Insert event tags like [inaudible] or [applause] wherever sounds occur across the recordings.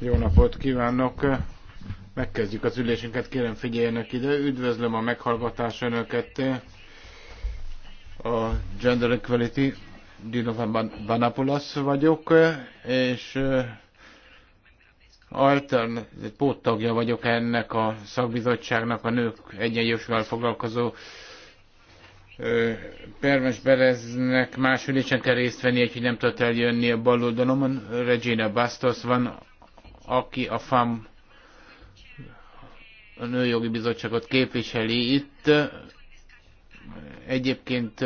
Jó napot kívánok! Megkezdjük az ülésünket, kérem figyeljenek ide. Üdvözlöm a meghallgatás önöket a Gender Equality Dinovan Banapolasz vagyok, és eh, altern, póttagja vagyok ennek a szakbizottságnak a nők egyenjogsággal foglalkozó Permes Bereznek más ülésen kell részt venni, úgyhogy nem tudott eljönni a bal oldalon. Regina Bastos van, aki a FAM a Nőjogi Bizottságot képviseli itt. Egyébként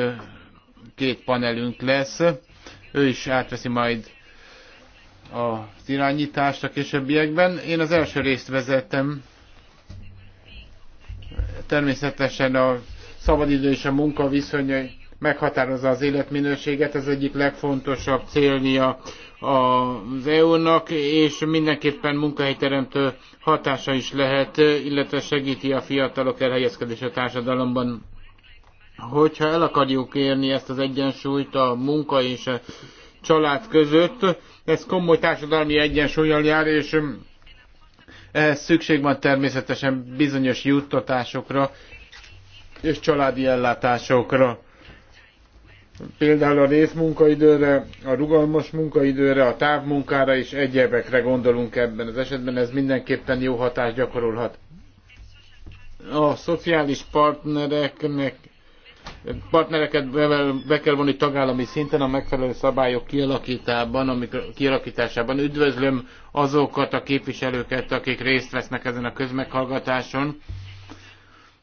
két panelünk lesz. Ő is átveszi majd az irányítást a későbbiekben. Én az első részt vezettem. Természetesen a szabadidő és a munka viszonyai meghatározza az életminőséget, ez egyik legfontosabb célja az EU-nak, és mindenképpen munkahelyteremtő hatása is lehet, illetve segíti a fiatalok elhelyezkedés a társadalomban. Hogyha el akarjuk érni ezt az egyensúlyt a munka és a család között, ez komoly társadalmi egyensúlyjal jár, és ehhez szükség van természetesen bizonyos juttatásokra, és családi ellátásokra. Például a részmunkaidőre, a rugalmas munkaidőre, a távmunkára és egyebekre gondolunk ebben az esetben, ez mindenképpen jó hatást gyakorolhat. A szociális partnereknek partnereket be kell vonni tagállami szinten a megfelelő szabályok kialakításában, amikor, kialakításában. Üdvözlöm azokat a képviselőket, akik részt vesznek ezen a közmeghallgatáson.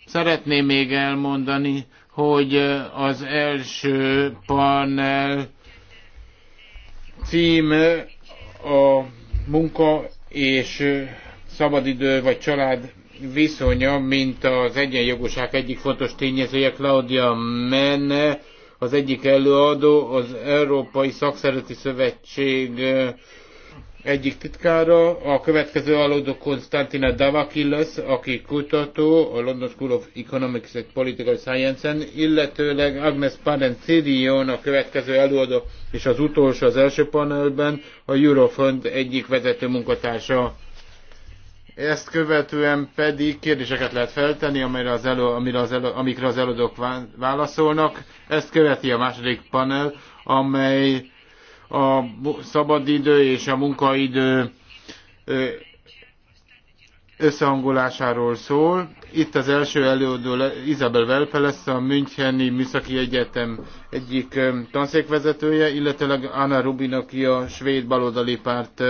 Szeretném még elmondani, hogy az első panel címe a munka és szabadidő vagy család viszonya, mint az egyenjogoság egyik fontos tényezője, Claudia Menne, az egyik előadó, az Európai Szakszereti Szövetség egyik titkára, a következő alódó Konstantina Davakillas, aki kutató a London School of Economics and Political Science-en, illetőleg Agnes Parencirion a következő előadó, és az utolsó az első panelben a Eurofund egyik vezető munkatársa. Ezt követően pedig kérdéseket lehet feltenni, amire az elő, amire az elő, amikre az előadók válaszolnak. Ezt követi a második panel, amely a szabadidő és a munkaidő összehangolásáról szól. Itt az első előadó Isabel Welpe lesz, a Müncheni Műszaki Egyetem egyik tanszékvezetője, illetőleg Anna Rubin, aki a svéd baloldali párt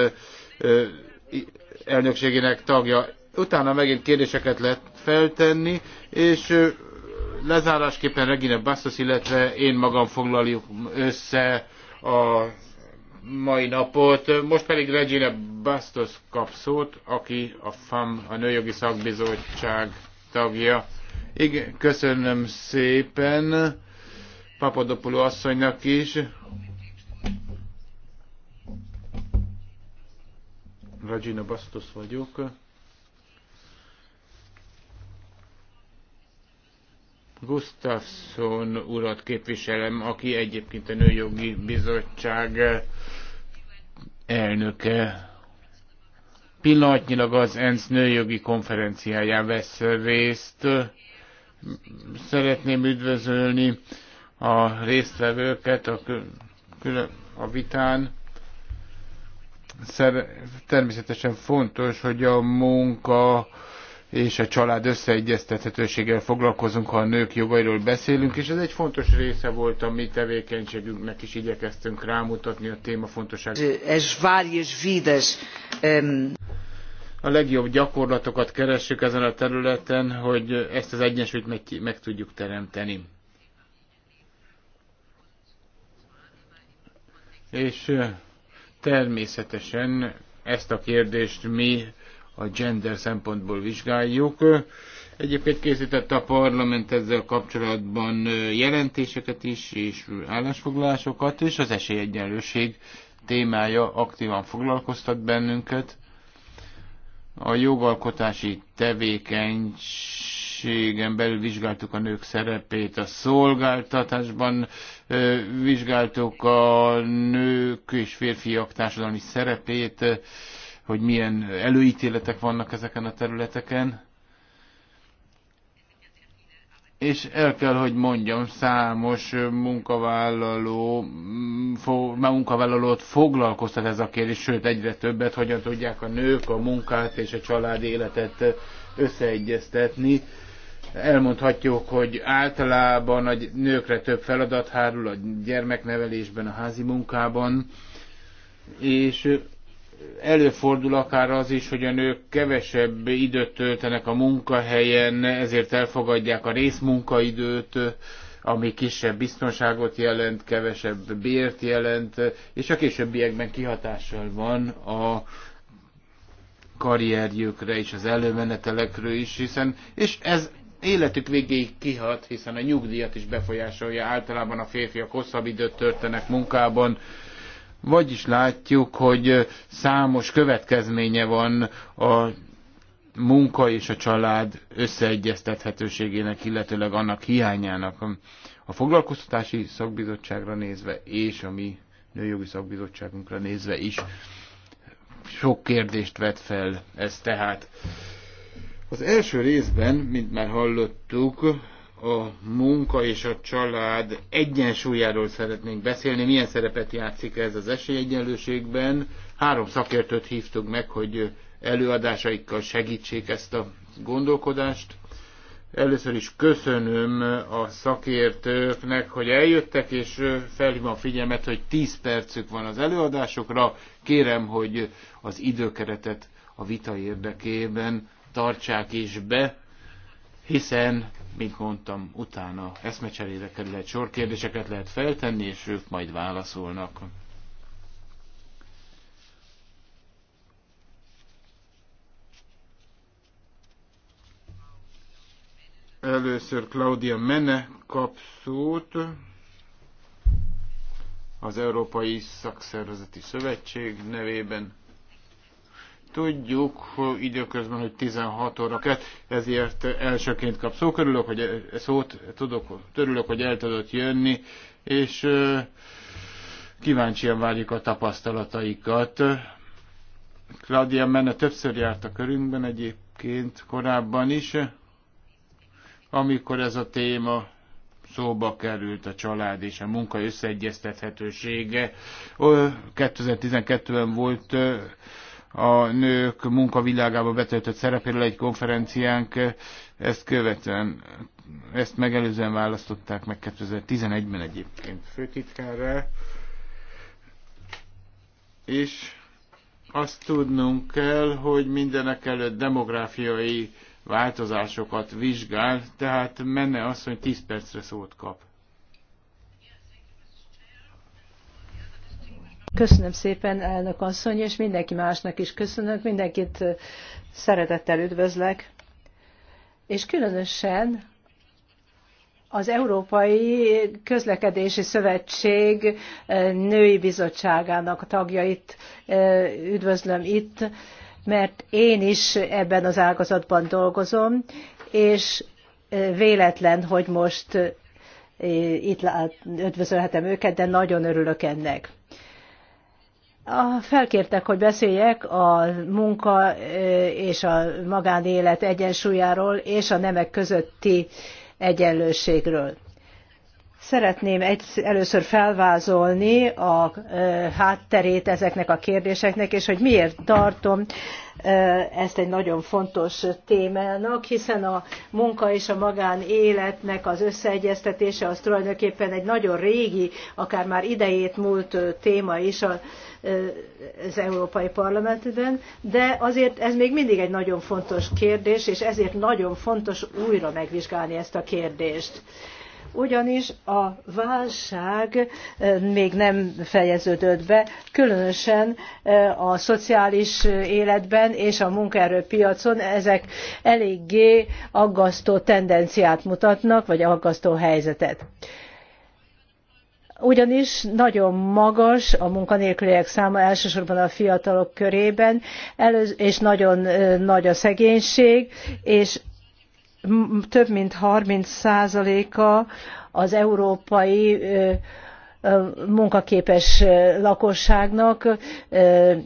elnökségének tagja. Utána megint kérdéseket lehet feltenni, és lezárásképpen Regina Bassos, illetve én magam foglaljuk össze az mai napot. Most pedig Regina Bastos kap szót, aki a FAM, a Nőjogi Szakbizottság tagja. Igen, köszönöm szépen Papadopoulou asszonynak is. Regina Bastos vagyok. Gustafsson urat képviselem, aki egyébként a Nőjogi Bizottság eh, elnöke. Pillanatnyilag az ENSZ nőjogi konferenciáján vesz részt. Szeretném üdvözölni a résztvevőket a, a vitán. Szer természetesen fontos, hogy a munka és a család összeegyeztethetőséggel foglalkozunk, ha a nők jogairól beszélünk, és ez egy fontos része volt a mi tevékenységünknek is, igyekeztünk rámutatni a téma fontosságát. Ez A legjobb gyakorlatokat keressük ezen a területen, hogy ezt az egyensúlyt meg, meg tudjuk teremteni. És természetesen ezt a kérdést mi a gender szempontból vizsgáljuk. Egyébként készített a parlament ezzel kapcsolatban jelentéseket is, és állásfoglalásokat, és az esélyegyenlőség témája aktívan foglalkoztat bennünket. A jogalkotási tevékenységen belül vizsgáltuk a nők szerepét, a szolgáltatásban vizsgáltuk a nők és férfiak társadalmi szerepét, hogy milyen előítéletek vannak ezeken a területeken. És el kell, hogy mondjam, számos munkavállaló, mm, fo, munkavállalót foglalkoztat ez a kérdés, sőt egyre többet, hogyan tudják a nők a munkát és a család életet összeegyeztetni. Elmondhatjuk, hogy általában a nőkre több feladat hárul a gyermeknevelésben, a házi munkában, és előfordul akár az is, hogy a nők kevesebb időt töltenek a munkahelyen, ezért elfogadják a részmunkaidőt, ami kisebb biztonságot jelent, kevesebb bért jelent, és a későbbiekben kihatással van a karrierjükre és az előmenetelekről is, hiszen, és ez életük végéig kihat, hiszen a nyugdíjat is befolyásolja, általában a férfiak hosszabb időt töltenek munkában, vagyis látjuk, hogy számos következménye van a munka és a család összeegyeztethetőségének, illetőleg annak hiányának. A foglalkoztatási szakbizottságra nézve, és a mi nőjogi szakbizottságunkra nézve is sok kérdést vet fel ez tehát. Az első részben, mint már hallottuk, a munka és a család egyensúlyáról szeretnénk beszélni, milyen szerepet játszik ez az esélyegyenlőségben. Három szakértőt hívtuk meg, hogy előadásaikkal segítsék ezt a gondolkodást. Először is köszönöm a szakértőknek, hogy eljöttek, és felhívom a figyelmet, hogy 10 percük van az előadásokra. Kérem, hogy az időkeretet a vita érdekében tartsák is be, hiszen mint mondtam, utána eszmecserére kerül sor, kérdéseket lehet feltenni, és ők majd válaszolnak. Először Claudia Mene kap szót, az Európai Szakszervezeti Szövetség nevében. Tudjuk hogy időközben, hogy 16 óra kett, ezért elsőként kap szó. Körülök, hogy e- e- szót tudok, törülök, hogy el tudott jönni, és kíváncsian várjuk a tapasztalataikat. Claudia Menne többször járt a körünkben egyébként korábban is, amikor ez a téma szóba került a család és a munka összeegyeztethetősége. 2012-ben volt a nők munkavilágába betöltött szerepéről egy konferenciánk, ezt követően, ezt megelőzően választották meg 2011-ben egyébként főtitkárra, és azt tudnunk kell, hogy mindenek előtt demográfiai változásokat vizsgál, tehát menne az, hogy 10 percre szót kap. Köszönöm szépen, elnök asszony, és mindenki másnak is köszönök, mindenkit szeretettel üdvözlek, és különösen az Európai Közlekedési Szövetség női bizottságának tagjait üdvözlöm itt, mert én is ebben az ágazatban dolgozom, és véletlen, hogy most itt üdvözölhetem őket, de nagyon örülök ennek. Felkértek, hogy beszéljek a munka és a magánélet egyensúlyáról és a nemek közötti egyenlőségről. Szeretném egy, először felvázolni a e, hátterét ezeknek a kérdéseknek, és hogy miért tartom ezt egy nagyon fontos témának, hiszen a munka és a magánéletnek az összeegyeztetése az tulajdonképpen egy nagyon régi, akár már idejét múlt téma is a az Európai Parlamentben, de azért ez még mindig egy nagyon fontos kérdés, és ezért nagyon fontos újra megvizsgálni ezt a kérdést. Ugyanis a válság még nem fejeződött be, különösen a szociális életben és a munkaerőpiacon ezek eléggé aggasztó tendenciát mutatnak, vagy aggasztó helyzetet ugyanis nagyon magas a munkanélküliek száma elsősorban a fiatalok körében, és nagyon nagy a szegénység, és több mint 30 a az európai munkaképes lakosságnak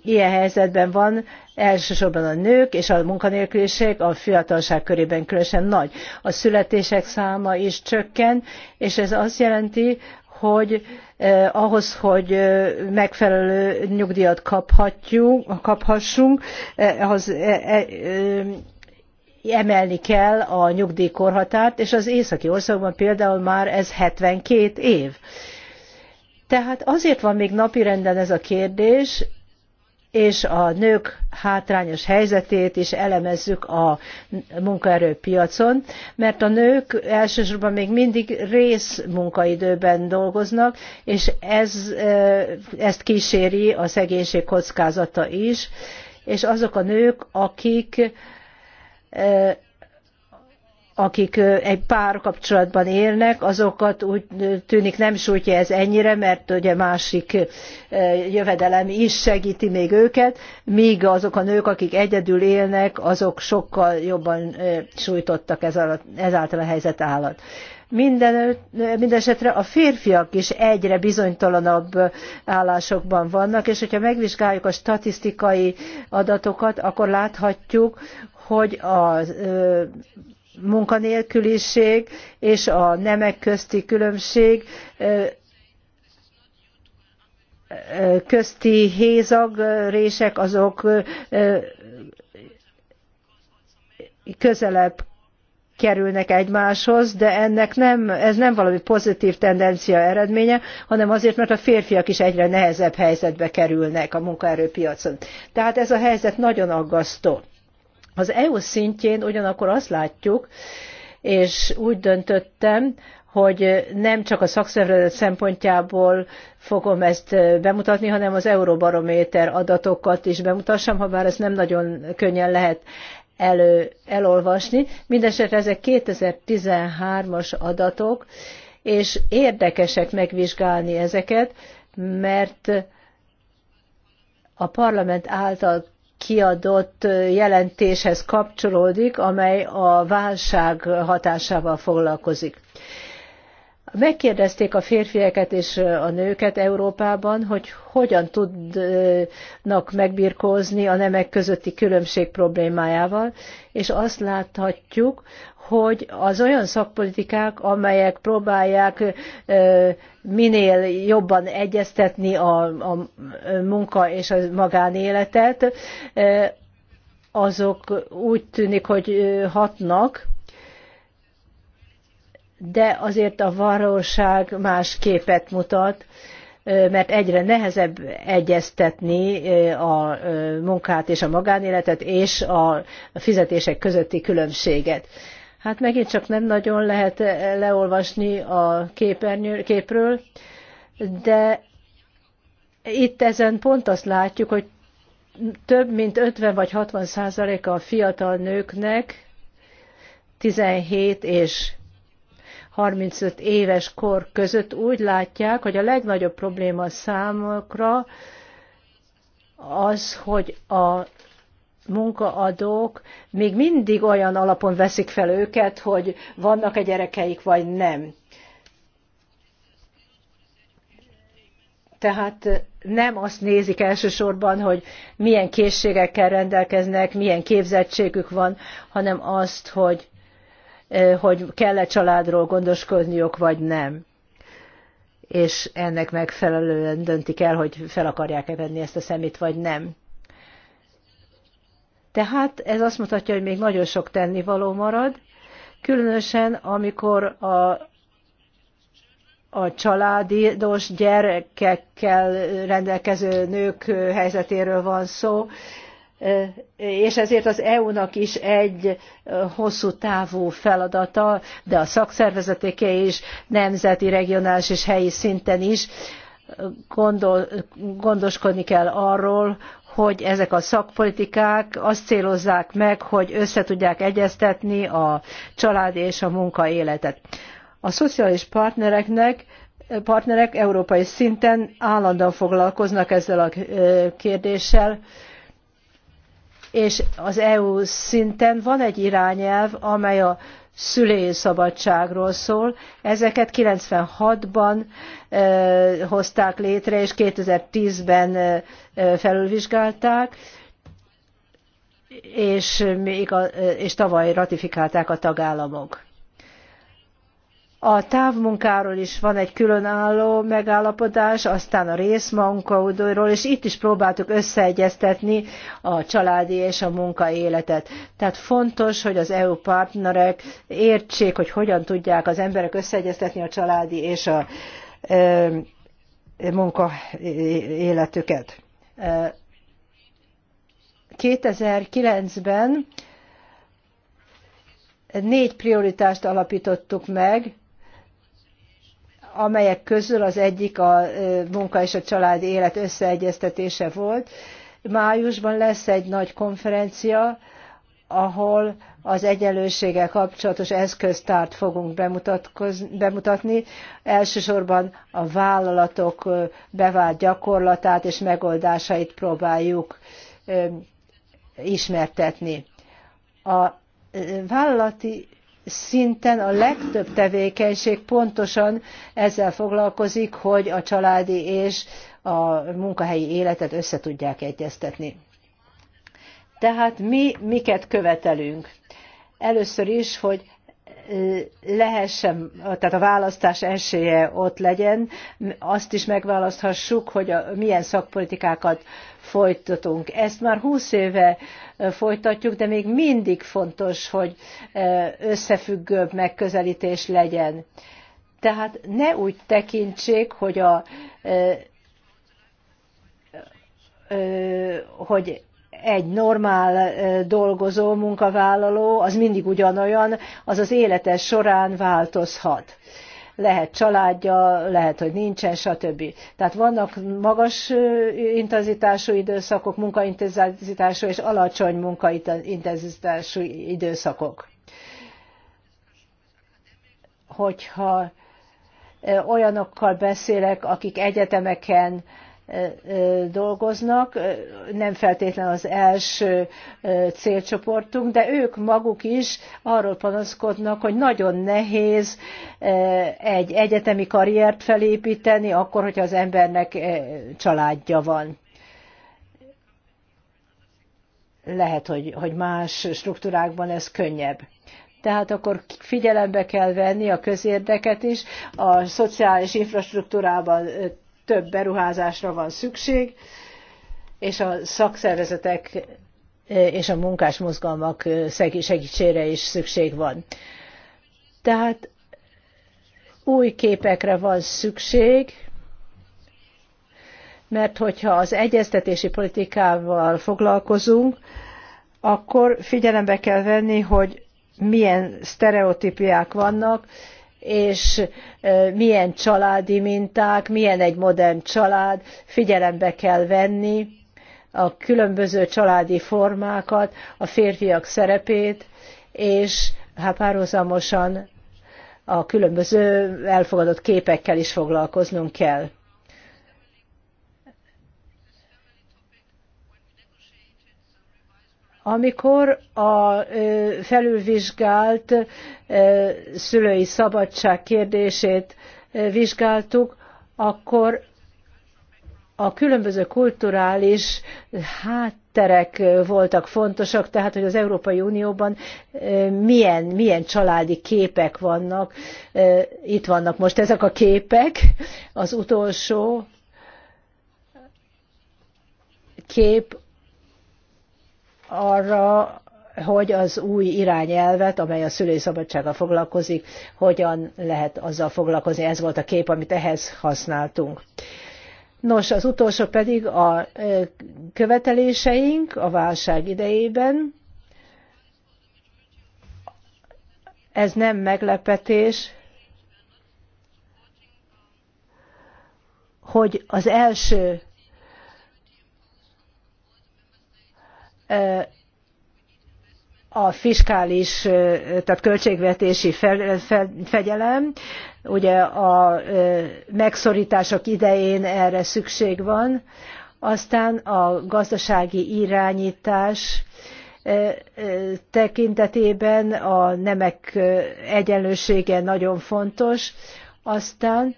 ilyen helyzetben van elsősorban a nők és a munkanélküliség a fiatalság körében különösen nagy. a születések száma is csökken és ez azt jelenti hogy eh, ahhoz, hogy eh, megfelelő nyugdíjat kaphatjuk, kaphassunk, eh, ahhoz eh, eh, eh emelni kell a nyugdíjkorhatárt, és az északi országban például már ez 72 év. Tehát azért van még napirenden ez a kérdés, és a nők hátrányos helyzetét is elemezzük a munkaerőpiacon, mert a nők elsősorban még mindig részmunkaidőben dolgoznak, és ez, ezt kíséri a szegénység kockázata is, és azok a nők, akik akik egy párkapcsolatban élnek, azokat úgy tűnik nem sújtja ez ennyire, mert ugye másik jövedelem is segíti még őket, míg azok a nők, akik egyedül élnek, azok sokkal jobban sújtottak ezáltal a helyzet állat. Minden, a férfiak is egyre bizonytalanabb állásokban vannak, és hogyha megvizsgáljuk a statisztikai adatokat, akkor láthatjuk, hogy a munkanélküliség és a nemek közti különbség közti rések azok közelebb kerülnek egymáshoz, de ennek nem, ez nem valami pozitív tendencia eredménye, hanem azért, mert a férfiak is egyre nehezebb helyzetbe kerülnek a munkaerőpiacon. Tehát ez a helyzet nagyon aggasztó. Az EU szintjén ugyanakkor azt látjuk, és úgy döntöttem, hogy nem csak a szakszervezet szempontjából fogom ezt bemutatni, hanem az Euróbarométer adatokat is bemutassam, ha bár ez nem nagyon könnyen lehet elő, elolvasni. Mindenesetre ezek 2013-as adatok, és érdekesek megvizsgálni ezeket, mert a parlament által kiadott jelentéshez kapcsolódik, amely a válság hatásával foglalkozik. Megkérdezték a férfieket és a nőket Európában, hogy hogyan tudnak megbirkózni a nemek közötti különbség problémájával, és azt láthatjuk, hogy az olyan szakpolitikák, amelyek próbálják minél jobban egyeztetni a, a munka és a magánéletet, azok úgy tűnik, hogy hatnak, de azért a valóság más képet mutat, mert egyre nehezebb egyeztetni a munkát és a magánéletet és a fizetések közötti különbséget. Hát megint csak nem nagyon lehet eh, leolvasni a képernyő, képről, de itt ezen pont azt látjuk, hogy több mint 50 vagy 60 százaléka a fiatal nőknek 17 és 35 éves kor között úgy látják, hogy a legnagyobb probléma számokra az, hogy a munkaadók még mindig olyan alapon veszik fel őket, hogy vannak a gyerekeik, vagy nem. Tehát nem azt nézik elsősorban, hogy milyen készségekkel rendelkeznek, milyen képzettségük van, hanem azt, hogy, eh, hogy kell-e családról gondoskodniuk, vagy nem. És ennek megfelelően döntik el, hogy fel akarják-e venni ezt a szemét, vagy nem tehát ez azt mutatja, hogy még nagyon sok tennivaló marad, különösen amikor a, a családos gyerekekkel rendelkező nők helyzetéről van szó, és ezért az EU-nak is egy hosszú távú feladata, de a szakszervezetéke is, nemzeti, regionális és helyi szinten is gondol, gondoskodni kell arról, hogy ezek a szakpolitikák azt célozzák meg, hogy összetudják egyeztetni a család és a munka életet. A szociális partnereknek partnerek európai szinten állandóan foglalkoznak ezzel a kérdéssel, és az EU szinten van egy irányelv, amely a szülői szabadságról szól. Ezeket 96-ban hozták létre, és 2010-ben felülvizsgálták, és, még a, és tavaly ratifikálták a tagállamok. A távmunkáról is van egy különálló megállapodás, aztán a részmunkaudóról, és itt is próbáltuk összeegyeztetni a családi és a életet. Tehát fontos, hogy az EU partnerek értsék, hogy hogyan tudják az emberek összeegyeztetni a családi és a e, munkaéletüket. 2009-ben négy prioritást alapítottuk meg, amelyek közül az egyik a munka és a családi élet összeegyeztetése volt. Májusban lesz egy nagy konferencia, ahol az egyenlőséggel kapcsolatos eszköztárt fogunk bemutatni, elsősorban a vállalatok bevált gyakorlatát és megoldásait próbáljuk ismertetni. A vállalati szinten a legtöbb tevékenység pontosan ezzel foglalkozik, hogy a családi és a munkahelyi életet össze tudják egyeztetni. Tehát mi miket követelünk? Először is, hogy lehessen, tehát a választás esélye ott legyen, azt is megválaszthassuk, hogy a, milyen szakpolitikákat folytatunk. Ezt már húsz éve e, folytatjuk, de még mindig fontos, hogy e, összefüggőbb megközelítés legyen. Tehát ne úgy tekintsék, hogy a e, hogy egy normál dolgozó, munkavállaló, az mindig ugyanolyan, az az élete során változhat lehet családja, lehet, hogy nincsen, stb. Tehát vannak magas intenzitású időszakok, munkaintenzitású és alacsony munkaintenzitású időszakok. Hogyha olyanokkal beszélek, akik egyetemeken dolgoznak, nem feltétlen az első célcsoportunk, de ők maguk is arról panaszkodnak, hogy nagyon nehéz egy egyetemi karriert felépíteni, akkor, hogyha az embernek családja van. Lehet, hogy, hogy más struktúrákban ez könnyebb tehát akkor figyelembe kell venni a közérdeket is, a szociális infrastruktúrában több beruházásra van szükség, és a szakszervezetek e, és a munkásmozgalmak mozgalmak e, segítségére is szükség van. Tehát új képekre van szükség, mert hogyha az egyeztetési politikával foglalkozunk, akkor figyelembe kell venni, hogy milyen sztereotípiák vannak, és milyen családi minták, milyen egy modern család, figyelembe kell venni a különböző családi formákat, a férfiak szerepét, és hát párhuzamosan a különböző elfogadott képekkel is foglalkoznunk kell. Amikor a felülvizsgált szülői szabadság kérdését vizsgáltuk, akkor a különböző kulturális hátterek voltak fontosak, tehát hogy az Európai Unióban milyen, milyen családi képek vannak. Itt vannak most ezek a képek. Az utolsó kép arra, hogy az új irányelvet, amely a szülői szabadsággal foglalkozik, hogyan lehet azzal foglalkozni. Ez volt a kép, amit ehhez használtunk. Nos, az utolsó pedig a követeléseink a válság idejében. Ez nem meglepetés, hogy az első a fiskális, tehát költségvetési fegyelem, ugye a megszorítások idején erre szükség van, aztán a gazdasági irányítás tekintetében a nemek egyenlősége nagyon fontos, aztán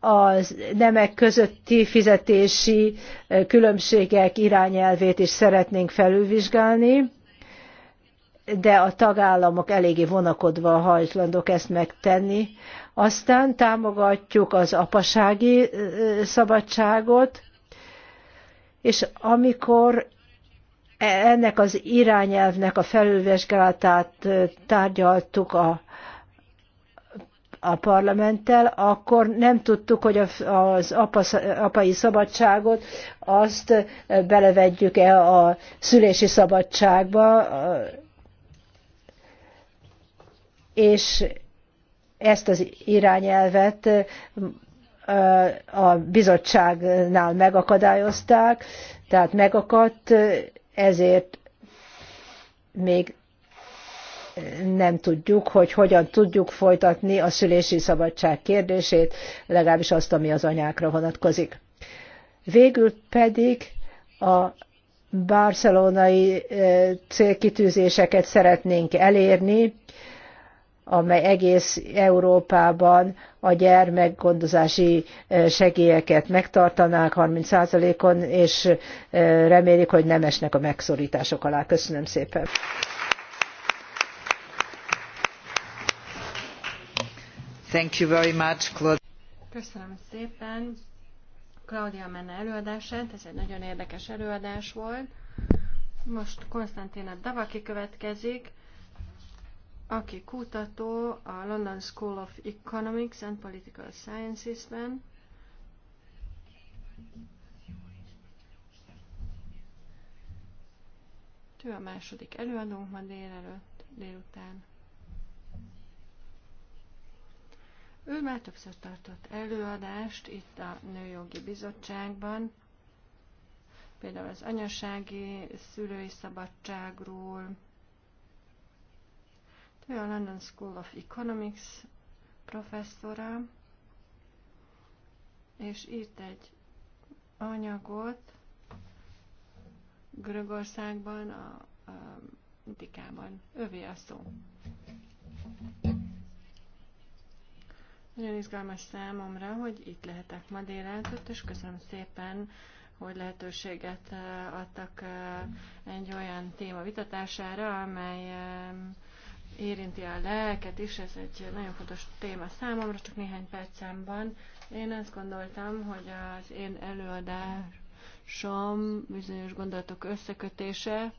a nemek közötti fizetési különbségek irányelvét is szeretnénk felülvizsgálni, de a tagállamok eléggé vonakodva hajlandók ezt megtenni. Aztán támogatjuk az apasági szabadságot, és amikor e-, ennek az irányelvnek a felülvizsgálatát tárgyaltuk a a parlamenttel, akkor nem tudtuk, hogy az apa, apai szabadságot azt belevedjük e a szülési szabadságba, és ezt az irányelvet a bizottságnál megakadályozták, tehát megakadt, ezért még nem tudjuk, hogy hogyan tudjuk folytatni a szülési szabadság kérdését, legalábbis azt, ami az anyákra vonatkozik. Végül pedig a barcelonai eh, célkitűzéseket szeretnénk elérni, amely egész Európában a gyermekgondozási eh, segélyeket megtartanák 30%-on, és eh, remélik, hogy nem esnek a megszorítások alá. Köszönöm szépen! Köszönöm szépen Claudia Menne előadását, ez egy nagyon érdekes előadás volt. Most Konstantina Davaki következik, aki kutató a London School of Economics and Political Sciences-ben. Ő a második előadónk ma délelőtt, délután. Ő már többször tartott előadást itt a Nőjogi Bizottságban, például az anyasági szülői szabadságról, ő a London School of Economics professzora, és írt egy anyagot Görögországban, a, a Dikában. Övé a szó. Nagyon izgalmas számomra, hogy itt lehetek ma délelőtt, és köszönöm szépen, hogy lehetőséget eh, adtak eh, egy olyan téma vitatására, amely eh, érinti a lelket is, ez egy nagyon fontos téma számomra, csak néhány van. Én azt gondoltam, hogy az én előadásom bizonyos gondolatok összekötése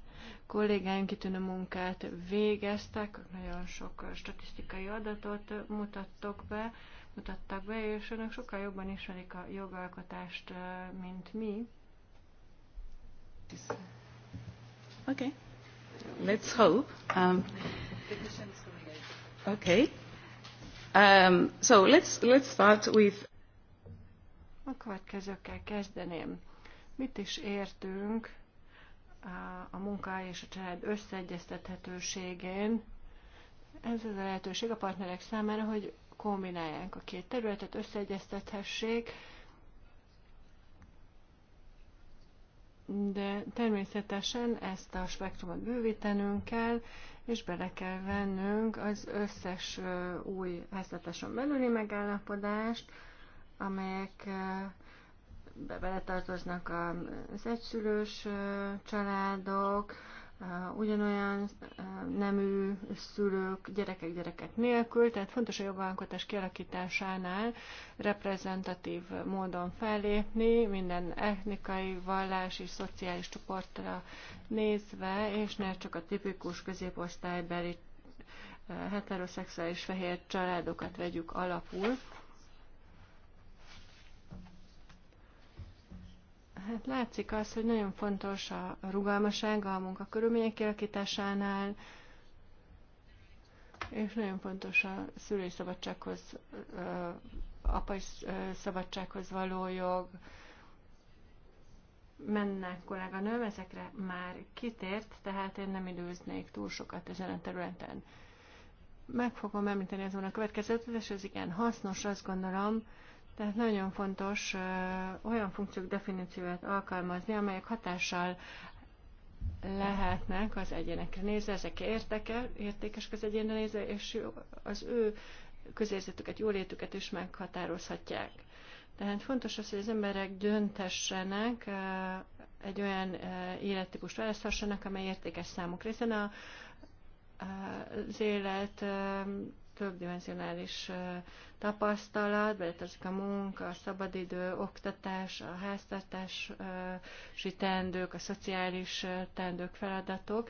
kollégáim kitűnő munkát végeztek, nagyon sok statisztikai adatot mutattok be, mutattak be, és önök sokkal jobban ismerik a jogalkotást, mint mi. Okay. Let's hope. Um, okay. Um, so let's, let's start with... A következőkkel kezdeném. Mit is értünk a munka és a család összeegyeztethetőségén. Ez az a lehetőség a partnerek számára, hogy kombinálják a két területet, összeegyeztethessék, de természetesen ezt a spektrumot bővítenünk kell, és bele kell vennünk az összes új házlatáson belüli megállapodást, amelyek beletartoznak az egyszülős családok, ugyanolyan nemű szülők, gyerekek gyerekek nélkül, tehát fontos a jogalkotás kialakításánál reprezentatív módon fellépni, minden etnikai, vallási, szociális csoportra nézve, és ne csak a tipikus középosztálybeli heteroszexuális fehér családokat vegyük alapul, Hát látszik az, hogy nagyon fontos a rugalmaság a munkakörülmények kialakításánál, és nagyon fontos a szülői szabadsághoz, apai szabadsághoz való jog. Mennek kolléganőm, ezekre már kitért, tehát én nem időznék túl sokat ezen a területen. Meg fogom említeni azon a következőt, és ez igen hasznos, azt gondolom, tehát nagyon fontos olyan funkciók definícióját alkalmazni, amelyek hatással lehetnek az egyénekre nézve, ezek értekel, értékesek az egyénre nézve, és az ő közérzetüket, jólétüket is meghatározhatják. Tehát fontos az, hogy az emberek döntessenek, egy olyan élettípust választhassanak, amely értékes számukra, hiszen a, az élet többdimensionális tapasztalat, beletartozik a munka, a szabadidő, oktatás, a háztartási teendők, a szociális teendők, feladatok,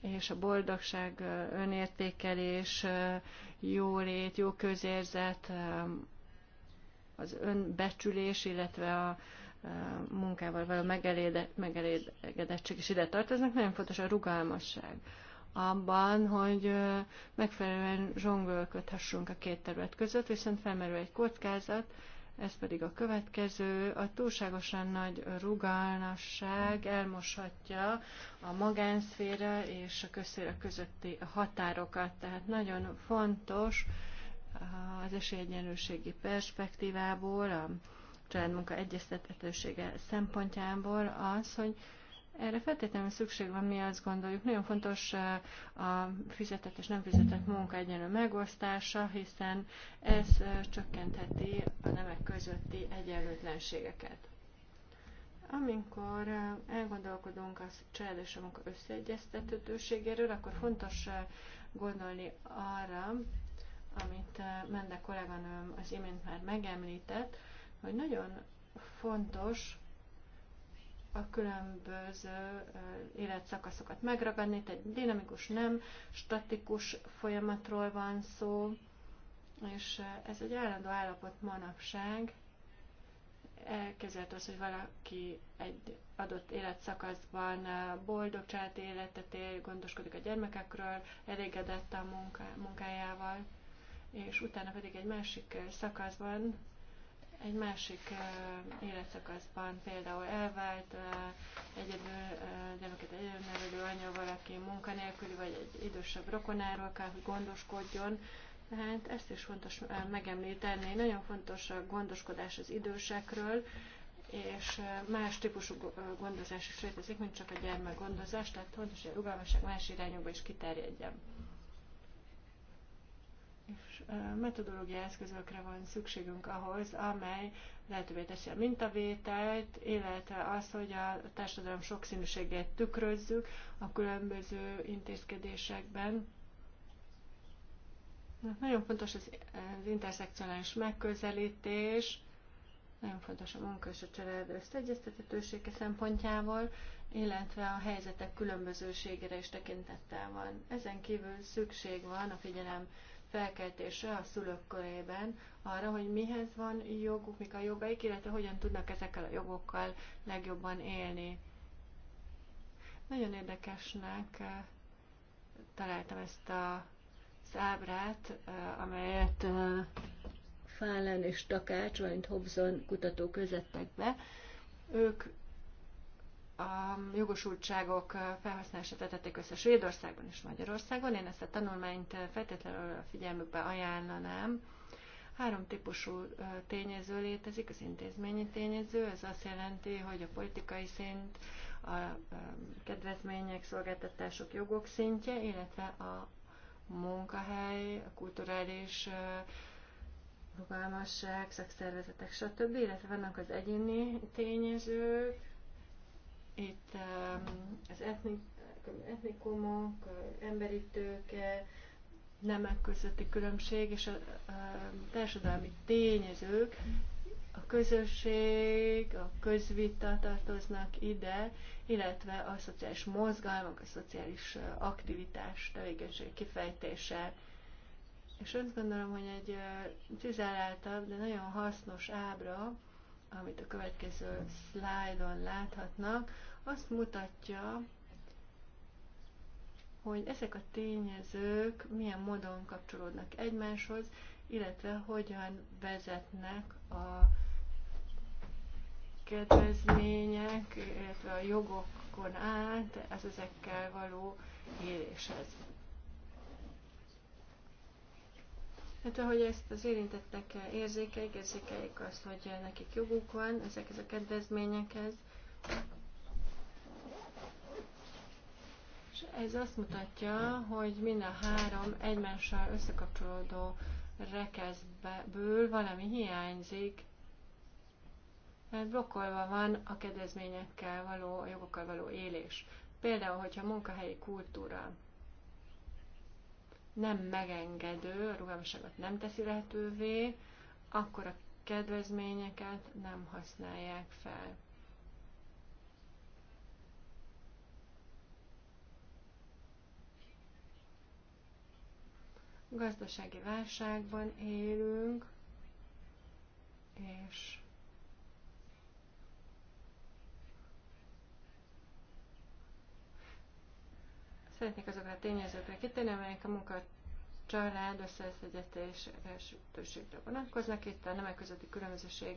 és a boldogság, önértékelés, jólét, jó közérzet, az önbecsülés, illetve a munkával való megelégedettség is ide tartoznak. Nagyon fontos a rugalmasság abban, hogy megfelelően zsongolködhessünk a két terület között, viszont felmerül egy kockázat, ez pedig a következő, a túlságosan nagy rugalmasság elmoshatja a magánszféra és a közszféra közötti határokat. Tehát nagyon fontos az esélyegyenlőségi perspektívából, a családmunka egyeztethetősége szempontjából az, hogy erre feltétlenül szükség van, mi azt gondoljuk. Nagyon fontos eh, a fizetett és nem fizetett munka egyenlő megosztása, hiszen ez eh, csökkentheti a nemek közötti egyenlőtlenségeket. Amikor eh, elgondolkodunk a család és a munka összeegyeztetőségéről, akkor fontos gondolni arra, amit Mende kolléganőm az imént már megemlített, hogy nagyon fontos, a különböző életszakaszokat megragadni. tehát egy dinamikus, nem statikus folyamatról van szó, és ez egy állandó állapot manapság. Elkezdett az, hogy valaki egy adott életszakaszban boldog család életet él, gondoskodik a gyermekekről, elégedett a munkájával, és utána pedig egy másik szakaszban egy másik uh, életszakaszban például elvált uh, egyedül uh, gyermeket egyedül nevelő anya valaki munkanélküli, vagy egy idősebb rokonáról kell, hogy gondoskodjon. Tehát ezt is fontos uh, megemlíteni. Nagyon fontos a gondoskodás az idősekről, és más típusú gondozás is létezik, mint csak a gondozás, tehát fontos, hogy a rugalmasság más irányokba is kiterjedjen és metodológiai eszközökre van szükségünk ahhoz, amely lehetővé teszi a mintavételt, illetve az, hogy a társadalom sokszínűségét tükrözzük a különböző intézkedésekben. Nagyon fontos az, az interszekcionális megközelítés, nagyon fontos a munka és a család összeegyeztethetősége szempontjából, illetve a helyzetek különbözőségére is tekintettel van. Ezen kívül szükség van a figyelem felkeltésre a szülők körében arra, hogy mihez van joguk, mik a jogaik, illetve hogyan tudnak ezekkel a jogokkal legjobban élni. Nagyon érdekesnek eh, találtam ezt a szábrát, eh, amelyet eh, Fálen és Takács, valamint Hobson kutatók közöttek be. Ők a jogosultságok felhasználását vetették össze Svédországban és Magyarországon. Én ezt a tanulmányt feltétlenül a figyelmükbe ajánlanám. Három típusú tényező létezik, az intézményi tényező, ez azt jelenti, hogy a politikai szint, a kedvezmények, szolgáltatások, jogok szintje, illetve a munkahely, a kulturális rugalmasság, szakszervezetek, stb., illetve vannak az egyéni tényezők, itt ehm, az etnik, etnikumok, emberi tőke, nemek közötti különbség és a, a társadalmi tényezők, a közösség, a közvita tartoznak ide, illetve a szociális mozgalmak, a szociális aktivitás, tevékenység kifejtése. És azt gondolom, hogy egy cizeláltabb, de nagyon hasznos ábra, amit a következő szlájdon láthatnak, azt mutatja, hogy ezek a tényezők milyen módon kapcsolódnak egymáshoz, illetve hogyan vezetnek a kedvezmények, illetve a jogokon át az ezekkel való éléshez. Hát ahogy ezt az érintettek érzékeik, érzékeik azt, hogy nekik joguk van ezekhez a kedvezményekhez. És ez azt mutatja, hogy mind a három egymással összekapcsolódó rekeszből valami hiányzik, mert blokkolva van a kedvezményekkel való, a jogokkal való élés. Például, hogyha munkahelyi kultúra nem megengedő, a rugalmasságot nem teszi lehetővé, akkor a kedvezményeket nem használják fel. Gazdasági válságban élünk, és Szeretnék azokra a tényezőkre kitérni, amelyek a munka család, összeegyetés, elsőtőségre vonatkoznak. Itt a nemek közötti különbözőség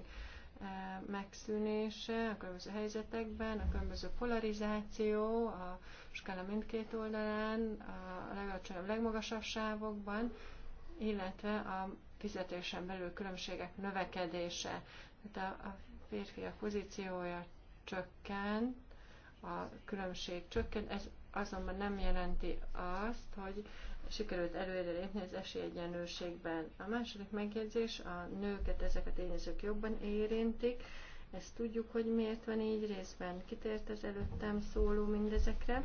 e, megszűnése a különböző helyzetekben, a különböző polarizáció a skála mindkét oldalán, a legalacsonyabb, legmagasabb sávokban, illetve a fizetésen belül különbségek növekedése. Tehát a, a férfiak pozíciója csökken, a különbség csökken, ez azonban nem jelenti azt, hogy sikerült előrelépni az esélyegyenlőségben. A második megjegyzés, a nőket ezek a tényezők jobban érintik, ezt tudjuk, hogy miért van így részben. Kitért az előttem szóló mindezekre?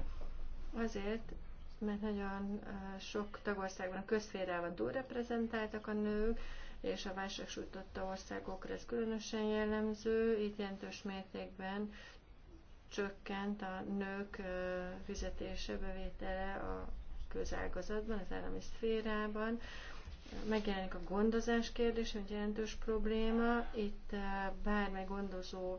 Azért, mert nagyon sok tagországban a közférában túlreprezentáltak a nők, és a válság sújtotta országokra ez különösen jellemző, itt jelentős mértékben csökkent a nők fizetése, bevétele a közágazatban, az állami szférában. Megjelenik a gondozás kérdés, egy jelentős probléma. Itt bármely gondozó,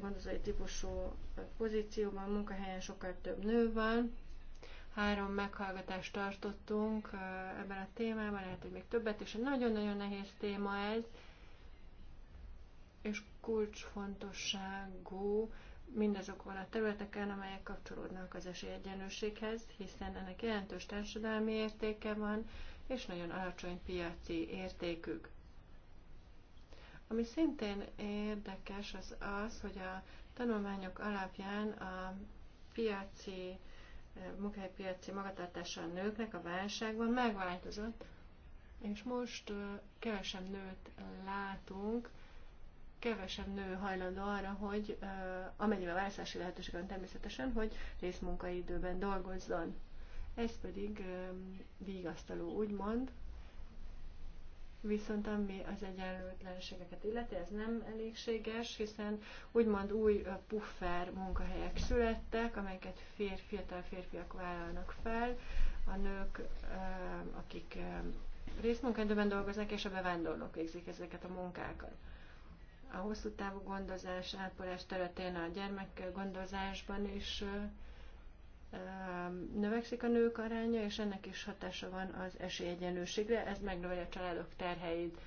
gondozói típusú pozícióban, munkahelyen sokkal több nő van. Három meghallgatást tartottunk ebben a témában, lehet, hogy még többet, és egy nagyon-nagyon nehéz téma ez, és kulcsfontosságú mindazokon a területeken, amelyek kapcsolódnak az esélyegyenlőséghez, hiszen ennek jelentős társadalmi értéke van, és nagyon alacsony piaci értékük. Ami szintén érdekes az az, hogy a tanulmányok alapján a piaci, eh, munkahelypiaci magatartása a nőknek a válságban megváltozott, és most eh, kevesebb nőt látunk, kevesebb nő hajlandó arra, hogy amennyiben választási lehetőség van természetesen, hogy részmunkaidőben dolgozzon. Ez pedig vigasztaló, úgymond. Viszont ami az egyenlőtlenségeket illeti, ez nem elégséges, hiszen úgymond új puffer munkahelyek születtek, amelyeket fér, fiatal férfiak vállalnak fel. A nők, akik részmunkaidőben dolgoznak, és a bevándorlók végzik ezeket a munkákat a hosszú távú gondozás, ápolás területén, a gyermekkel gondozásban is növekszik a nők aránya, és ennek is hatása van az esélyegyenlőségre, ez megnöveli a családok terheit.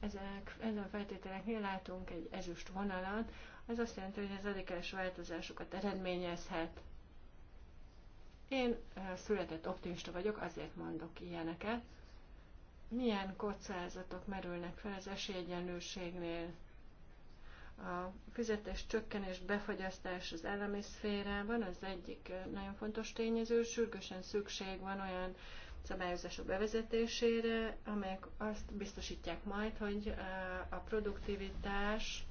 Ezek, ezen a feltételeknél látunk egy ezüst vonalat, ez azt jelenti, hogy ez radikális változásokat eredményezhet. Én született optimista vagyok, azért mondok ilyeneket. Milyen kockázatok merülnek fel az esélyegyenlőségnél? a fizetés csökkenés, befagyasztás az állami szférában az egyik nagyon fontos tényező. Sürgősen szükség van olyan szabályozások bevezetésére, amelyek azt biztosítják majd, hogy a produktivitás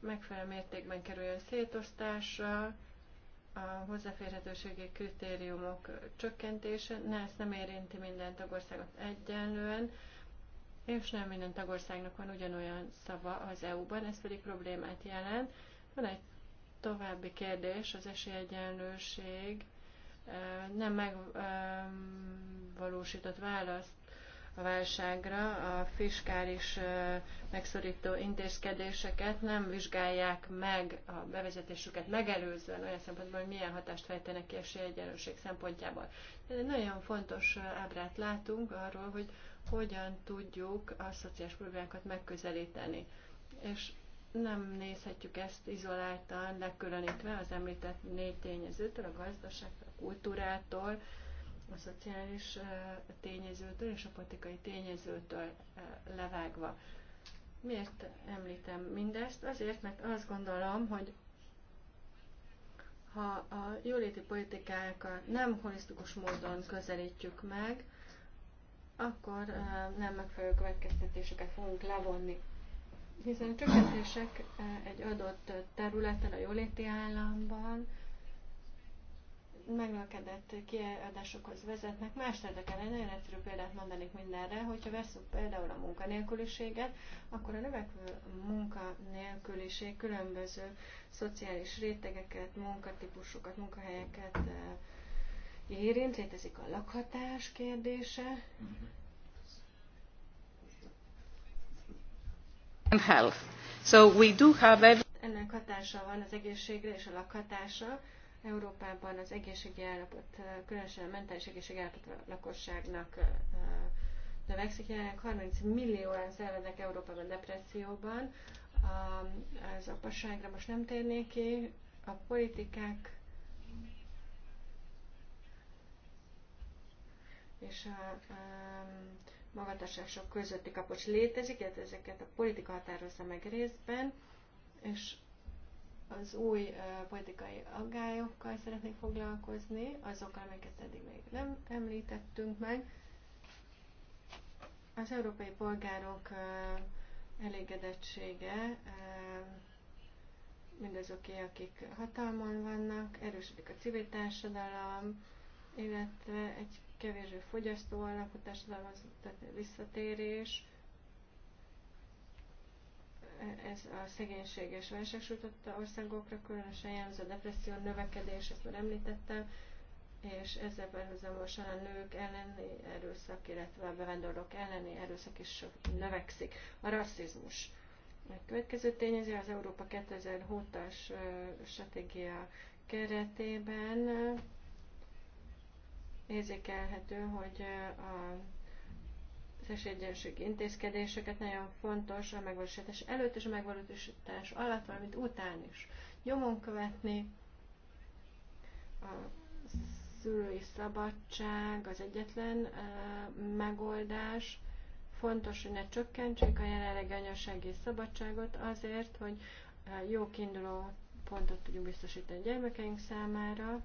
megfelelő mértékben kerüljön szétosztásra, a hozzáférhetőségi kritériumok csökkentése, ne, ezt nem érinti minden tagországot egyenlően, és nem minden tagországnak van ugyanolyan szava az EU-ban, ez pedig problémát jelent. Van egy további kérdés, az esélyegyenlőség nem megvalósított választ a válságra, a fiskális megszorító intézkedéseket nem vizsgálják meg a bevezetésüket megelőzően olyan szempontból, hogy milyen hatást fejtenek ki esélyegyenlőség szempontjából. egy nagyon fontos ábrát látunk arról, hogy hogyan tudjuk a szociális problémákat megközelíteni. És nem nézhetjük ezt izoláltan, lekülönítve az említett négy tényezőtől, a gazdaságtól, a kultúrától, a szociális tényezőtől és a politikai tényezőtől levágva. Miért említem mindezt? Azért, mert azt gondolom, hogy ha a jóléti politikákat nem holisztikus módon közelítjük meg, akkor nem megfelelő következtetéseket fogunk levonni. Hiszen a csökkentések egy adott területen, a jóléti államban megnövekedett kiadásokhoz vezetnek. Más területeken egy nagyon egyszerű példát mondanék mindenre, hogyha veszünk például a munkanélküliséget, akkor a növekvő munkanélküliség különböző szociális rétegeket, munkatípusokat, munkahelyeket érint, létezik a lakhatás kérdése. And health. So we do have every... Ennek hatása van az egészségre és a lakhatásra. Európában az egészségi állapot, különösen a mentális egészségi állapot a lakosságnak növekszik. Jelenleg 30 millióan szenvednek Európában depresszióban. Az apasságra most nem térnék ki. A politikák és a um, magatartások közötti kapocs létezik, illetve ezeket a politika határozza meg részben, és az új uh, politikai aggályokkal szeretnék foglalkozni, azokkal, amiket eddig még nem említettünk meg. Az európai polgárok uh, elégedettsége uh, mindazoké, akik hatalmon vannak, erősödik a civil társadalom, illetve egy kevésbé fogyasztó alapú visszatérés, ez a szegénység és válság országokra, különösen jelző a depresszió, növekedés, ezt már említettem, és ezzel párhuzamosan a nők elleni erőszak, illetve a bevándorlók elleni erőszak is növekszik. A rasszizmus. A következő tényező az Európa 2020-as stratégia keretében érzékelhető, hogy a az esélyegyenség intézkedéseket nagyon fontos a megvalósítás előtt és a megvalósítás alatt, valamint után is nyomon követni. A szülői szabadság az egyetlen uh, megoldás. Fontos, hogy ne csökkentsék a jelenlegi anyasági szabadságot azért, hogy uh, jó kiinduló pontot tudjunk biztosítani a gyermekeink számára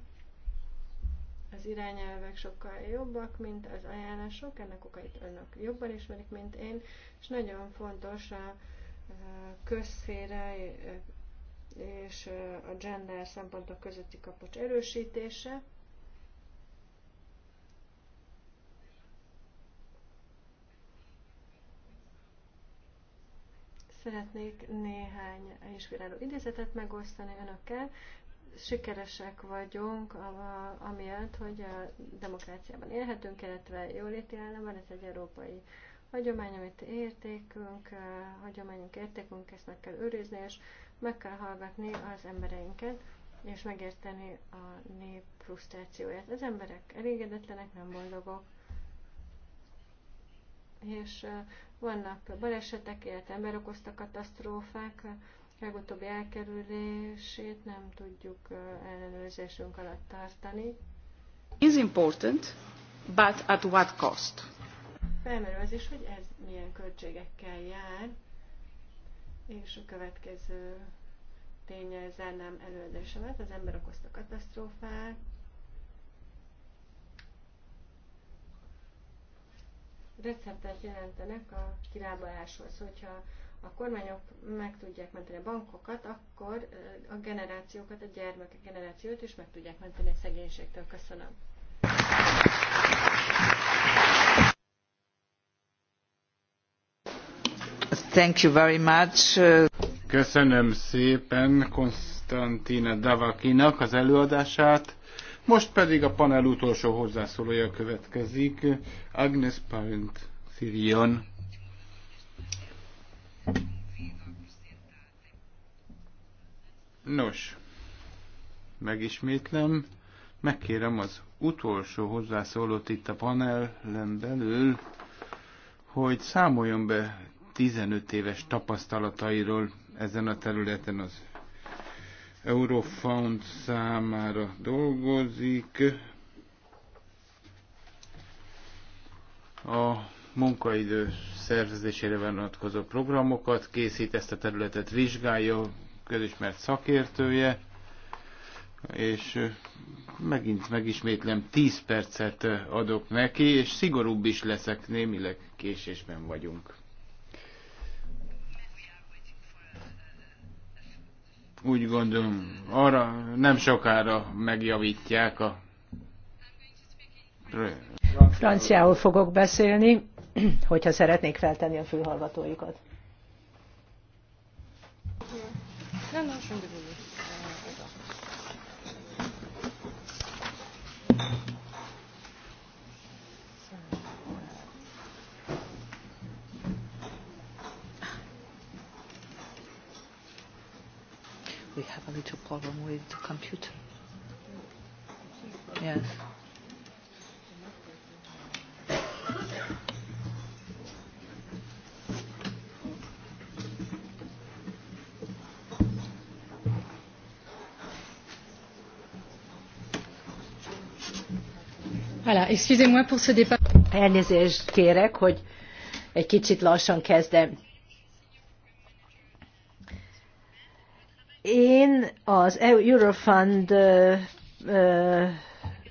az irányelvek sokkal jobbak, mint az ajánlások, ennek okait önök jobban ismerik, mint én, és nagyon fontos a közszféra és a gender szempontok közötti kapocs erősítése. Szeretnék néhány inspiráló idézetet megosztani önökkel sikeresek vagyunk, amiatt, hogy a demokráciában élhetünk, illetve jóléti államban, ez egy európai hagyomány, amit értékünk, hagyományunk, értékünk, ezt meg kell őrizni, és meg kell hallgatni az embereinket, és megérteni a nép frusztrációját. Az emberek elégedetlenek, nem boldogok, és vannak balesetek, illetve ember okozta katasztrófák, legutóbbi elkerülését nem tudjuk ellenőrzésünk alatt tartani. Is important, but at what cost? Felmerül az is, hogy ez milyen költségekkel jár, és a következő tényel zárnám előadásomat, az ember okozta katasztrófát, receptet jelentenek a kirábaláshoz, hogyha a kormányok meg tudják menteni a bankokat, akkor a generációkat, a gyermekek generációt is meg tudják menteni a szegénységtől. Köszönöm. Thank you very much. Köszönöm szépen Konstantina Davakinak az előadását. Most pedig a panel utolsó hozzászólója következik, Agnes Parent Sirion. Nos, megismétlem, megkérem az utolsó hozzászólót itt a panelen belül, hogy számoljon be 15 éves tapasztalatairól ezen a területen az Eurofound számára dolgozik. A munkaidő szervezésére vonatkozó programokat készít, ezt a területet vizsgálja, közismert szakértője, és megint megismétlem, 10 percet adok neki, és szigorúbb is leszek, némileg késésben vagyunk. Úgy gondolom, arra nem sokára megjavítják a... Franciául fogok beszélni, [clears throat] hogyha szeretnék feltenni a fülhallgatóikat. Nem, nem, je We have a little problem with the computer. Yes. Elnézést kérek, hogy egy kicsit lassan kezdem. Én az Eurofund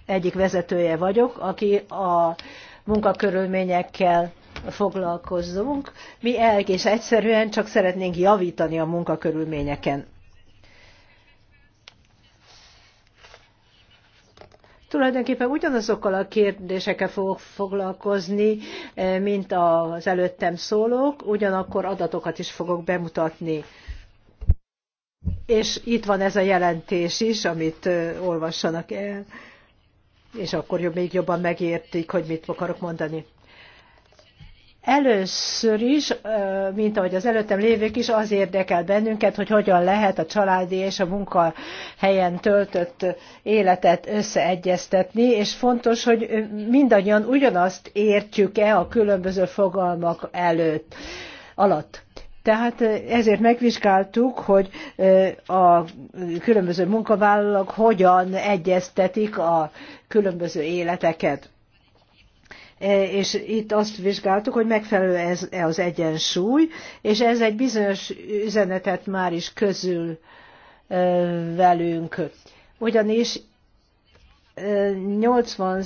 egyik vezetője vagyok, aki a munkakörülményekkel foglalkozunk. Mi elk és egyszerűen csak szeretnénk javítani a munkakörülményeken. Tulajdonképpen ugyanazokkal a kérdésekkel fogok foglalkozni, eh, mint az előttem szólók, ugyanakkor adatokat is fogok bemutatni. És itt van ez a jelentés is, amit eh, olvassanak el, és akkor még jobban megértik, hogy mit akarok mondani. Először is, mint ahogy az előttem lévők is, az érdekel bennünket, hogy hogyan lehet a családi és a munkahelyen töltött életet összeegyeztetni, és fontos, hogy mindannyian ugyanazt értjük-e a különböző fogalmak előtt, alatt. Tehát ezért megvizsgáltuk, hogy a különböző munkavállalók hogyan egyeztetik a különböző életeket E, és itt azt vizsgáltuk, hogy megfelelő ez e az egyensúly, és ez egy bizonyos üzenetet már is közül e, velünk. Ugyanis 80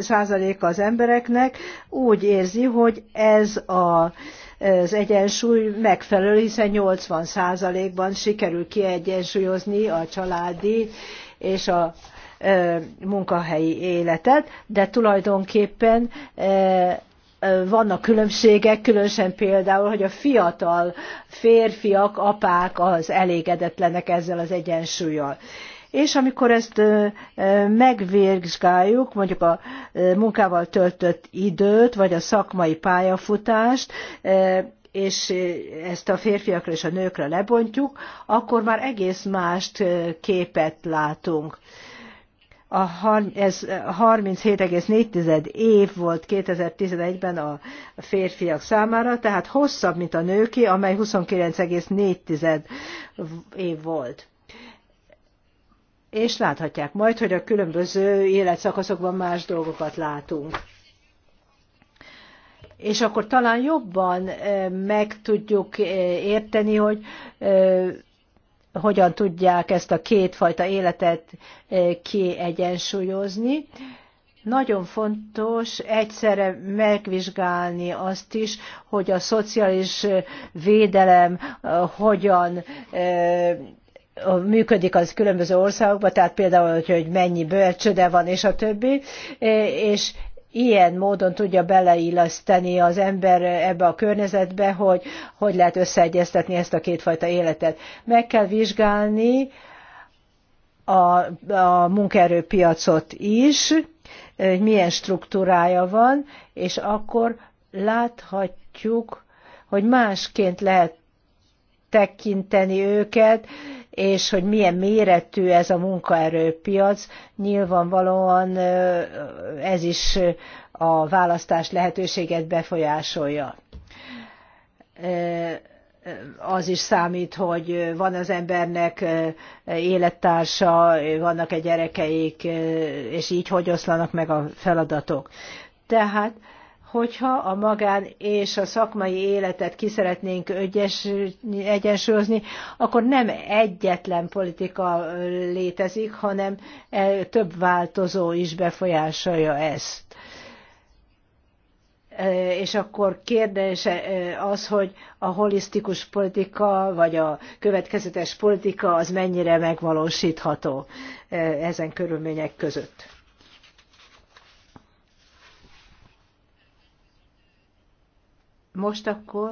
százaléka az embereknek úgy érzi, hogy ez a, az egyensúly megfelelő, hiszen 80 százalékban sikerül kiegyensúlyozni a családi és a munkahelyi életet, de tulajdonképpen vannak különbségek, különösen például, hogy a fiatal férfiak, apák az elégedetlenek ezzel az egyensúlyjal. És amikor ezt megvizsgáljuk, mondjuk a munkával töltött időt, vagy a szakmai pályafutást, és ezt a férfiakra és a nőkre lebontjuk, akkor már egész mást képet látunk a, ez 37,4 év volt 2011-ben a férfiak számára, tehát hosszabb, mint a nőki, amely 29,4 év volt. És láthatják majd, hogy a különböző életszakaszokban más dolgokat látunk. És akkor talán jobban meg tudjuk érteni, hogy hogyan tudják ezt a kétfajta életet e, kiegyensúlyozni. Nagyon fontos egyszerre megvizsgálni azt is, hogy a szociális védelem e, hogyan e, működik az különböző országokban, tehát például, hogy mennyi bölcsöde van, és a többi, és ilyen módon tudja beleilleszteni az ember ebbe a környezetbe, hogy hogy lehet összeegyeztetni ezt a kétfajta életet. Meg kell vizsgálni a, a munkaerőpiacot is, hogy milyen struktúrája van, és akkor láthatjuk, hogy másként lehet tekinteni őket, és hogy milyen méretű ez a munkaerőpiac, nyilvánvalóan ez is a választás lehetőséget befolyásolja. Az is számít, hogy van az embernek élettársa, vannak-e gyerekeik, és így hogy oszlanak meg a feladatok. Tehát hogyha a magán és a szakmai életet ki szeretnénk egyensúlyozni, akkor nem egyetlen politika létezik, hanem e, több változó is befolyásolja ezt. E, és akkor kérdése az, hogy a holisztikus politika, vagy a következetes politika az mennyire megvalósítható e, ezen körülmények között. Most akkor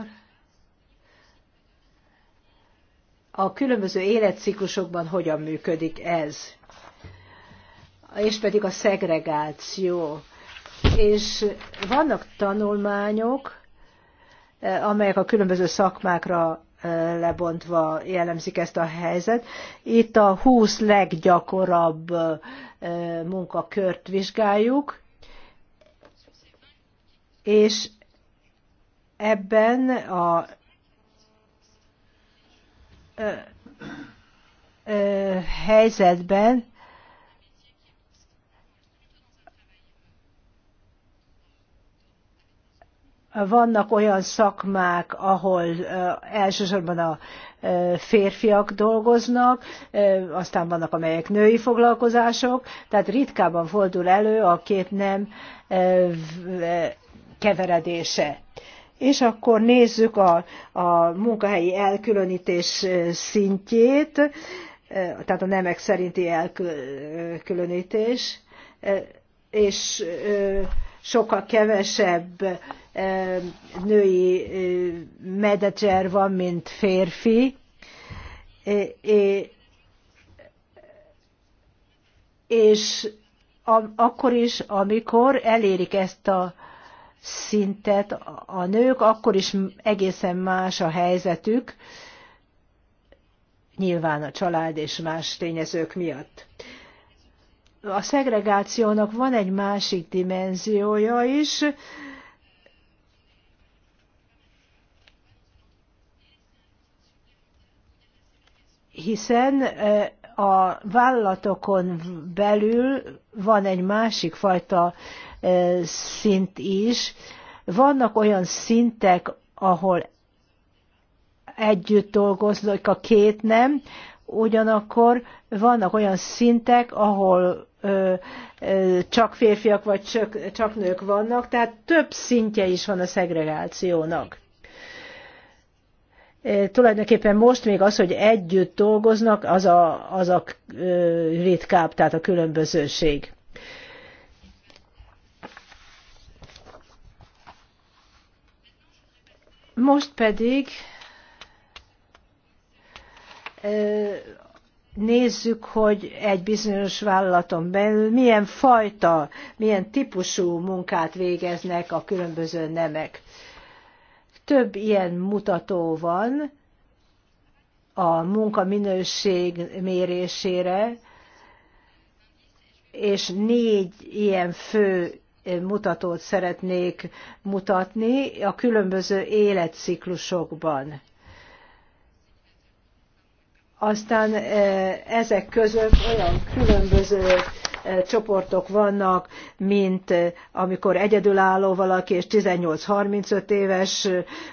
a különböző életciklusokban hogyan működik ez, és pedig a szegregáció. És vannak tanulmányok, eh, amelyek a különböző szakmákra eh, lebontva jellemzik ezt a helyzet. Itt a 20 leggyakorabb eh, munkakört vizsgáljuk, és Ebben a helyzetben vannak olyan szakmák, ahol elsősorban a férfiak dolgoznak, aztán vannak amelyek női foglalkozások, tehát ritkában fordul elő a két nem keveredése és akkor nézzük a, a munkahelyi elkülönítés szintjét, tehát a nemek szerinti elkülönítés, és sokkal kevesebb női menedzser van, mint férfi, és akkor is, amikor elérik ezt a szintet a nők, akkor is egészen más a helyzetük, nyilván a család és más tényezők miatt. A szegregációnak van egy másik dimenziója is, hiszen eh, a vállalatokon belül van egy másik fajta e, szint is. Vannak olyan szintek, ahol együtt dolgoznak, a két nem, ugyanakkor vannak olyan szintek, ahol ö, ö, csak férfiak vagy csak, csak nők vannak, tehát több szintje is van a szegregációnak tulajdonképpen most még az, hogy együtt dolgoznak, az a, az a ritkább, tehát a különbözőség. Most pedig nézzük, hogy egy bizonyos vállalaton belül milyen fajta, milyen típusú munkát végeznek a különböző nemek. Több ilyen mutató van a munkaminőség mérésére, és négy ilyen fő mutatót szeretnék mutatni a különböző életciklusokban. Aztán eh, ezek között olyan különböző csoportok vannak, mint eh, amikor egyedülálló valaki, és 18-35 éves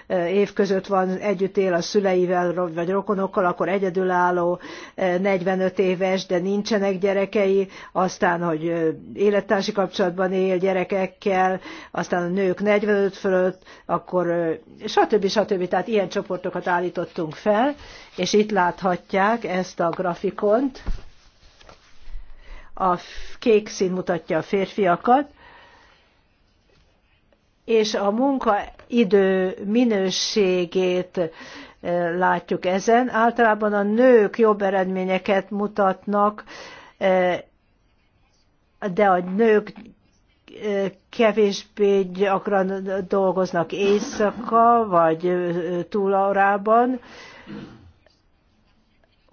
eh, év között van, együtt él a szüleivel vagy rokonokkal, akkor egyedülálló 45 eh, éves, de nincsenek gyerekei, aztán, hogy élettársi kapcsolatban él gyerekekkel, aztán a nők 45 fölött, akkor stb. stb. Tehát ilyen csoportokat állítottunk fel, és itt láthatják ezt a grafikont a kék szín mutatja a férfiakat, és a munkaidő minőségét eh, látjuk ezen. Általában a nők jobb eredményeket mutatnak, eh, de a nők eh, kevésbé gyakran dolgoznak éjszaka, vagy túlaurában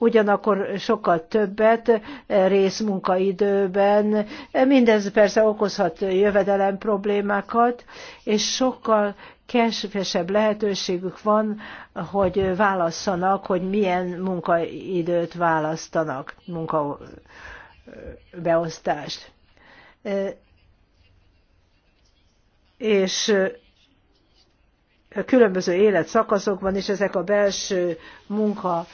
ugyanakkor sokkal többet eh, részmunkaidőben. Eh, mindez persze okozhat jövedelem problémákat, és sokkal kevesebb lehetőségük van, hogy válasszanak, hogy milyen munkaidőt választanak, munkabeosztást. Eh, és különböző életszakaszokban is ezek a belső munka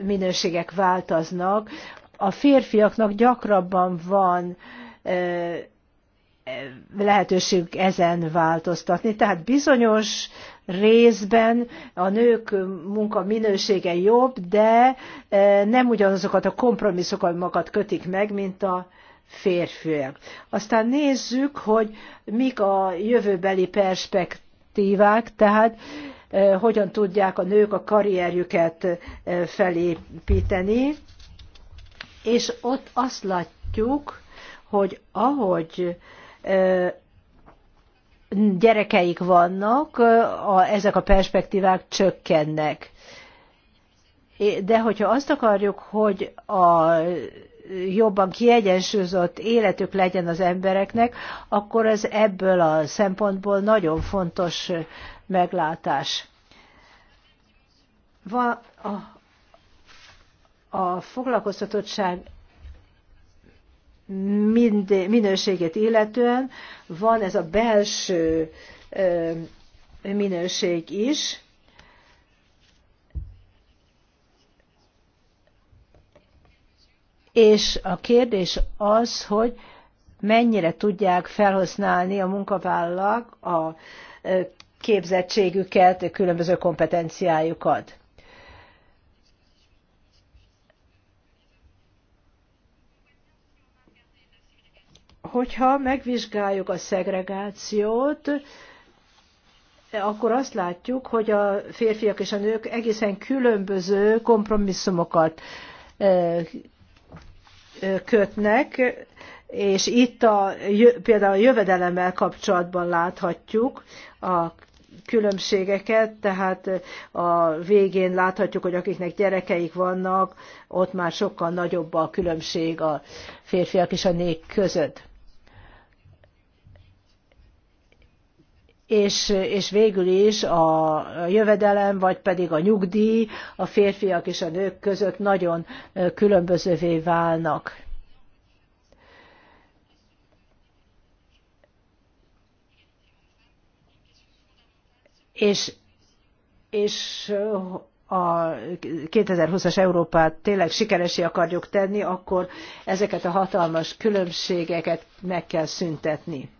minőségek változnak. A férfiaknak gyakrabban van lehetőségük ezen változtatni. Tehát bizonyos részben a nők munka minősége jobb, de nem ugyanazokat a kompromisszokat kötik meg, mint a férfiak. Aztán nézzük, hogy mik a jövőbeli perspektívák, tehát hogyan tudják a nők a karrierjüket felépíteni, és ott azt látjuk, hogy ahogy gyerekeik vannak, ezek a perspektívák csökkennek. De hogyha azt akarjuk, hogy a jobban kiegyensúlyozott életük legyen az embereknek, akkor ez ebből a szempontból nagyon fontos meglátás. Van a, a foglalkoztatottság mind, minőségét illetően van ez a belső ö, minőség is, És a kérdés az, hogy mennyire tudják felhasználni a munkavállalók a képzettségüket, különböző kompetenciájukat. Hogyha megvizsgáljuk a szegregációt, akkor azt látjuk, hogy a férfiak és a nők egészen különböző kompromisszumokat kötnek, és itt a, például a jövedelemmel kapcsolatban láthatjuk a különbségeket, tehát a végén láthatjuk, hogy akiknek gyerekeik vannak, ott már sokkal nagyobb a különbség a férfiak és a nők között. és, és végül is a jövedelem, vagy pedig a nyugdíj a férfiak és a nők között nagyon különbözővé válnak. és, és a 2020-as Európát tényleg sikeresé akarjuk tenni, akkor ezeket a hatalmas különbségeket meg kell szüntetni.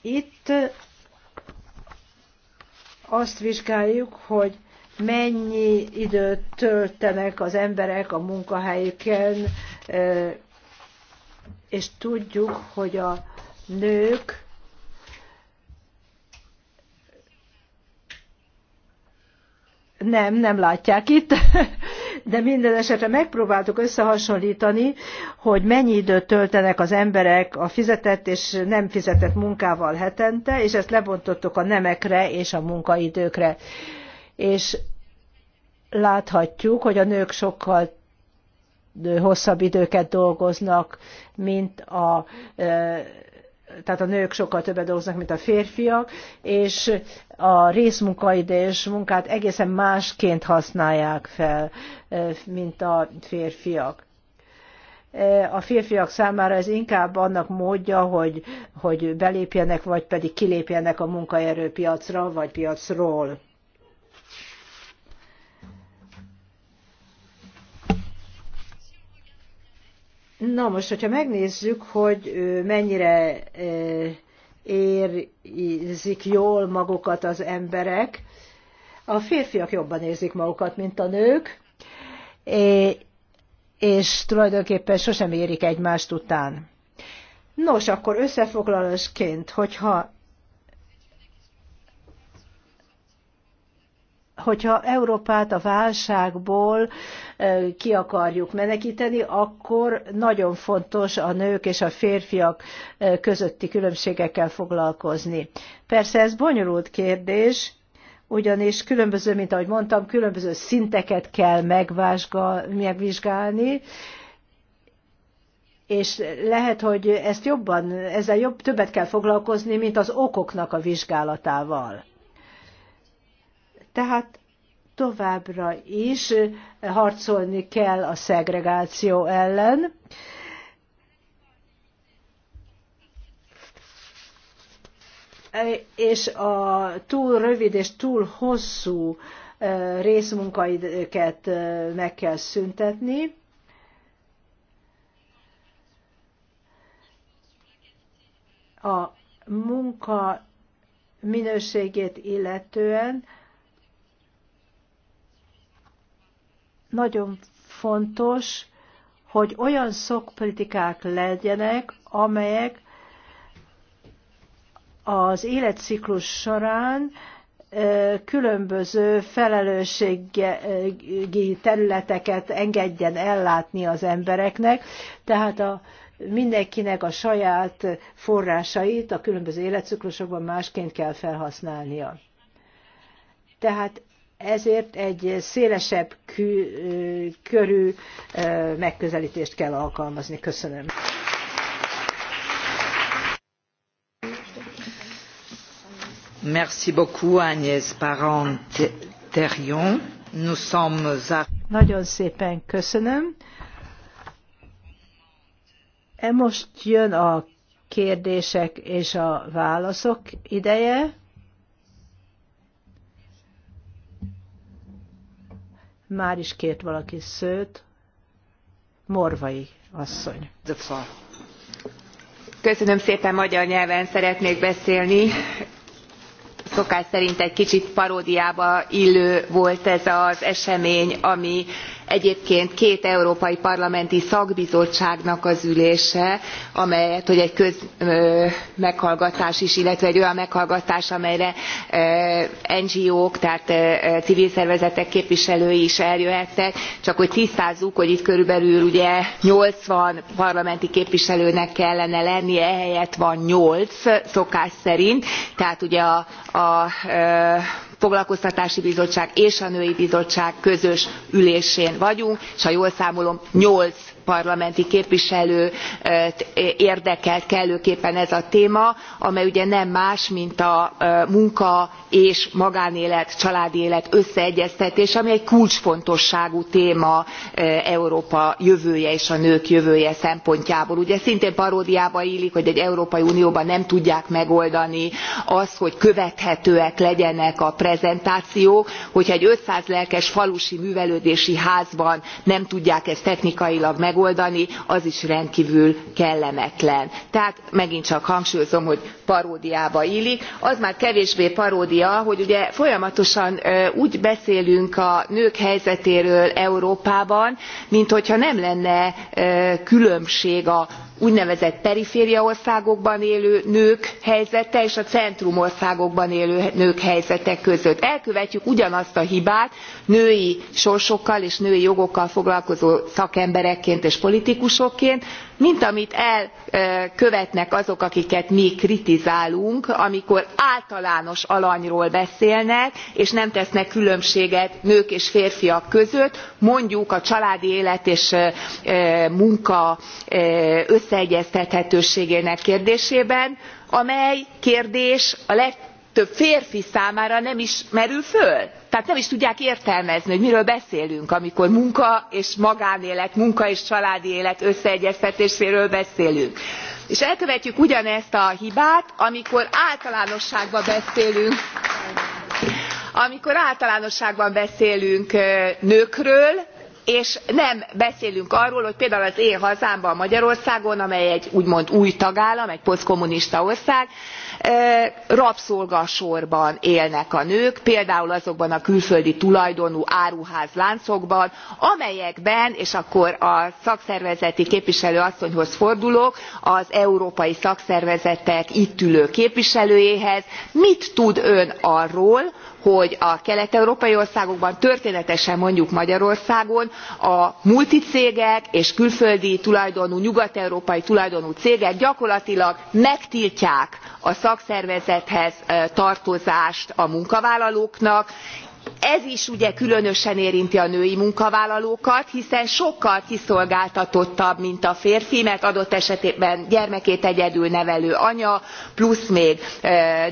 Itt azt vizsgáljuk, hogy mennyi időt töltenek az emberek a munkahelyeken, és tudjuk, hogy a nők nem, nem látják itt, [laughs] de minden esetre megpróbáltuk összehasonlítani, hogy mennyi időt töltenek az emberek a fizetett és nem fizetett munkával hetente, és ezt lebontottuk a nemekre és a munkaidőkre. És láthatjuk, hogy a nők sokkal hosszabb időket dolgoznak, mint a tehát a nők sokkal többet dolgoznak, mint a férfiak, és a részmunkaidős munkát egészen másként használják fel, mint a férfiak. A férfiak számára ez inkább annak módja, hogy, hogy belépjenek, vagy pedig kilépjenek a munkaerőpiacra, vagy piacról Na most, hogyha megnézzük, hogy mennyire érzik jól magukat az emberek, a férfiak jobban érzik magukat, mint a nők, és tulajdonképpen sosem érik egymást után. Nos, akkor összefoglalásként, hogyha hogyha Európát a válságból ki akarjuk menekíteni, akkor nagyon fontos a nők és a férfiak közötti különbségekkel foglalkozni. Persze ez bonyolult kérdés, ugyanis különböző, mint ahogy mondtam, különböző szinteket kell megvizsgálni, és lehet, hogy ezt jobban, ezzel jobb, többet kell foglalkozni, mint az okoknak a vizsgálatával. Tehát továbbra is harcolni kell a szegregáció ellen. És a túl rövid és túl hosszú részmunkaidőket meg kell szüntetni. A munka minőségét illetően nagyon fontos, hogy olyan szokpolitikák legyenek, amelyek az életciklus során különböző felelősségi területeket engedjen ellátni az embereknek, tehát a, mindenkinek a saját forrásait a különböző életciklusokban másként kell felhasználnia. Tehát ezért egy szélesebb körű megközelítést kell alkalmazni. Köszönöm. Merci beaucoup Agnès Parent-Terrion. Nous sommes à... Nagyon szépen köszönöm. E most jön a kérdések és a válaszok ideje. Már is kért valaki szőt. Morvai asszony. Köszönöm szépen, magyar nyelven szeretnék beszélni. Szokás szerint egy kicsit paródiába illő volt ez az esemény, ami egyébként két európai parlamenti szakbizottságnak az ülése amelyet hogy egy közmeghallgatás is illetve egy olyan meghallgatás amelyre ngo k tehát civil szervezetek képviselői is eljöhettek csak hogy tisztázzuk hogy itt körülbelül ugye van parlamenti képviselőnek kellene lennie ehelyett van eight szokás szerint tehát ugye a foglalkoztatási bizottság és a női bizottság közös ülésén vagyunk s ha jól számolom nyolc parlamenti képviselőt érdekelt kellőképpen ez a téma amely ugye nem más mint a munka és magánélet családi élet összeegyeztetése ami egy kulcsfontosságú téma európa jövője és a nők jövője szempontjából. ugye szintén paródiába illik hogy egy európai unióban nem tudják megoldani azt hogy követhetőek legyenek a prezentációk hogyha egy five hundred lelkes falusi művelődési házban nem tudják ezt technikailag megoldani az is rendkvül kellemetlen. tehát megint csak hangsúlyozom hogy paródiába illik. az már kevésbé paródia hogy ugye folyamatosan úgy beszélünk a nők helyzetéről európában minthogyha nem lenne különbség a úgynevezett perifériaországokban élő nők helyzete és a centrumországokban élő nők helyzete között. elkövetjük ugyanazt a hibát női sorsokkal és női jogokkal foglalkozó szakemberekként és politikusokként mint amit elkövetnek azok akiket mi kritizálunk amikor általános alanyról beszélnek és nem tesznek különbséget nők és férfiak között mondjuk a családi élet és munka összeegyeztethetőségének kérdésében amely kérdés a több férfi számára nem is merül föl tehát nem is tudják értelmezni hogy miről beszélünk amikor munka és magánélet munka és családi élet összeegyeztetéséről beszélünk. és elkövetjük ugyanezt a hibát amikor általánosságban beszélünk amikor általánosságban beszélünk nőkről és nem beszélünk arról hogy például az én hazámban magyarországon amely egy úgymond új tagállam egy posztkommunista ország rabszolgasorban élnek a nők például azokban a külföldi tulajdonú áruházláncokban amelyekben és akkor a szakszervezeti képviselő asszonyhoz fordulok az európai szakszervezetek itt ülő képviselőjéhez mit tud ön arról hogy a kelet európai országokban történetesen mondjuk magyarországon a multicégek és külföldi tulajdonú nyugat európai tulajdonú cégek gyakorlatilag megtiltják a szakszervezethez tartozást a munkavállalóknak és ez is ugye különösen érinti a női munkavállalókat hiszen sokkal kiszolgáltatottabb mint a férfi mert adott esetben gyermekét egyedül nevelő anya plusz még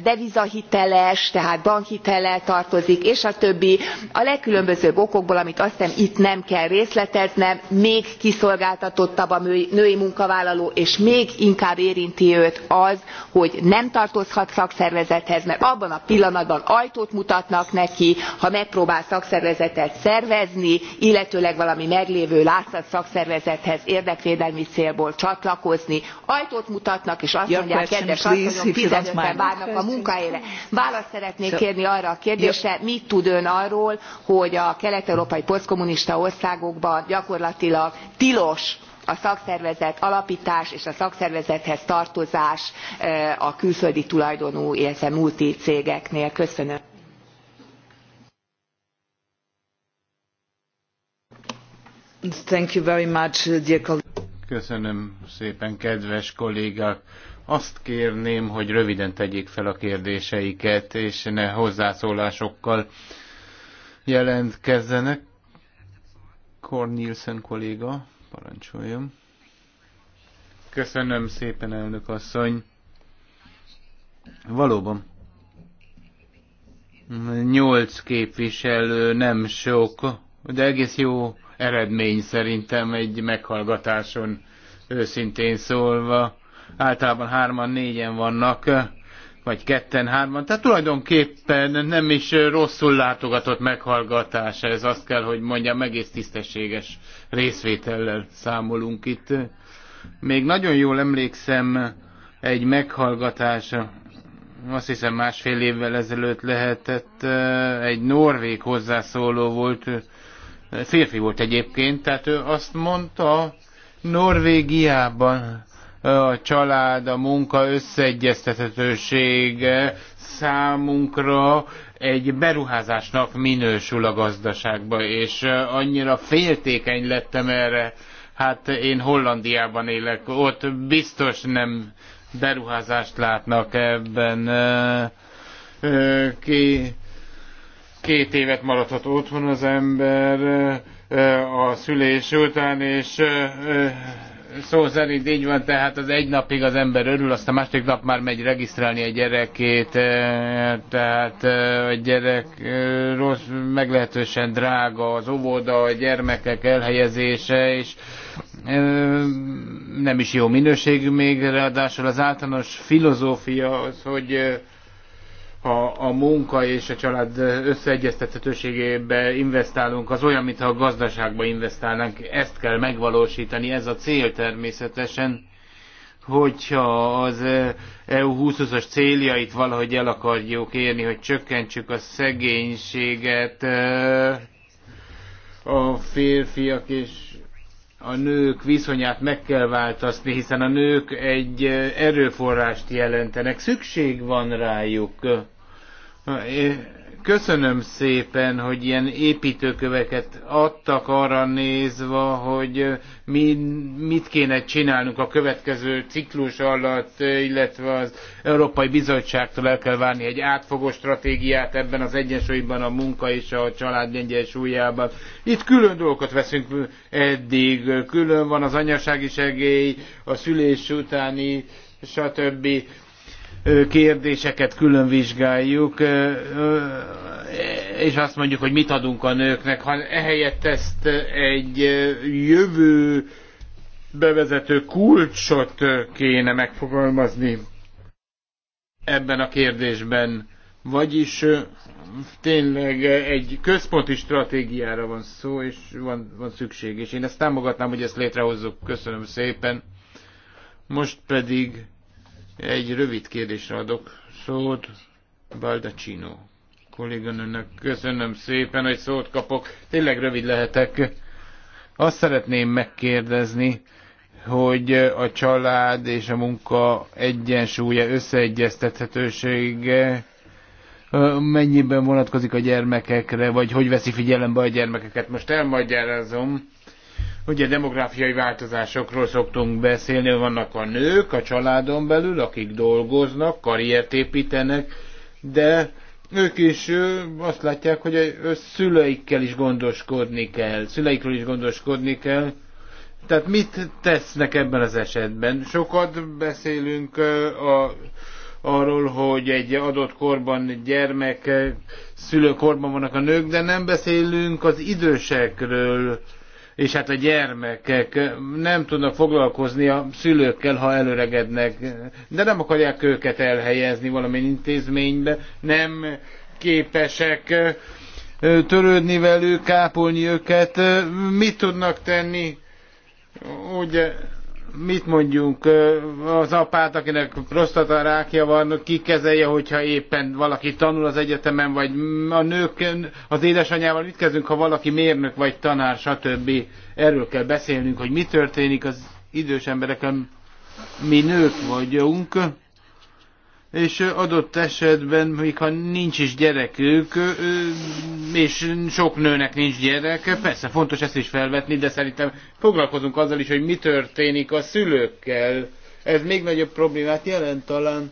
devizahiteles tehát bankhitellel tartozik és a többi a legkülönbözőbb okokból amit azt hiszem itt nem kell részleteznem még kiszolgáltatottabb a női munkavállaló és még inkább érinti őt az hogy nem tartozhat szakszervezethez mert abban a pillanatban ajtót mutatnak neki ha megpróbál szakszervezetet szervezni illetőleg valami meglévő látszat szakszervezethez érdekvédelmi célból csatlakozni ajtót mutatnak és azt mondják kedves asszonyok fifteen várnak a munkahelyre. választ szeretnék kérni arra a kérdésre mit tud ön arról hogy a kelet európai posztkommunista országokban gyakorlatilag tilos a szakszervezet alaptás és a szakszervezethez tartozás eh, a külföldi tulajdonú illetve multicégeknél. köszönöm. Köszönöm szépen, kedves kollégák! Azt kérném, hogy röviden tegyék fel a kérdéseiket, és ne hozzászólásokkal jelentkezzenek. Cornelsen kolléga, parancsoljon. Köszönöm szépen, elnök asszony. Valóban. Nyolc képviselő, nem sok, de egész jó eredmény szerintem egy meghallgatáson őszintén szólva. Általában hárman, négyen vannak, vagy ketten, hárman. Tehát tulajdonképpen nem is rosszul látogatott meghallgatás ez, azt kell, hogy mondjam, egész tisztességes részvétellel számolunk itt. Még nagyon jól emlékszem egy meghallgatás, azt hiszem másfél évvel ezelőtt lehetett, egy norvég hozzászóló volt, Férfi volt egyébként, tehát ő azt mondta, Norvégiában a család, a munka összeegyeztethetősége számunkra egy beruházásnak minősül a gazdaságba, és annyira féltékeny lettem erre, hát én Hollandiában élek, ott biztos nem beruházást látnak ebben. Ki két évet maradhat otthon az ember a szülés után, és szó szerint így van, tehát az egy napig az ember örül, a másik nap már megy regisztrálni a gyerekét, tehát a gyerek rossz, meglehetősen drága az óvoda, a gyermekek elhelyezése, és nem is jó minőségű még, ráadásul az általános filozófia az, hogy ha a munka és a család összeegyeztethetőségébe investálunk, az olyan, mintha a gazdaságba investálnánk. Ezt kell megvalósítani, ez a cél természetesen, hogyha az EU 20-as céljait valahogy el akarjuk érni, hogy csökkentsük a szegénységet, a férfiak és a nők viszonyát meg kell változtatni, hiszen a nők egy erőforrást jelentenek, szükség van rájuk Köszönöm szépen, hogy ilyen építőköveket adtak arra nézve, hogy mi, mit kéne csinálnunk a következő ciklus alatt, illetve az Európai Bizottságtól el kell várni egy átfogó stratégiát ebben az egyensúlyban a munka és a család egyensúlyában. Itt külön dolgokat veszünk eddig, külön van az anyasági segély, a szülés utáni stb kérdéseket külön vizsgáljuk, és azt mondjuk, hogy mit adunk a nőknek, ha ehelyett ezt egy jövő bevezető kulcsot kéne megfogalmazni ebben a kérdésben. Vagyis tényleg egy központi stratégiára van szó, és van, van szükség, és én ezt támogatnám, hogy ezt létrehozzuk. Köszönöm szépen. Most pedig egy rövid kérdésre adok szót. Baldacino kolléganőnek köszönöm szépen, hogy szót kapok. Tényleg rövid lehetek. Azt szeretném megkérdezni, hogy a család és a munka egyensúlya, összeegyeztethetősége mennyiben vonatkozik a gyermekekre, vagy hogy veszi figyelembe a gyermekeket. Most elmagyarázom Ugye demográfiai változásokról szoktunk beszélni, vannak a nők a családon belül, akik dolgoznak, karriert építenek, de ők is azt látják, hogy a szüleikkel is gondoskodni kell, szüleikről is gondoskodni kell. Tehát mit tesznek ebben az esetben? Sokat beszélünk a arról, hogy egy adott korban gyermek, szülőkorban vannak a nők, de nem beszélünk az idősekről, és hát a gyermekek nem tudnak foglalkozni a szülőkkel, ha előregednek, de nem akarják őket elhelyezni valamilyen intézménybe, nem képesek törődni velük, kápolni őket. Mit tudnak tenni? Ugye mit mondjunk, az apát, akinek rákja van, ki kezelje, hogyha éppen valaki tanul az egyetemen, vagy a nők, az édesanyával mit kezdünk, ha valaki mérnök, vagy tanár, stb. Erről kell beszélnünk, hogy mi történik az idős embereken, mi nők vagyunk, és adott esetben, még ha nincs is gyerekük, és sok nőnek nincs gyereke, persze fontos ezt is felvetni, de szerintem foglalkozunk azzal is, hogy mi történik a szülőkkel. Ez még nagyobb problémát jelent talán.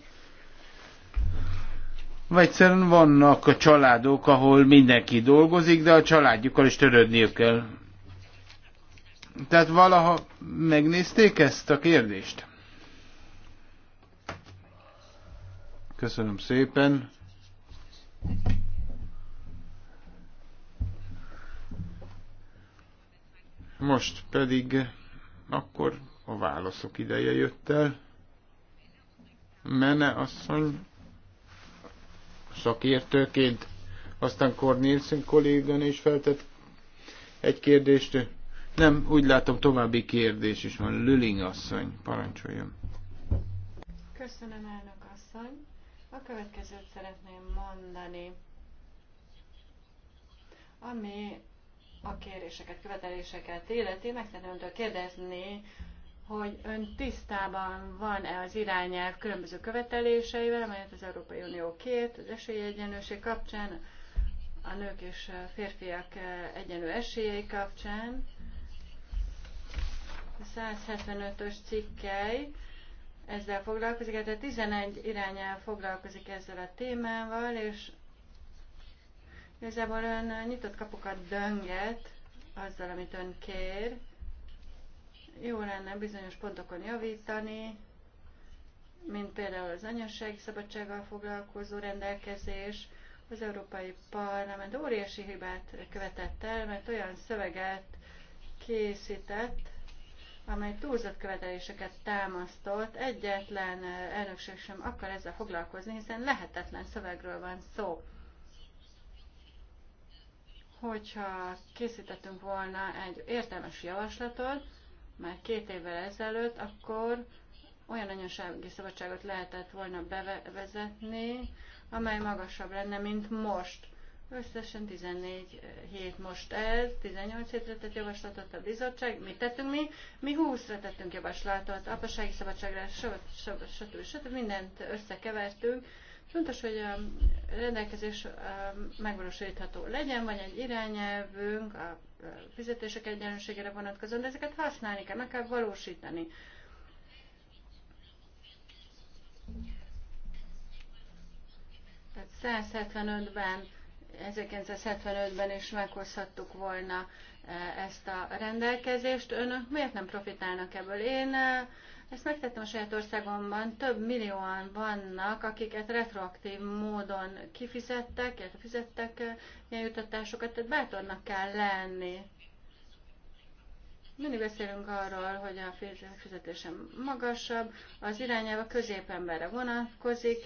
Vagy egyszerűen vannak a családok, ahol mindenki dolgozik, de a családjukkal is törődniük kell. Tehát valaha megnézték ezt a kérdést? Köszönöm szépen. Most pedig akkor a válaszok ideje jött el. Mene asszony szakértőként, aztán Cornélszín kolléganő is feltett egy kérdést. Nem, úgy látom további kérdés is van. Lüling asszony, parancsoljon. Köszönöm, elnök asszony. A következőt szeretném mondani, ami a kéréseket, követeléseket illeti, meg szeretném öntől kérdezni, hogy ön tisztában van-e az irányelv különböző követeléseivel, amelyet az Európai Unió két, az esélyegyenlőség kapcsán, a nők és férfiak egyenlő esélyei kapcsán, a 175-ös cikkei, ezzel foglalkozik, tehát a 11 irányel foglalkozik ezzel a témával, és igazából ön nyitott kapukat dönget azzal, amit ön kér. Jó lenne bizonyos pontokon javítani, mint például az anyassági szabadsággal foglalkozó rendelkezés, az Európai Parlament óriási hibát követett el, mert olyan szöveget készített, amely túlzott követeléseket támasztott, egyetlen elnökség sem akar ezzel foglalkozni, hiszen lehetetlen szövegről van szó. Hogyha készítettünk volna egy értelmes javaslatot, már két évvel ezelőtt, akkor olyan anyasági szabadságot lehetett volna bevezetni, amely magasabb lenne, mint most. Összesen 14 eh, hét most ez, 18 hétre tett javaslatot a bizottság. Mit tettünk mi? Mi 20-ra tettünk javaslatot, apasági szabadságra, stb. stb. mindent összekevertünk. Fontos, hogy a rendelkezés eh, megvalósítható legyen, vagy egy irányelvünk a eh, fizetések egyenlőségére vonatkozóan, de ezeket használni kell, meg kell valósítani. Tehát 175-ben 1975-ben is meghozhattuk volna e, ezt a rendelkezést. Önök miért nem profitálnak ebből? Én e, ezt megtettem a saját országomban, több millióan vannak, akiket retroaktív módon kifizettek, illetve fizettek e, ilyen jutatásokat, tehát bátornak kell lenni. Mindig beszélünk arról, hogy a fizetésem magasabb, az irányába a középemberre vonatkozik,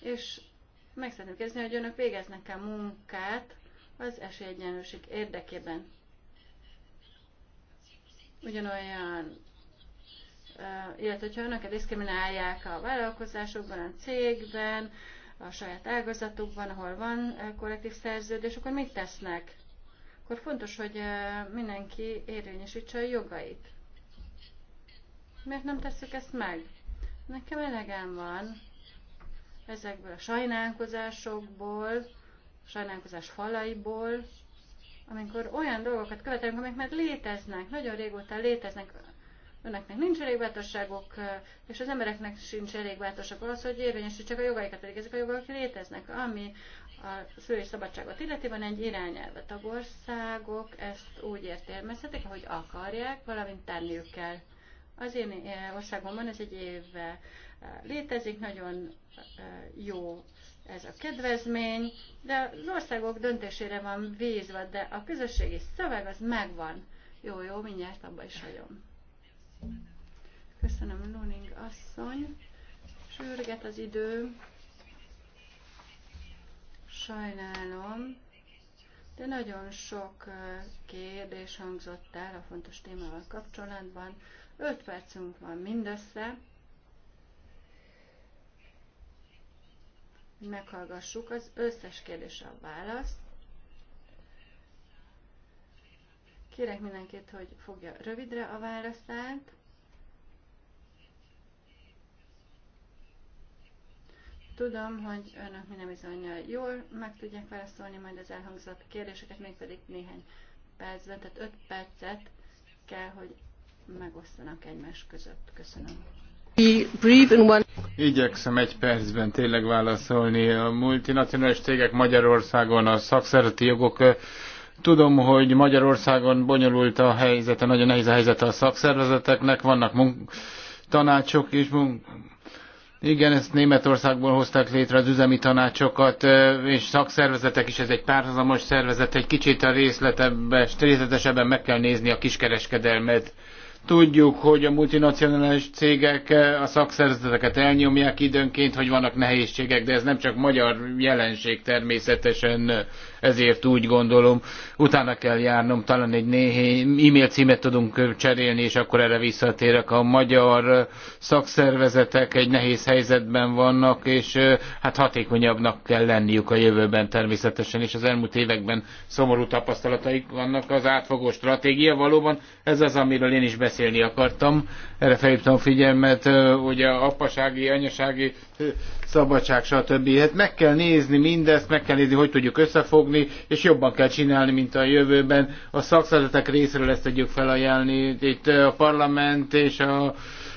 és meg szeretném kérdezni, hogy önök végeznek-e munkát az esélyegyenlőség érdekében. Ugyanolyan, illetve hogyha önöket diszkriminálják a vállalkozásokban, a cégben, a saját ágazatukban, ahol van kollektív szerződés, akkor mit tesznek? Akkor fontos, hogy mindenki érvényesítse a jogait. Miért nem tesszük ezt meg? Nekem elegem van ezekből a sajnálkozásokból, sajnálkozás falaiból, amikor olyan dolgokat követelünk, amik már léteznek, nagyon régóta léteznek, önöknek nincs elég bátorságok, és az embereknek sincs elég bátorságok ahhoz, hogy érvényesítsék a jogaikat, pedig ezek a jogok léteznek, ami a szülés szabadságot illeti, van egy irányelve. Tagországok ezt úgy értelmezhetik, ahogy akarják, valamint tenniük kell. Az én országomban ez egy évvel eh, létezik, nagyon jó ez a kedvezmény, de az országok döntésére van vízva, de a közösségi szöveg az megvan. Jó, jó, mindjárt abba is hagyom. Köszönöm, Luning asszony. Sürget az idő. Sajnálom, de nagyon sok kérdés hangzott el a fontos témával kapcsolatban. Öt percünk van mindössze. hogy meghallgassuk az összes kérdés a választ. Kérek mindenkit, hogy fogja rövidre a válaszát. Tudom, hogy önök minden bizonyal jól meg tudják válaszolni majd az elhangzott kérdéseket, mégpedig néhány percben, tehát öt percet kell, hogy megosztanak egymás között. Köszönöm. Igyekszem egy percben tényleg válaszolni. A multinacionális cégek Magyarországon a szakszereti jogok Tudom, hogy Magyarországon bonyolult a helyzete, nagyon nehéz a helyzete a szakszervezeteknek, vannak munk- tanácsok és munk- igen, ezt Németországból hozták létre az üzemi tanácsokat, és szakszervezetek is, ez egy párhuzamos szervezet, egy kicsit a részletesebben meg kell nézni a kiskereskedelmet Tudjuk, hogy a multinacionális cégek eh, a szakszerzeteket elnyomják időnként, hogy vannak nehézségek, de ez nem csak magyar jelenség természetesen, ezért úgy gondolom. Utána kell járnom, talán egy néhány e-mail címet tudunk cserélni, és akkor erre visszatérek. A magyar szakszervezetek egy nehéz helyzetben vannak, és eh, hát hatékonyabbnak kell lenniük a jövőben természetesen, és az elmúlt években szomorú tapasztalataik vannak. Az átfogó stratégia valóban, ez az, amiről én is beszélek beszélni akartam. Erre felhívtam a figyelmet, ugye apasági, anyasági szabadság, stb. Hát meg kell nézni mindezt, meg kell nézni, hogy tudjuk összefogni, és jobban kell csinálni, mint a jövőben. A szakszervezetek részéről ezt tudjuk felajánlni. Itt a parlament és a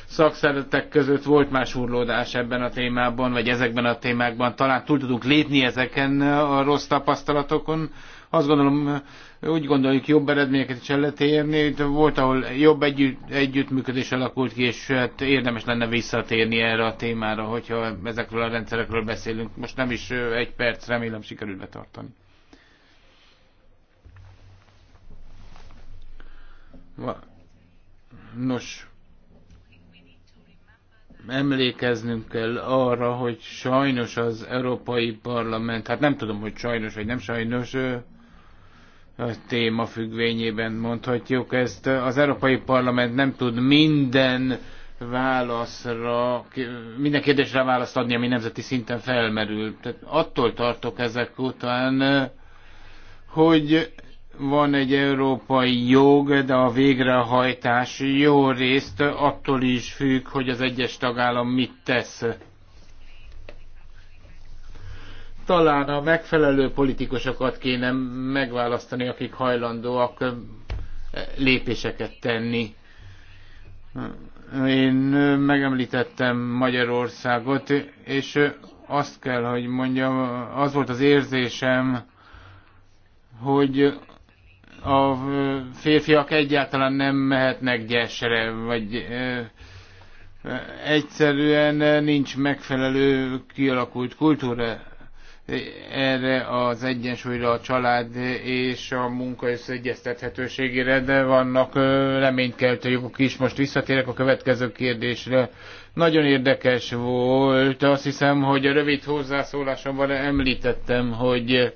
szakszervezetek között volt más urlódás ebben a témában, vagy ezekben a témákban. Talán túl tudunk lépni ezeken a rossz tapasztalatokon. Azt gondolom, úgy gondoljuk, jobb eredményeket is el lehet érni. Volt, ahol jobb együtt, együttműködés alakult ki, és hát érdemes lenne visszatérni erre a témára, hogyha ezekről a rendszerekről beszélünk. Most nem is egy perc, remélem sikerül betartani. Nos, emlékeznünk kell arra, hogy sajnos az Európai Parlament, hát nem tudom, hogy sajnos vagy nem sajnos, téma függvényében mondhatjuk ezt. Az Európai Parlament nem tud minden válaszra, minden kérdésre választ adni, ami nemzeti szinten felmerül. Tehát attól tartok ezek után, hogy van egy európai jog, de a végrehajtás jó részt attól is függ, hogy az egyes tagállam mit tesz talán a megfelelő politikusokat kéne megválasztani, akik hajlandóak lépéseket tenni. Én megemlítettem Magyarországot, és azt kell, hogy mondjam, az volt az érzésem, hogy a férfiak egyáltalán nem mehetnek gyesre, vagy egyszerűen nincs megfelelő kialakult kultúra erre az egyensúlyra a család és a munka összeegyeztethetőségére, de vannak reménykeltő jogok is. Most visszatérek a következő kérdésre. Nagyon érdekes volt. Azt hiszem, hogy a rövid hozzászólásomban említettem, hogy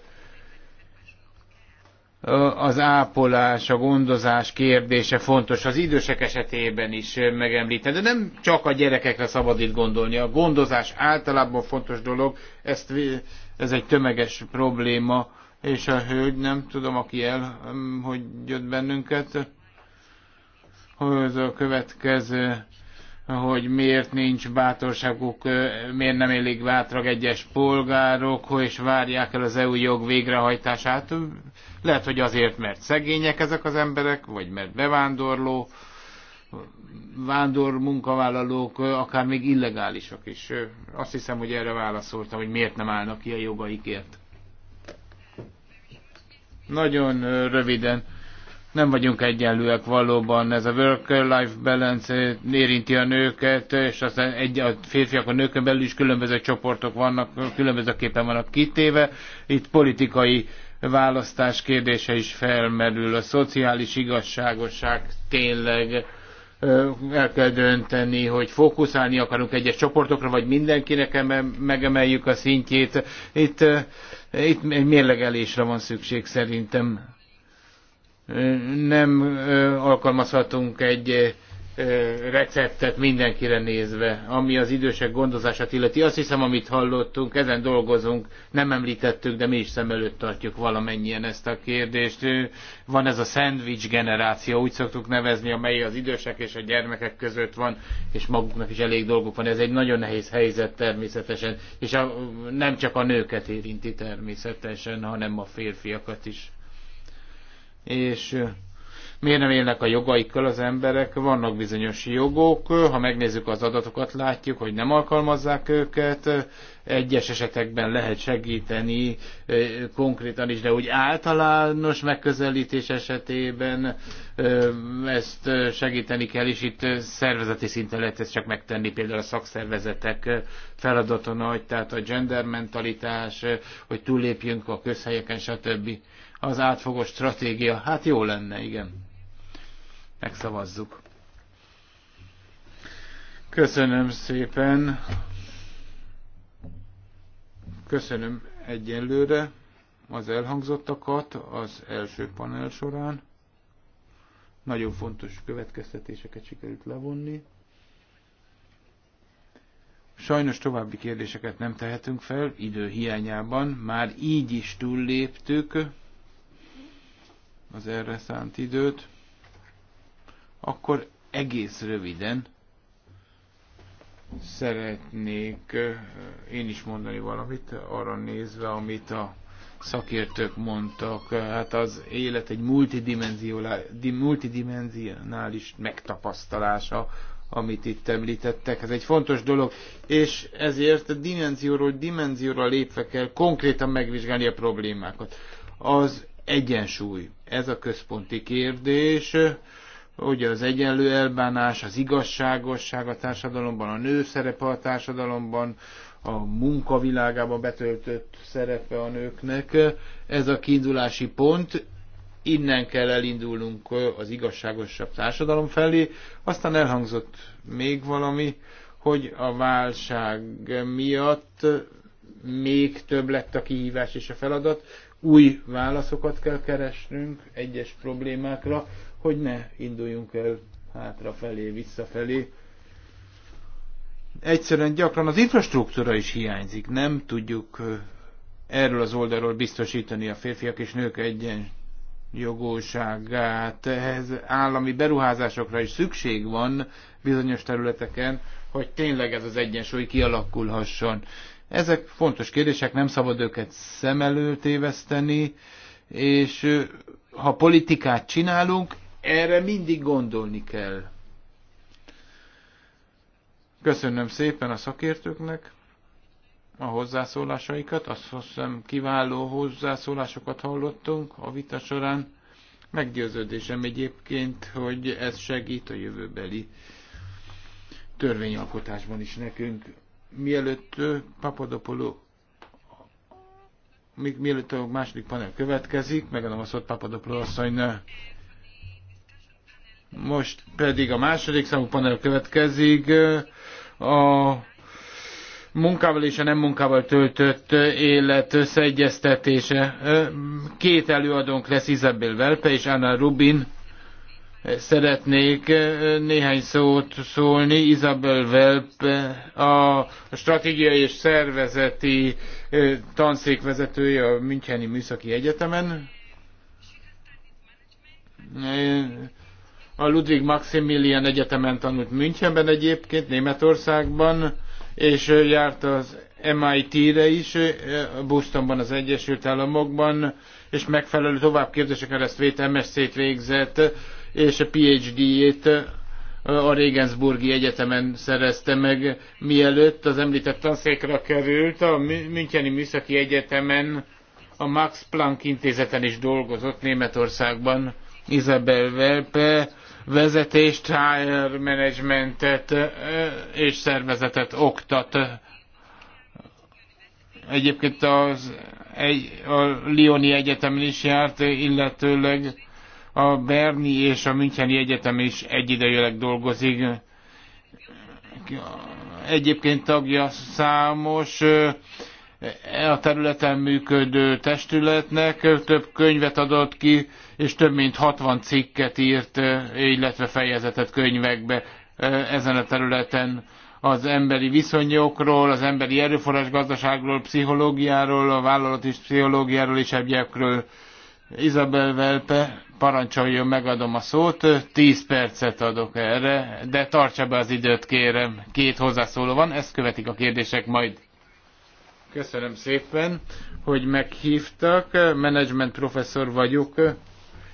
az ápolás, a gondozás kérdése fontos az idősek esetében is megemlíteni, de nem csak a gyerekekre szabad itt gondolni. A gondozás általában fontos dolog, ezt ez egy tömeges probléma, és a hölgy, nem tudom, aki el, hogy jött bennünket, hogy a következő, hogy miért nincs bátorságuk, miért nem élik bátrak egyes polgárok, és várják el az EU jog végrehajtását. Lehet, hogy azért, mert szegények ezek az emberek, vagy mert bevándorló, vándor munkavállalók akár még illegálisak is. Azt hiszem, hogy erre válaszoltam, hogy miért nem állnak ki a jogaikért. Nagyon röviden. Nem vagyunk egyenlőek valóban. Ez a work-life balance érinti a nőket, és aztán egy, a férfiak a nőkön belül is különböző csoportok vannak, különbözőképpen vannak kitéve. Itt politikai választás kérdése is felmerül. A szociális igazságosság tényleg el kell dönteni, hogy fókuszálni akarunk egyes csoportokra, vagy mindenkinek megemeljük a szintjét. Itt, itt egy mérlegelésre van szükség szerintem. Nem alkalmazhatunk egy receptet mindenkire nézve, ami az idősek gondozását illeti. Azt hiszem, amit hallottunk, ezen dolgozunk, nem említettük, de mi is szem előtt tartjuk valamennyien ezt a kérdést. Van ez a szendvics generáció, úgy szoktuk nevezni, amely az idősek és a gyermekek között van, és maguknak is elég dolguk van. Ez egy nagyon nehéz helyzet természetesen, és a, nem csak a nőket érinti természetesen, hanem a férfiakat is. És miért nem élnek a jogaikkal az emberek, vannak bizonyos jogok, ha megnézzük az adatokat, látjuk, hogy nem alkalmazzák őket, egyes esetekben lehet segíteni eh, konkrétan is, de úgy általános megközelítés esetében eh, ezt eh, segíteni kell, és itt szervezeti szinten lehet ezt csak megtenni, például a szakszervezetek feladata nagy, tehát a gender mentalitás, hogy túllépjünk a közhelyeken, stb. Az átfogó stratégia, hát jó lenne, igen megszavazzuk. Köszönöm szépen. Köszönöm egyenlőre az elhangzottakat az első panel során. Nagyon fontos következtetéseket sikerült levonni. Sajnos további kérdéseket nem tehetünk fel, idő hiányában. Már így is túlléptük az erre szánt időt. Akkor egész röviden szeretnék én is mondani valamit arra nézve, amit a szakértők mondtak. Hát az élet egy multidimenzionális megtapasztalása, amit itt említettek. Ez egy fontos dolog, és ezért a dimenzióról dimenzióra lépve kell konkrétan megvizsgálni a problémákat. Az egyensúly, ez a központi kérdés ugye az egyenlő elbánás, az igazságosság a társadalomban, a nő szerepe a társadalomban, a munkavilágában betöltött szerepe a nőknek. Ez a kiindulási pont, innen kell elindulnunk az igazságosabb társadalom felé. Aztán elhangzott még valami, hogy a válság miatt még több lett a kihívás és a feladat, új válaszokat kell keresnünk egyes problémákra, hogy ne induljunk el hátrafelé, visszafelé. Egyszerűen gyakran az infrastruktúra is hiányzik, nem tudjuk erről az oldalról biztosítani a férfiak és nők egyen jogóságát. Ehhez állami beruházásokra is szükség van bizonyos területeken, hogy tényleg ez az egyensúly kialakulhasson. Ezek fontos kérdések, nem szabad őket szem előtt éveszteni, és ha politikát csinálunk, erre mindig gondolni kell. Köszönöm szépen a szakértőknek a hozzászólásaikat. Azt hiszem kiváló hozzászólásokat hallottunk a vita során. Meggyőződésem egyébként, hogy ez segít a jövőbeli törvényalkotásban is nekünk. Mielőtt Papadopoló még mielőtt a második panel következik, megadom a szót Papadopoló asszony most pedig a második számú panel következik. A munkával és a nem munkával töltött élet összeegyeztetése. Két előadónk lesz Izabel Velpe és Anna Rubin. Szeretnék néhány szót szólni. Isabel Velpe, a stratégiai és szervezeti tanszék vezetője a Müncheni Műszaki Egyetemen a Ludwig Maximilian Egyetemen tanult Münchenben egyébként, Németországban, és járt az MIT-re is, Bostonban az Egyesült Államokban, és megfelelő továbbképzéseken ezt MSC-t végzett, és a PhD-jét a Regensburgi Egyetemen szerezte meg, mielőtt az említett tanszékra került, a Müncheni Műszaki Egyetemen a Max Planck intézeten is dolgozott Németországban. Isabel Welpe vezetést, HR menedzsmentet és szervezetet oktat. Egyébként az, egy, a Lioni Egyetemen is járt, illetőleg a Berni és a Müncheni Egyetem is egyidejűleg dolgozik. Egyébként tagja számos a területen működő testületnek, több könyvet adott ki, és több mint 60 cikket írt, illetve fejezetet könyvekbe ezen a területen az emberi viszonyokról, az emberi erőforrás gazdaságról, pszichológiáról, a vállalati pszichológiáról és egyebekről. Isabel Velpe, parancsoljon, megadom a szót, 10 percet adok erre, de tartsa be az időt, kérem. Két hozzászóló van, ezt követik a kérdések majd. Köszönöm szépen, hogy meghívtak. menedzsment professzor vagyok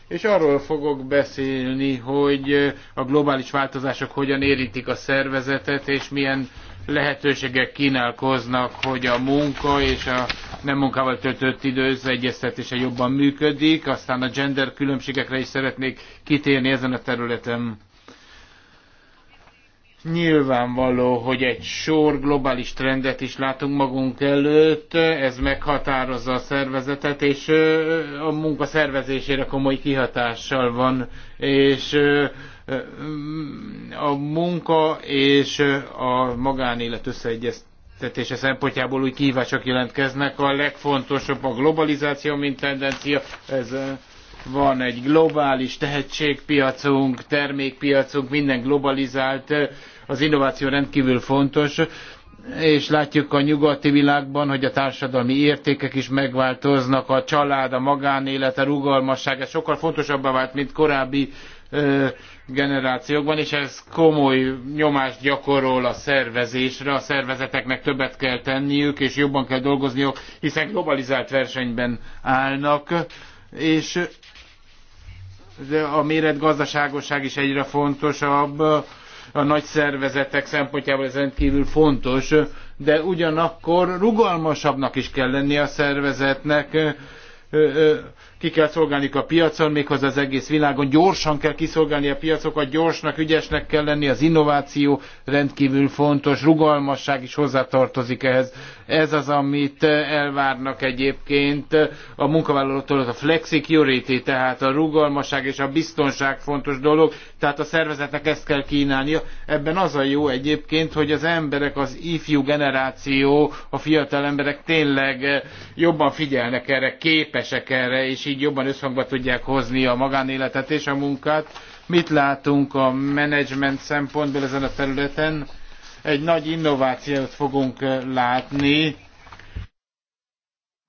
és arról fogok beszélni, hogy a globális változások hogyan érintik a szervezetet, és milyen lehetőségek kínálkoznak, hogy a munka és a nem munkával töltött idő összeegyeztetése jobban működik, aztán a gender különbségekre is szeretnék kitérni ezen a területen. Nyilvánvaló, hogy egy sor globális trendet is látunk magunk előtt, ez meghatározza a szervezetet, és a munka szervezésére komoly kihatással van, és a munka és a magánélet összeegyeztetése szempontjából új kihívások jelentkeznek. A legfontosabb a globalizáció, mint tendencia, ez van egy globális tehetségpiacunk, termékpiacunk, minden globalizált, az innováció rendkívül fontos, és látjuk a nyugati világban, hogy a társadalmi értékek is megváltoznak, a család, a magánélet, a rugalmasság, ez sokkal fontosabbá vált, mint korábbi generációkban, és ez komoly nyomást gyakorol a szervezésre, a szervezeteknek többet kell tenniük, és jobban kell dolgozniuk, hiszen globalizált versenyben állnak, és a méretgazdaságosság is egyre fontosabb, a nagy szervezetek szempontjából ez rendkívül fontos, de ugyanakkor rugalmasabbnak is kell lenni a szervezetnek, ki kell szolgálniuk a piacon, méghozzá az egész világon. Gyorsan kell kiszolgálni a piacokat, gyorsnak, ügyesnek kell lenni, az innováció rendkívül fontos, rugalmasság is hozzátartozik ehhez. Ez az, amit elvárnak egyébként a munkavállalótól, a flexicurity, tehát a rugalmasság és a biztonság fontos dolog, tehát a szervezetnek ezt kell kínálnia. Ebben az a jó egyébként, hogy az emberek, az ifjú generáció, a fiatal emberek tényleg jobban figyelnek erre, képesek erre, és így jobban összhangba tudják hozni a magánéletet és a munkát. Mit látunk a menedzsment szempontból ezen a területen? Egy nagy innovációt fogunk eh, látni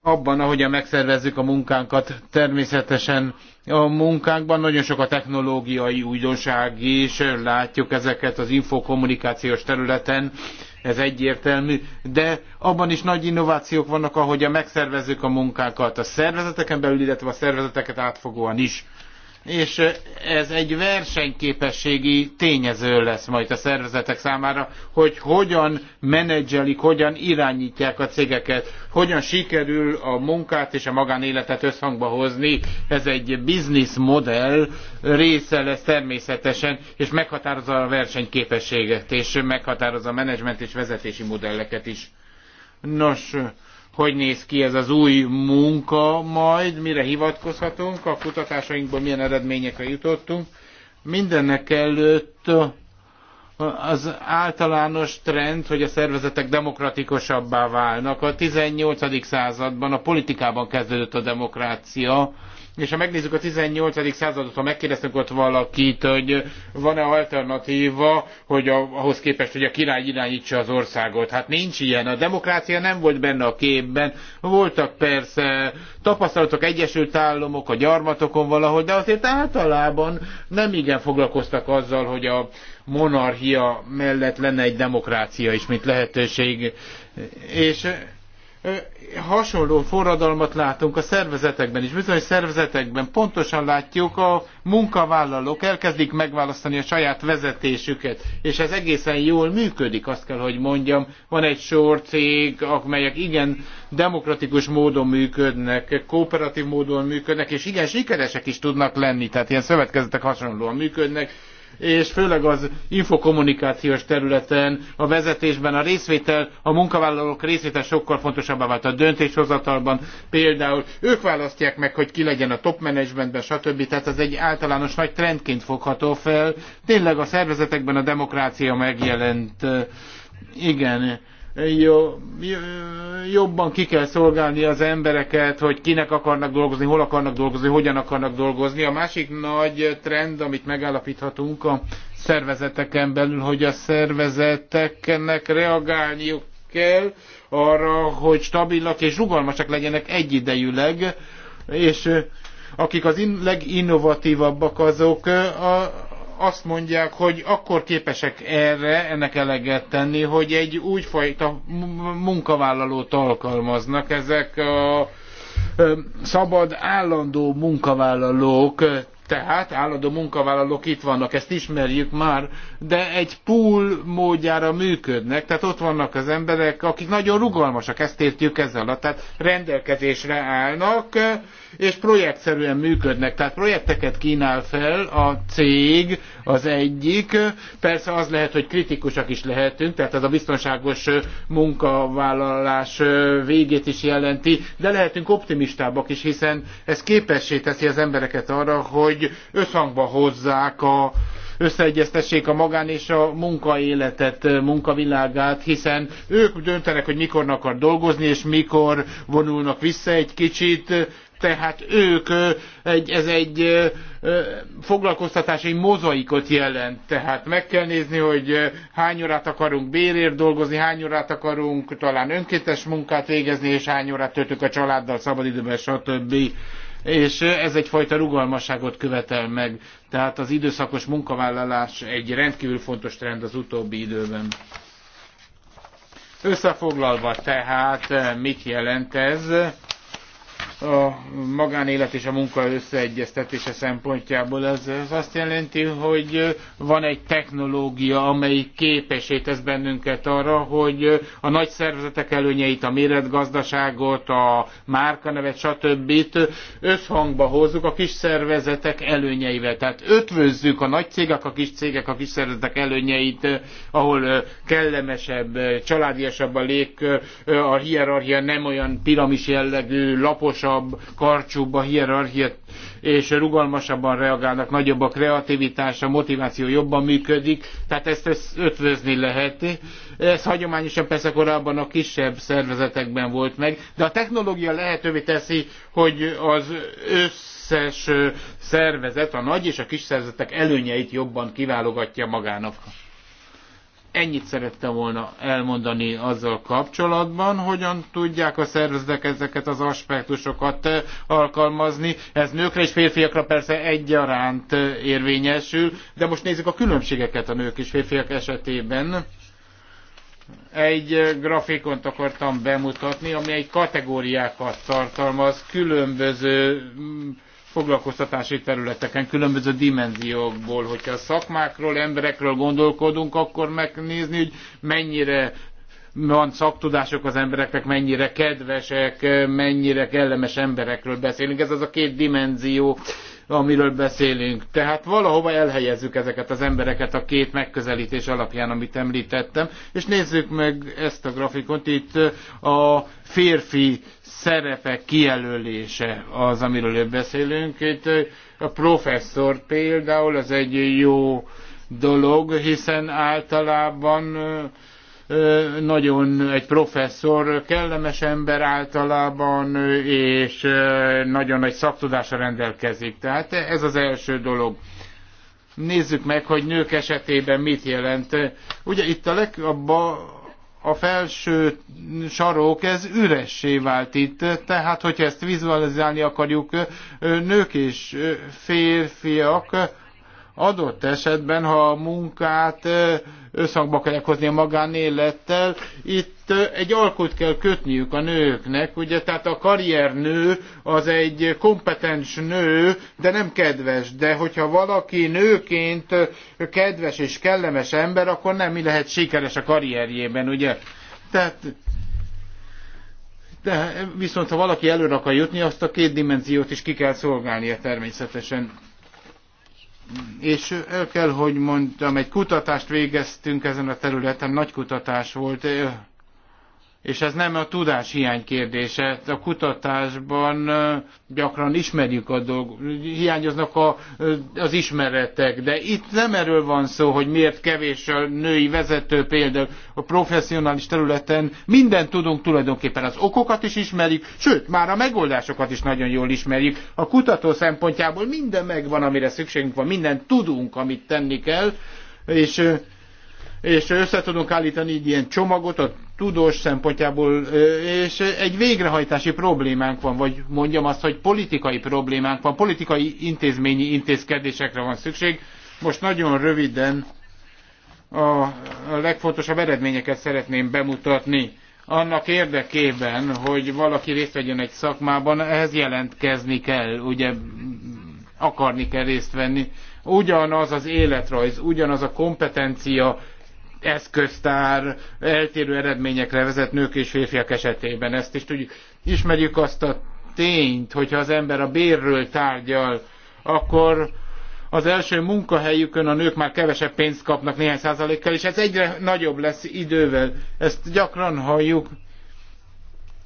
abban, ahogyan megszervezzük a munkánkat. Természetesen a munkánkban nagyon sok a technológiai újdonság is, látjuk ezeket az infokommunikációs területen ez egyértelmű, de abban is nagy innovációk vannak, ahogy a megszervezők a munkákat a szervezeteken belül, illetve a szervezeteket átfogóan is és ez egy versenyképességi tényező lesz majd a szervezetek számára, hogy hogyan menedzselik, hogyan irányítják a cégeket, hogyan sikerül a munkát és a magánéletet összhangba hozni. Ez egy business modell része lesz természetesen, és meghatározza a versenyképességet, és meghatározza a menedzsment és vezetési modelleket is. Nos, hogy néz ki ez az új munka majd, mire hivatkozhatunk, a kutatásainkból milyen eredményekre jutottunk. Mindennek előtt az általános trend, hogy a szervezetek demokratikusabbá válnak. A 18. században a politikában kezdődött a demokrácia, és ha megnézzük a 18. századot, ha megkérdeztünk ott valakit, hogy van-e alternatíva, hogy a, ahhoz képest, hogy a király irányítsa az országot. Hát nincs ilyen. A demokrácia nem volt benne a képben. Voltak persze tapasztalatok, Egyesült Államok, a gyarmatokon valahol, de azért általában nem igen foglalkoztak azzal, hogy a monarchia mellett lenne egy demokrácia is, mint lehetőség. És hasonló forradalmat látunk a szervezetekben is. Bizonyos szervezetekben pontosan látjuk, a munkavállalók elkezdik megválasztani a saját vezetésüket, és ez egészen jól működik, azt kell, hogy mondjam. Van egy sor cég, amelyek igen demokratikus módon működnek, kooperatív módon működnek, és igen sikeresek is tudnak lenni, tehát ilyen szövetkezetek hasonlóan működnek és főleg az infokommunikációs területen, a vezetésben a részvétel, a munkavállalók részvétel sokkal fontosabbá vált a döntéshozatalban. Például ők választják meg, hogy ki legyen a top managementben, stb. Tehát ez egy általános nagy trendként fogható fel. Tényleg a szervezetekben a demokrácia megjelent. Igen jobban ki kell szolgálni az embereket, hogy kinek akarnak dolgozni, hol akarnak dolgozni, hogyan akarnak dolgozni. A másik nagy trend, amit megállapíthatunk a szervezeteken belül, hogy a szervezeteknek reagálniuk kell arra, hogy stabilak és rugalmasak legyenek egyidejűleg, és akik az in- leginnovatívabbak azok a, azt mondják, hogy akkor képesek erre, ennek eleget tenni, hogy egy úgyfajta munkavállalót alkalmaznak. Ezek a szabad állandó munkavállalók, tehát állandó munkavállalók itt vannak, ezt ismerjük már, de egy pool módjára működnek, tehát ott vannak az emberek, akik nagyon rugalmasak, ezt értjük ezzel, tehát rendelkezésre állnak, és projektszerűen működnek. Tehát projekteket kínál fel a cég az egyik. Persze az lehet, hogy kritikusak is lehetünk, tehát ez a biztonságos munkavállalás végét is jelenti, de lehetünk optimistábbak is, hiszen ez képessé teszi az embereket arra, hogy összhangba hozzák a összeegyeztessék a magán és a munkaéletet, munkavilágát, hiszen ők döntenek, hogy mikor akar dolgozni, és mikor vonulnak vissza egy kicsit, tehát ők, egy, ez egy foglalkoztatási mozaikot jelent. Tehát meg kell nézni, hogy hány órát akarunk bérért dolgozni, hány órát akarunk talán önkéntes munkát végezni, és hány órát töltünk a családdal, szabadidőben, stb és ez egyfajta rugalmasságot követel meg. Tehát az időszakos munkavállalás egy rendkívül fontos trend az utóbbi időben. Összefoglalva tehát, mit jelent ez? a magánélet és a munka összeegyeztetése szempontjából. Ez, ez azt jelenti, hogy van egy technológia, amelyik képesé tesz bennünket arra, hogy a nagy szervezetek előnyeit, a méretgazdaságot, a márkanevet, stb. összhangba hozzuk a kis szervezetek előnyeivel. Tehát ötvözzük a nagy cégek, a kis cégek, a kis szervezetek előnyeit, ahol kellemesebb, családiasabb a lég, a hierarchia nem olyan piramis jellegű, laposabb, magasabb, karcsúbb a hierarchia, és rugalmasabban reagálnak, nagyobb a kreativitás, a motiváció jobban működik, tehát ezt, ezt ötvözni lehet. Ez hagyományosan persze korábban a kisebb szervezetekben volt meg, de a technológia lehetővé teszi, hogy az összes szervezet, a nagy és a kis szervezetek előnyeit jobban kiválogatja magának. Ennyit szerettem volna elmondani azzal kapcsolatban, hogyan tudják a szervezetek ezeket az aspektusokat eh, alkalmazni. Ez nőkre és férfiakra persze egyaránt eh, érvényesül, de most nézzük a különbségeket a nők és férfiak esetében. Egy eh, grafikont akartam bemutatni, ami egy kategóriákat tartalmaz, különböző mm, foglalkoztatási területeken, különböző dimenziókból. Hogyha a szakmákról, emberekről gondolkodunk, akkor megnézni, hogy mennyire van szaktudások az embereknek, mennyire kedvesek, mennyire kellemes emberekről beszélünk. Ez az a két dimenzió, amiről beszélünk. Tehát valahova elhelyezzük ezeket az embereket a két megközelítés alapján, amit említettem, és nézzük meg ezt a grafikont. Itt a férfi szerepek kijelölése az, amiről beszélünk. Itt a professzor például, az egy jó dolog, hiszen általában nagyon egy professzor, kellemes ember általában, és nagyon nagy szaktudása rendelkezik. Tehát ez az első dolog. Nézzük meg, hogy nők esetében mit jelent. Ugye itt a, leg, abba, a felső sarok, ez üressé vált itt, tehát hogyha ezt vizualizálni akarjuk, nők és férfiak Adott esetben, ha a munkát összhangba kell hozni a magánélettel, itt egy alkot kell kötniük a nőknek, ugye, tehát a karriernő az egy kompetens nő, de nem kedves, de hogyha valaki nőként kedves és kellemes ember, akkor nem mi lehet sikeres a karrierjében, ugye. Tehát de viszont ha valaki előre akar jutni, azt a két dimenziót is ki kell szolgálnia természetesen és el kell, hogy mondjam, egy kutatást végeztünk ezen a területen, nagy kutatás volt, és ez nem a tudás hiány kérdése. A kutatásban gyakran ismerjük a dolgokat, hiányoznak a, az ismeretek, de itt nem erről van szó, hogy miért kevés a női vezető például a professzionális területen. minden tudunk tulajdonképpen, az okokat is ismerjük, sőt, már a megoldásokat is nagyon jól ismerjük. A kutató szempontjából minden megvan, amire szükségünk van, mindent tudunk, amit tenni kell, és és össze tudunk állítani egy ilyen csomagot a tudós szempontjából, és egy végrehajtási problémánk van, vagy mondjam azt, hogy politikai problémánk van, politikai intézményi intézkedésekre van szükség. Most nagyon röviden a legfontosabb eredményeket szeretném bemutatni. Annak érdekében, hogy valaki részt vegyen egy szakmában, ehhez jelentkezni kell, ugye akarni kell részt venni. Ugyanaz az életrajz, ugyanaz a kompetencia eszköztár eltérő eredményekre vezet nők és férfiak esetében. Ezt is tudjuk. Ismerjük azt a tényt, hogyha az ember a bérről tárgyal, akkor az első munkahelyükön a nők már kevesebb pénzt kapnak néhány százalékkal, és ez egyre nagyobb lesz idővel. Ezt gyakran halljuk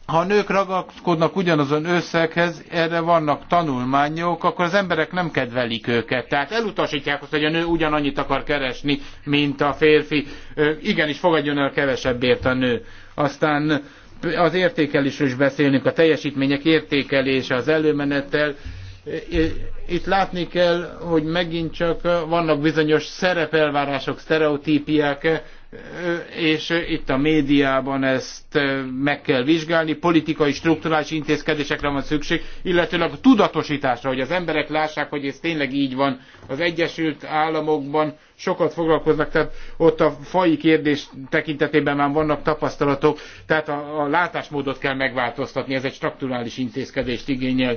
ha a nők ragaszkodnak ugyanazon összeghez, erre vannak tanulmányok, akkor az emberek nem kedvelik őket. Tehát elutasítják azt, hogy a nő ugyanannyit akar keresni, mint a férfi. Igenis, fogadjon el kevesebbért a nő. Aztán az értékelésről is beszélünk, a teljesítmények értékelése, az előmenettel. Itt látni kell, hogy megint csak vannak bizonyos szerepelvárások, sztereotípiák, és itt a médiában ezt meg kell vizsgálni, politikai, strukturális intézkedésekre van szükség, illetőleg a tudatosításra, hogy az emberek lássák, hogy ez tényleg így van. Az Egyesült Államokban sokat foglalkoznak, tehát ott a fai kérdés tekintetében már vannak tapasztalatok, tehát a, a látásmódot kell megváltoztatni, ez egy strukturális intézkedést igényel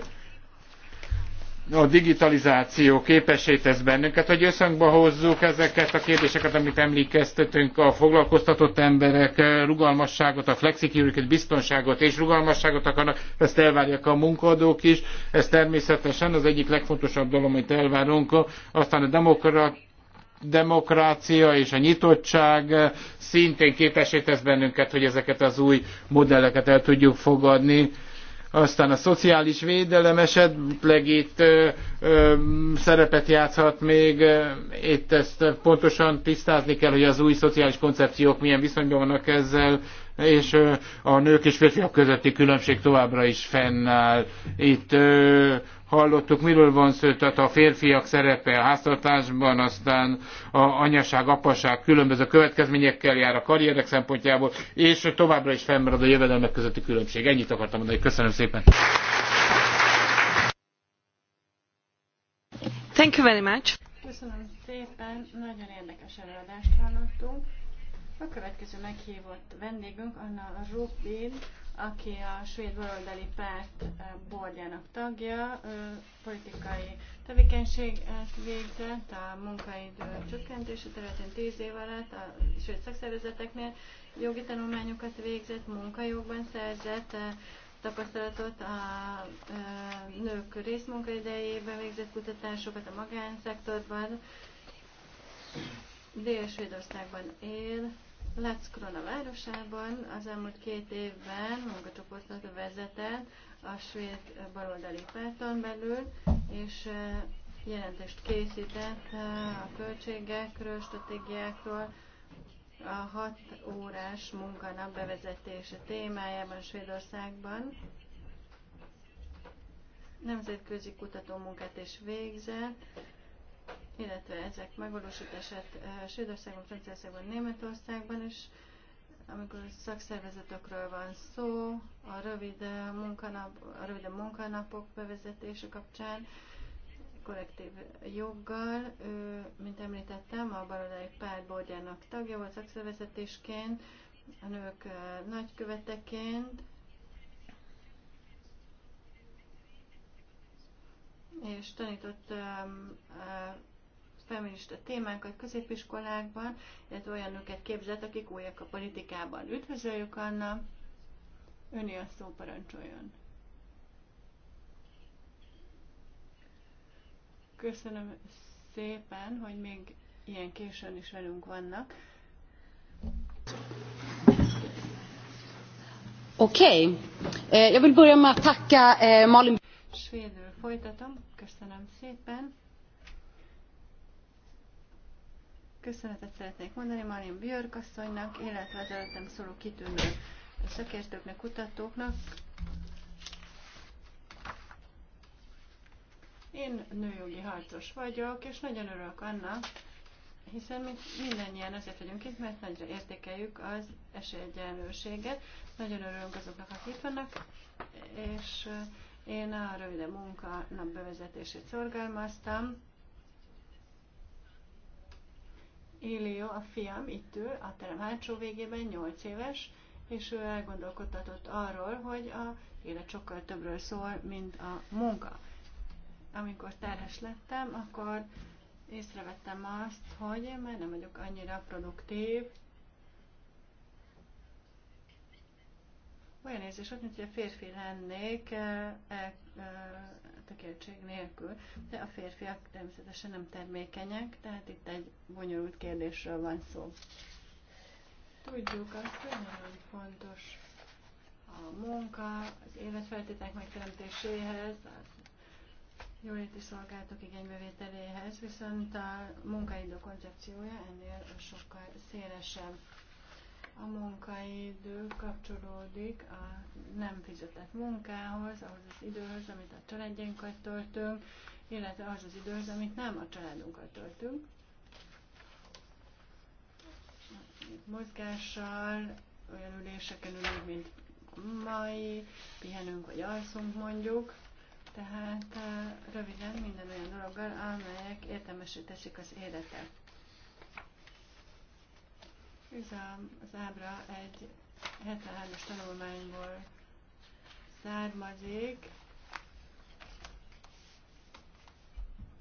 a digitalizáció képessé tesz bennünket, hogy összhangba hozzuk ezeket a kérdéseket, amit emlékeztetünk, a foglalkoztatott emberek eh, rugalmasságot, a flexicurity biztonságot és rugalmasságot akarnak, ezt elvárják a munkaadók is, ez természetesen az egyik legfontosabb dolog, amit elvárunk, aztán a demokrat demokrácia és a nyitottság eh, szintén képesé tesz bennünket, hogy ezeket az új modelleket el tudjuk fogadni aztán a szociális védelem esetleg itt ö, ö, szerepet játszhat még, itt ezt pontosan tisztázni kell, hogy az új szociális koncepciók milyen viszonyban vannak ezzel, és ö, a nők és férfiak közötti különbség továbbra is fennáll. Itt ö, hallottuk, miről van szó, tehát a férfiak szerepe a háztartásban, aztán a anyaság, apaság különböző következményekkel jár a karrierek szempontjából, és továbbra is fennmarad a jövedelmek közötti különbség. Ennyit akartam mondani. Köszönöm szépen. Thank you very much. Köszönöm szépen, nagyon érdekes előadást hallottunk. A következő meghívott vendégünk Anna Rubin, aki a svéd baloldali párt bordjának tagja, politikai tevékenységet végzett a munkaidő csökkentése területén 10 év alatt a svéd szakszervezeteknél, jogi tanulmányokat végzett, munkajogban szerzett tapasztalatot a nők részmunkaidejében végzett kutatásokat a magánszektorban, Dél-Svédországban él, Látsz Krona városában az elmúlt két évben a vezetett a svéd baloldali párton belül, és jelentést készített a költségekről, stratégiákról, a hat órás munkanap bevezetése témájában Svédországban. Nemzetközi kutatómunkát is végzett, illetve ezek megvalósítását eh, Svédországban, Franciaországban, Németországban is, amikor szakszervezetekről van szó, a rövid, eh, munkanap, a rövid munkanapok bevezetése kapcsán, kollektív joggal, ő, mint említettem, a baloldali párt tagja volt szakszervezetésként, a nők eh, nagyköveteként, és tanított feminista témákat középiskolákban, illetve olyan nőket képzett, akik újak a politikában. Üdvözöljük, Anna! Öni a szó parancsoljon! Köszönöm szépen, hogy még ilyen későn is velünk vannak. Okej. Okay. Eh, jag vill börja med att tacka eh, Malin. Svédül folytatom. Köszönöm szépen. Köszönetet szeretnék mondani Marin Björk asszonynak, illetve az előttem szóló kitűnő szakértőknek, kutatóknak. Én nőjogi harcos vagyok, és nagyon örülök annak, hiszen mi mindannyian azért vagyunk itt, mert nagyra értékeljük az esélyegyenlőséget. Nagyon örülünk azoknak, akik itt vannak, és én a rövide munkanap bevezetését szorgalmaztam. Ilió, a fiam, itt ül a terem hátsó végében, 8 éves, és ő elgondolkodtatott arról, hogy a élet sokkal többről szól, mint a munka. Amikor terhes lettem, akkor észrevettem azt, hogy én már nem vagyok annyira produktív, olyan érzés volt, mintha férfi lennék e, e, e tökéltség nélkül, de a férfiak természetesen nem termékenyek, tehát itt egy bonyolult kérdésről van szó. Tudjuk azt, hogy nagyon fontos a munka, az életfeltételek megteremtéséhez, a jóléti szolgálatok igénybevételéhez, viszont a munkaidő koncepciója ennél sokkal szélesebb. A munkaidő kapcsolódik a nem fizetett munkához, ahhoz az időhöz, amit a családjainkat töltünk, illetve ahhoz az időhöz, amit nem a családunkat töltünk. Mozgással, olyan üléseken ülünk, mint mai, pihenünk vagy alszunk mondjuk. Tehát eh, röviden minden olyan dologgal, amelyek értelmesítesik az életet. Ez a, az ábra egy 73-as tanulmányból származik.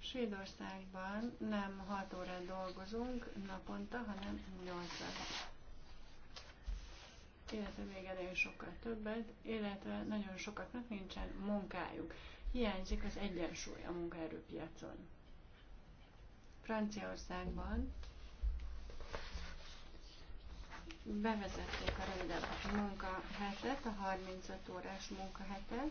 Svédországban nem 6 órán dolgozunk naponta, hanem 8 órán. Illetve még elég sokkal többet, illetve nagyon sokaknak nincsen munkájuk. Hiányzik az egyensúly a munkaerőpiacon. Franciaországban bevezették a rövidebb munkahetet, a 35 órás munkahetet,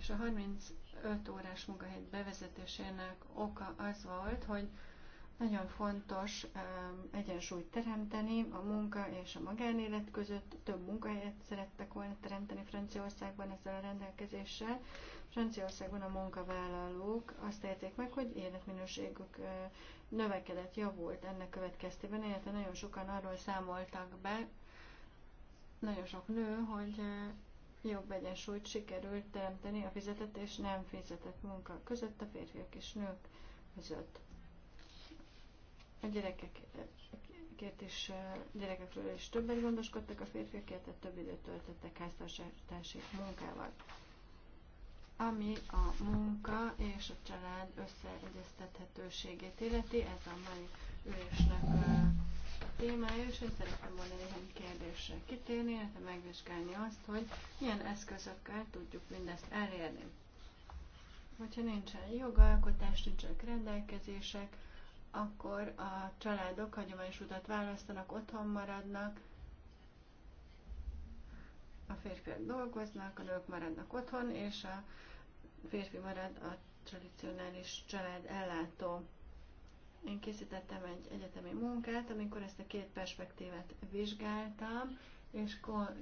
és a 35 órás munkahely bevezetésének oka az volt, hogy nagyon fontos egyensúlyt teremteni a munka és a magánélet között. Több munkahelyet szerettek volna teremteni Franciaországban ezzel a rendelkezéssel, Franciaországban a munkavállalók azt érték meg, hogy életminőségük növekedett, javult ennek következtében, illetve nagyon sokan arról számoltak be, nagyon sok nő, hogy jobb egyensúlyt sikerült teremteni a fizetett és nem fizetett munka között a férfiak és nők között. A gyerekekért is, gyerekekről is többet gondoskodtak a férfiak, illetve több időt töltöttek háztartási munkával ami a munka és a család összeegyeztethetőségét illeti. Ez a mai ülésnek a témája, és én szeretném volna néhány kérdésre kitérni, illetve megvizsgálni azt, hogy milyen eszközökkel tudjuk mindezt elérni. Hogyha nincsen jogalkotás, nincsenek rendelkezések, akkor a családok hagyományos utat választanak, otthon maradnak, a férfiak dolgoznak, a nők maradnak otthon, és a férfi marad a tradicionális család ellátó. Én készítettem egy egyetemi munkát, amikor ezt a két perspektívet vizsgáltam, és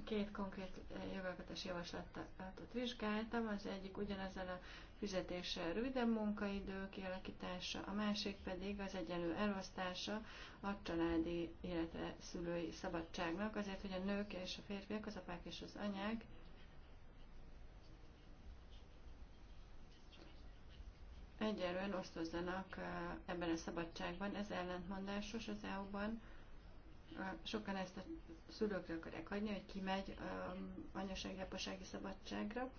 két konkrét jogalkotási javaslatot vizsgáltam. Az egyik ugyanezzel a fizetése, rövidebb munkaidő kialakítása, a másik pedig az egyenlő elosztása a családi, illetve szülői szabadságnak, azért, hogy a nők és a férfiak, az apák és az anyák egyenlően osztozzanak ebben a szabadságban. Ez ellentmondásos az EU-ban. Sokan ezt a szülőkre akarják hagyni, hogy kimegy anyasági, apasági szabadságra.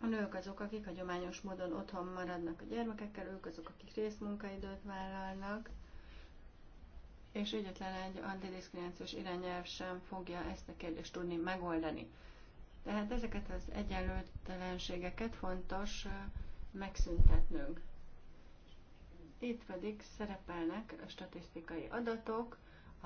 A nők azok, akik hagyományos módon otthon maradnak a gyermekekkel, ők azok, akik részmunkaidőt vállalnak, és egyetlen egy antidiszkriminációs irányelv sem fogja ezt a kérdést tudni megoldani. Tehát ezeket az egyenlőtlenségeket fontos megszüntetnünk. Itt pedig szerepelnek a statisztikai adatok,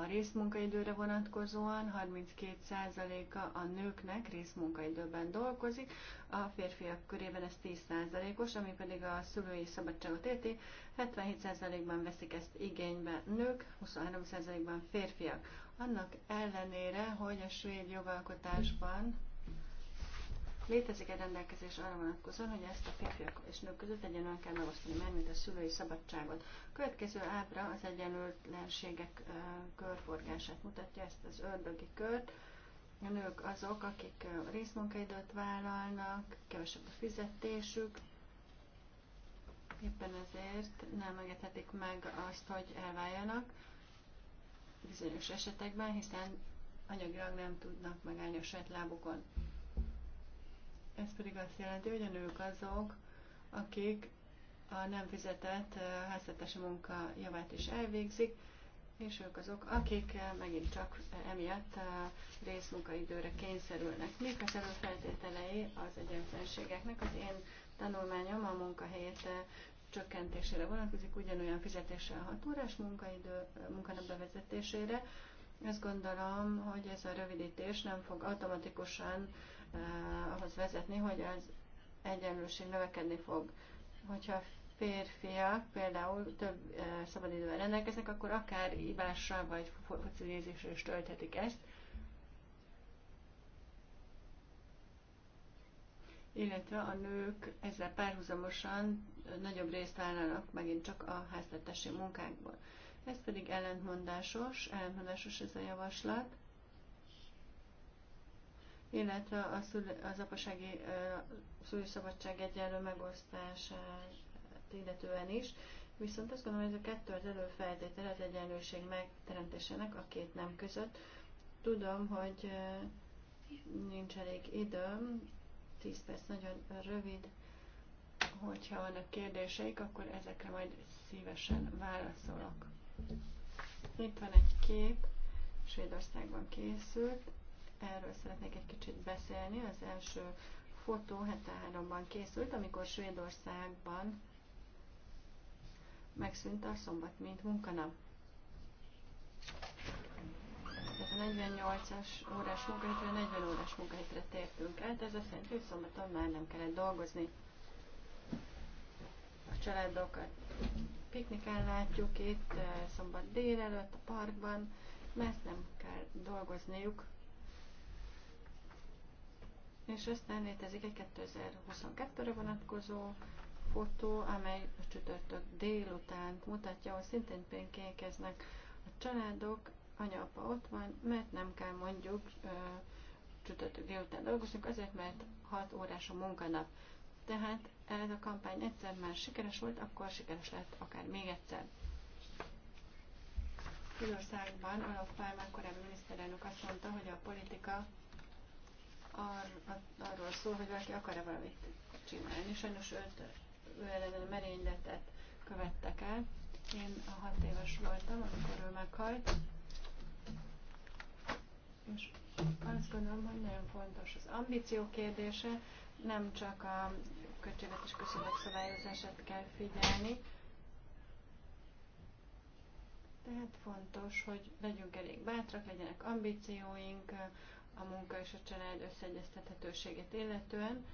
a részmunkaidőre vonatkozóan 32%-a a nőknek részmunkaidőben dolgozik, a férfiak körében ez 10%-os, ami pedig a szülői szabadságot érti, 77%-ban veszik ezt igénybe nők, 23%-ban férfiak. Annak ellenére, hogy a svéd jogalkotásban létezik egy rendelkezés arra vonatkozóan, hogy ezt a férfiak és nők között egyenlően kell megosztani, mert mint a szülői szabadságot. A következő ábra az egyenlőtlenségek körforgását mutatja, ezt az ördögi kört. A nők azok, akik részmunkaidőt vállalnak, kevesebb a fizetésük, éppen ezért nem engedhetik meg azt, hogy elváljanak bizonyos esetekben, hiszen anyagilag nem tudnak megállni a saját lábukon. Ez pedig azt jelenti, hogy a nők azok, akik a nem fizetett háztartási munka javát is elvégzik, és ők azok, akik megint csak emiatt részmunkaidőre kényszerülnek. Mik az előfeltételei az egyenlőségeknek? Az én tanulmányom a munkahelyet csökkentésére vonatkozik, ugyanolyan fizetéssel, 6 órás munkaidő, munkanap bevezetésére. Azt gondolom, hogy ez a rövidítés nem fog automatikusan Eh, ahhoz vezetni, hogy az egyenlőség növekedni fog. Hogyha férfiak például több eh, szabadidővel rendelkeznek, akkor akár ivásra vagy focilézésre is tölthetik ezt. Illetve a nők ezzel párhuzamosan nagyobb részt vállalnak megint csak a háztartási munkákból. Ez pedig ellentmondásos, ellentmondásos ez a javaslat illetve a szülő, az apasági szülőszabadság egyenlő megosztását illetően is. Viszont azt gondolom, hogy ez a kettő az előfeltétele az egyenlőség megteremtésének a két nem között. Tudom, hogy nincs elég időm, 10 perc nagyon rövid, hogyha vannak kérdéseik, akkor ezekre majd szívesen válaszolok. Itt van egy kép, Svédországban készült, erről szeretnék egy kicsit beszélni. Az első fotó 73-ban készült, amikor Svédországban megszűnt a szombat, mint munkanap. Tehát a 48-as órás munkahétre, 40 órás munkahétre tértünk át, ez azt jelenti, hogy szombaton már nem kellett dolgozni. A családokat pikniken látjuk itt, eh, szombat délelőtt a parkban, mert nem kell dolgozniuk és aztán létezik egy 2022-re vonatkozó fotó, amely a csütörtök délután mutatja, ahol szintén pénkékeznek a családok, anya-apa ott van, mert nem kell mondjuk csütörtök délután dolgozunk, azért mert 6 órás a munkanap. Tehát ez a kampány egyszer már sikeres volt, akkor sikeres lett akár még egyszer. Írországban Alok Pálmán korábbi miniszterelnök azt mondta, hogy a politika ar, arról szól, hogy valaki akar-e valamit csinálni. Sajnos őt, ő ellen merényletet követtek el. Én a hat éves voltam, amikor ő meghalt. És azt gondolom, hogy nagyon fontos az ambíció kérdése, nem csak a és köszönet szabályozását kell figyelni, tehát fontos, hogy legyünk elég bátrak, legyenek ambícióink, a munka és a család összeegyeztethetőségét illetően,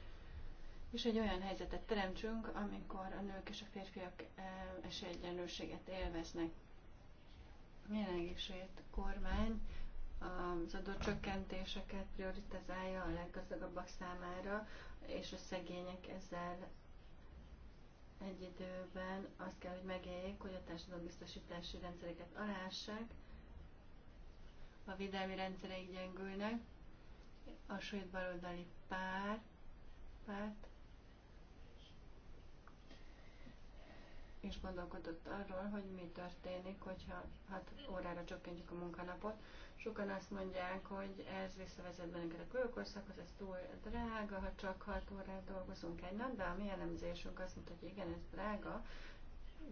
és egy olyan helyzetet teremtsünk, amikor a nők és a férfiak eh, esélyegyenlőséget élveznek. Jelenleg is a kormány az adócsökkentéseket prioritizálja a leggazdagabbak számára, és a szegények ezzel egy időben azt kell, hogy megéljék, hogy a társadalombiztosítási rendszereket alássák, a védelmi rendszereik gyengülnek, a saját baloldali pár, párt, és gondolkodott arról, hogy mi történik, hogyha 6 órára csökkentjük a munkanapot. Sokan azt mondják, hogy ez visszavezet bennünket a kölyökorszakhoz, ez túl drága, ha csak 6 órát dolgozunk egy nap, de a mi elemzésünk azt mondta, hogy igen, ez drága,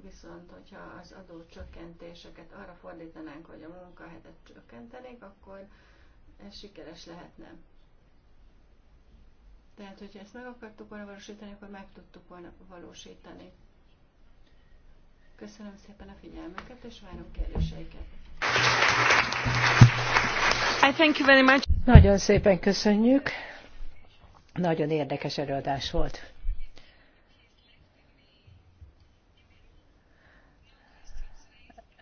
viszont hogyha az adó csökkentéseket arra fordítanánk, hogy a munkahelyet csökkentenék, akkor ez sikeres lehetne. Tehát, hogyha ezt meg akartuk volna valósítani, akkor meg tudtuk volna valósítani. Köszönöm szépen a figyelmüket, és várom kérdéseiket. I thank you very much. Nagyon szépen köszönjük. Nagyon érdekes előadás volt.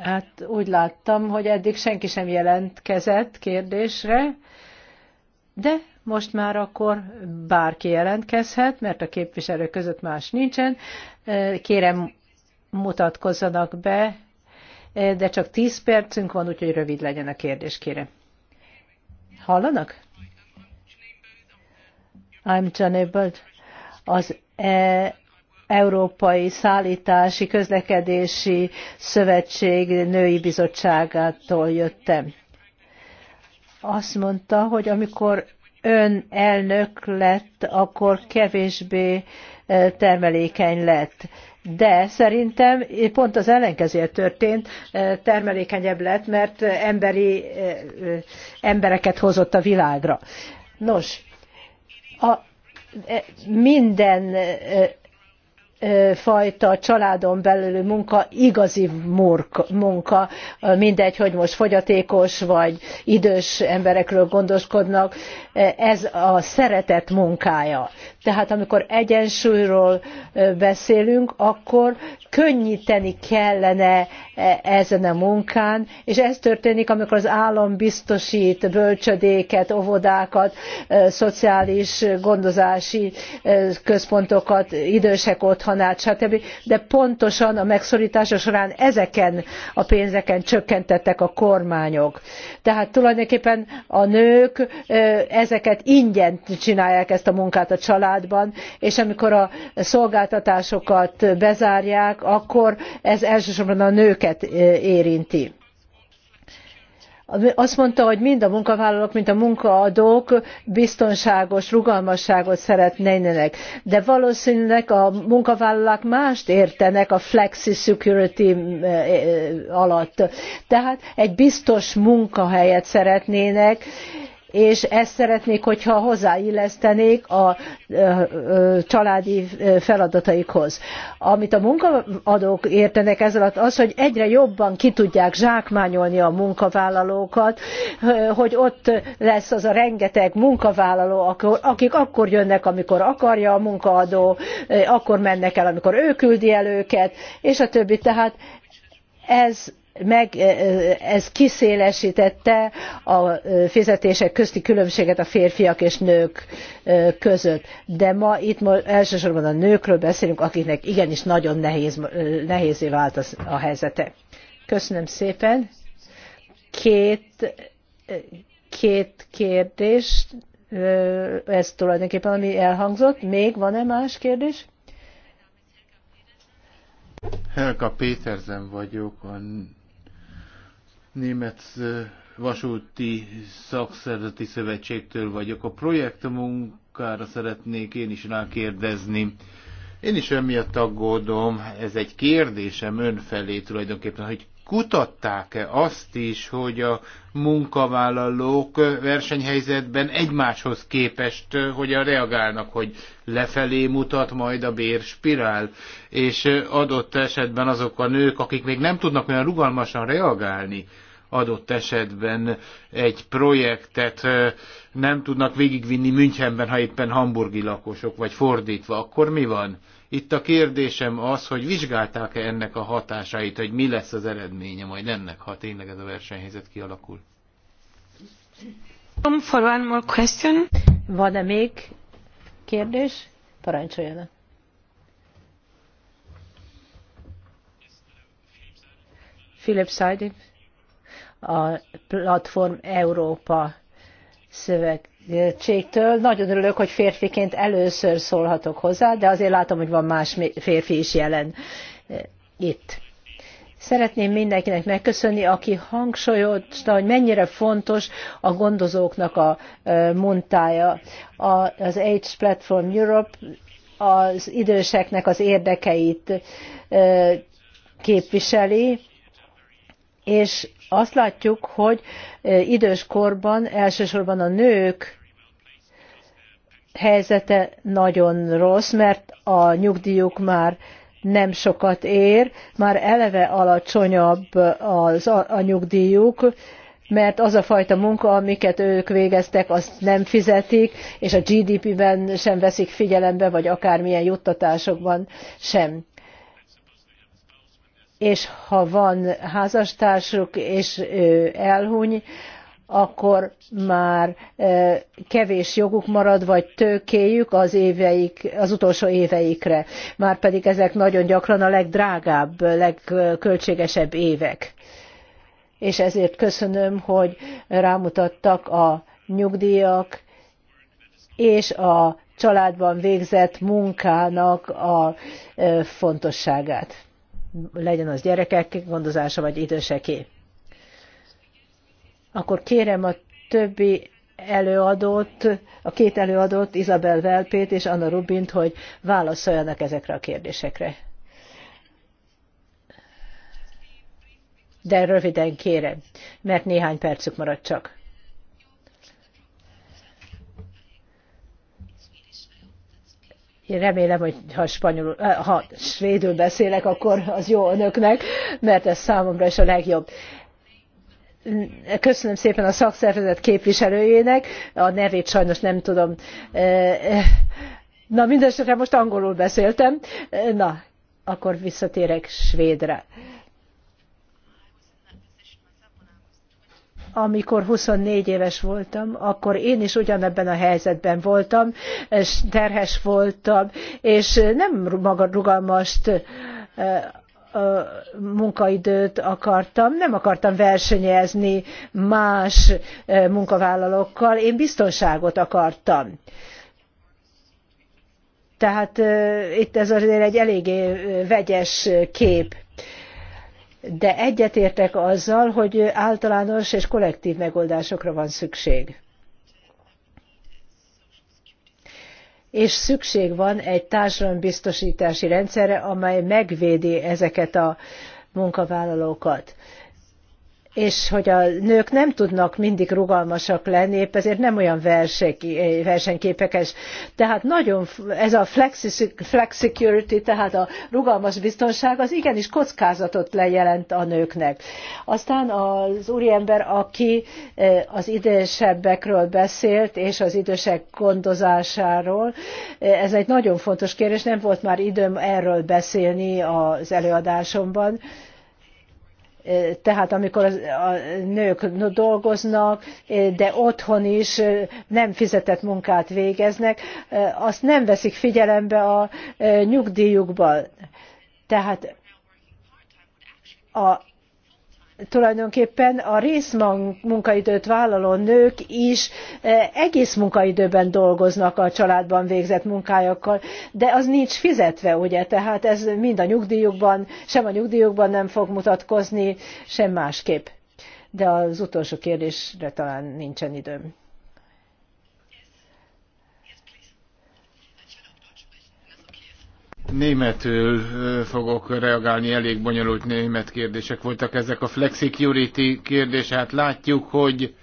Hát úgy láttam, hogy eddig senki sem jelentkezett kérdésre, de most már akkor bárki jelentkezhet, mert a képviselők között más nincsen. Kérem, mutatkozzanak be, de csak 10 percünk van, úgyhogy rövid legyen a kérdés, kérem. Hallanak? I'm John az e Európai Szállítási Közlekedési Szövetség Női Bizottságától jöttem. Azt mondta, hogy amikor ön elnök lett, akkor kevésbé e, termelékeny lett. De szerintem pont az ellenkezője történt, e, termelékenyebb lett, mert emberi e, embereket hozott a világra. Nos, a, minden fajta családon belüli munka igazi munka, mindegy, hogy most fogyatékos vagy idős emberekről gondoskodnak, ez a szeretet munkája. Tehát amikor egyensúlyról beszélünk, akkor könnyíteni kellene e, ezen a munkán, és ez történik, amikor az állam biztosít bölcsödéket, óvodákat, szociális gondozási központokat, idősek otthonát, stb. De pontosan a megszorítások során ezeken a pénzeken csökkentettek a kormányok. Tehát tulajdonképpen a nők ezeket ingyen csinálják ezt a munkát a család, családban, és amikor a szolgáltatásokat bezárják, akkor ez elsősorban a nőket e, érinti azt mondta, hogy mind a munkavállalók, mind a munkaadók biztonságos rugalmasságot szeretnének. De valószínűleg a munkavállalók mást értenek a flexi security e, e, alatt. Tehát egy biztos munkahelyet szeretnének, és ezt szeretnék, hogyha hozzáillesztenék a családi feladataikhoz. Amit a munkaadók értenek ez alatt az, hogy egyre jobban ki tudják zsákmányolni a munkavállalókat, hogy ott lesz az a rengeteg munkavállaló, akik akkor jönnek, amikor akarja a munkaadó, akkor mennek el, amikor ő küldi el őket, és a többi. Tehát ez meg, ez kiszélesítette a fizetések közti különbséget a férfiak és nők között. De ma itt elsősorban a nőkről beszélünk, akiknek igenis nagyon nehéz, nehézé vált az, a helyzete. Köszönöm szépen. Két, két kérdés, ez tulajdonképpen ami elhangzott. Még van-e más kérdés? Helga Péterzen vagyok, a német vasúti szakszerzeti szövetségtől vagyok. A projekt munkára szeretnék én is rákérdezni. Én is emiatt aggódom, ez egy kérdésem önfelé tulajdonképpen, hogy kutatták-e azt is, hogy a munkavállalók versenyhelyzetben egymáshoz képest hogyan reagálnak, hogy lefelé mutat majd a bérspirál, és adott esetben azok a nők, akik még nem tudnak olyan rugalmasan reagálni, adott esetben egy projektet nem tudnak végigvinni Münchenben, ha éppen hamburgi lakosok, vagy fordítva, akkor mi van? Itt a kérdésem az, hogy vizsgálták-e ennek a hatásait, hogy mi lesz az eredménye majd ennek, ha tényleg ez a versenyhelyzet kialakul. For one more question. Van-e még kérdés? parancsoljon. Philip Seidip, a Platform Európa szöveg segítségtől. Nagyon örülök, hogy férfiként először szólhatok hozzá, de azért látom, hogy van más férfi is jelen eh, itt. Szeretném mindenkinek megköszönni, aki hangsúlyozta, hogy mennyire fontos a gondozóknak a eh, munkája. Az Age Platform Europe az időseknek az érdekeit eh, képviseli, és azt látjuk, hogy e, időskorban elsősorban a nők helyzete nagyon rossz, mert a nyugdíjuk már nem sokat ér, már eleve alacsonyabb az a, a nyugdíjuk, mert az a fajta munka, amiket ők végeztek, azt nem fizetik, és a GDP-ben sem veszik figyelembe, vagy akármilyen juttatásokban sem és ha van házastársuk, és ő elhuny, akkor már kevés joguk marad, vagy tőkéjük az, éveik, az utolsó éveikre. Már pedig ezek nagyon gyakran a legdrágább, legköltségesebb évek. És ezért köszönöm, hogy rámutattak a nyugdíjak és a családban végzett munkának a fontosságát legyen az gyerekek gondozása vagy időseké. Akkor kérem a többi előadót, a két előadót, Isabel Velpét és Anna Rubint, hogy válaszoljanak ezekre a kérdésekre. De röviden kérem, mert néhány percük maradt csak. Én remélem, hogy ha, spanyol, eh, ha svédül beszélek, akkor az jó önöknek, mert ez számomra is a legjobb. Köszönöm szépen a szakszervezet képviselőjének, a nevét sajnos nem tudom. Eh, eh, na, mindesetre most angolul beszéltem. Na, akkor visszatérek svédre. amikor 24 éves voltam, akkor én is ugyanebben a helyzetben voltam, és terhes voltam, és nem maga rugalmas munkaidőt akartam, nem akartam versenyezni más munkavállalókkal, én biztonságot akartam. Tehát itt ez azért egy eléggé vegyes kép de egyetértek azzal, hogy általános és kollektív megoldásokra van szükség. És szükség van egy társadalombiztosítási rendszerre, amely megvédi ezeket a munkavállalókat és hogy a nők nem tudnak mindig rugalmasak lenni, épp ezért nem olyan versenyképekes. Tehát nagyon ez a flexicurity, tehát a rugalmas biztonság az igenis kockázatot lejelent a nőknek. Aztán az úriember, aki e, az idősebbekről beszélt, és az idősek gondozásáról, e, ez egy nagyon fontos kérdés, nem volt már időm erről beszélni az előadásomban, tehát amikor a nők dolgoznak, de otthon is nem fizetett munkát végeznek, azt nem veszik figyelembe a nyugdíjukban. Tehát a tulajdonképpen a részmunkaidőt vállaló nők is eh, egész munkaidőben dolgoznak a családban végzett munkájukkal, de az nincs fizetve, ugye? Tehát ez mind a nyugdíjukban, sem a nyugdíjukban nem fog mutatkozni, sem másképp. De az utolsó kérdésre talán nincsen időm. Németül fogok reagálni, elég bonyolult német kérdések voltak ezek. A flexicurity kérdés, hát látjuk, hogy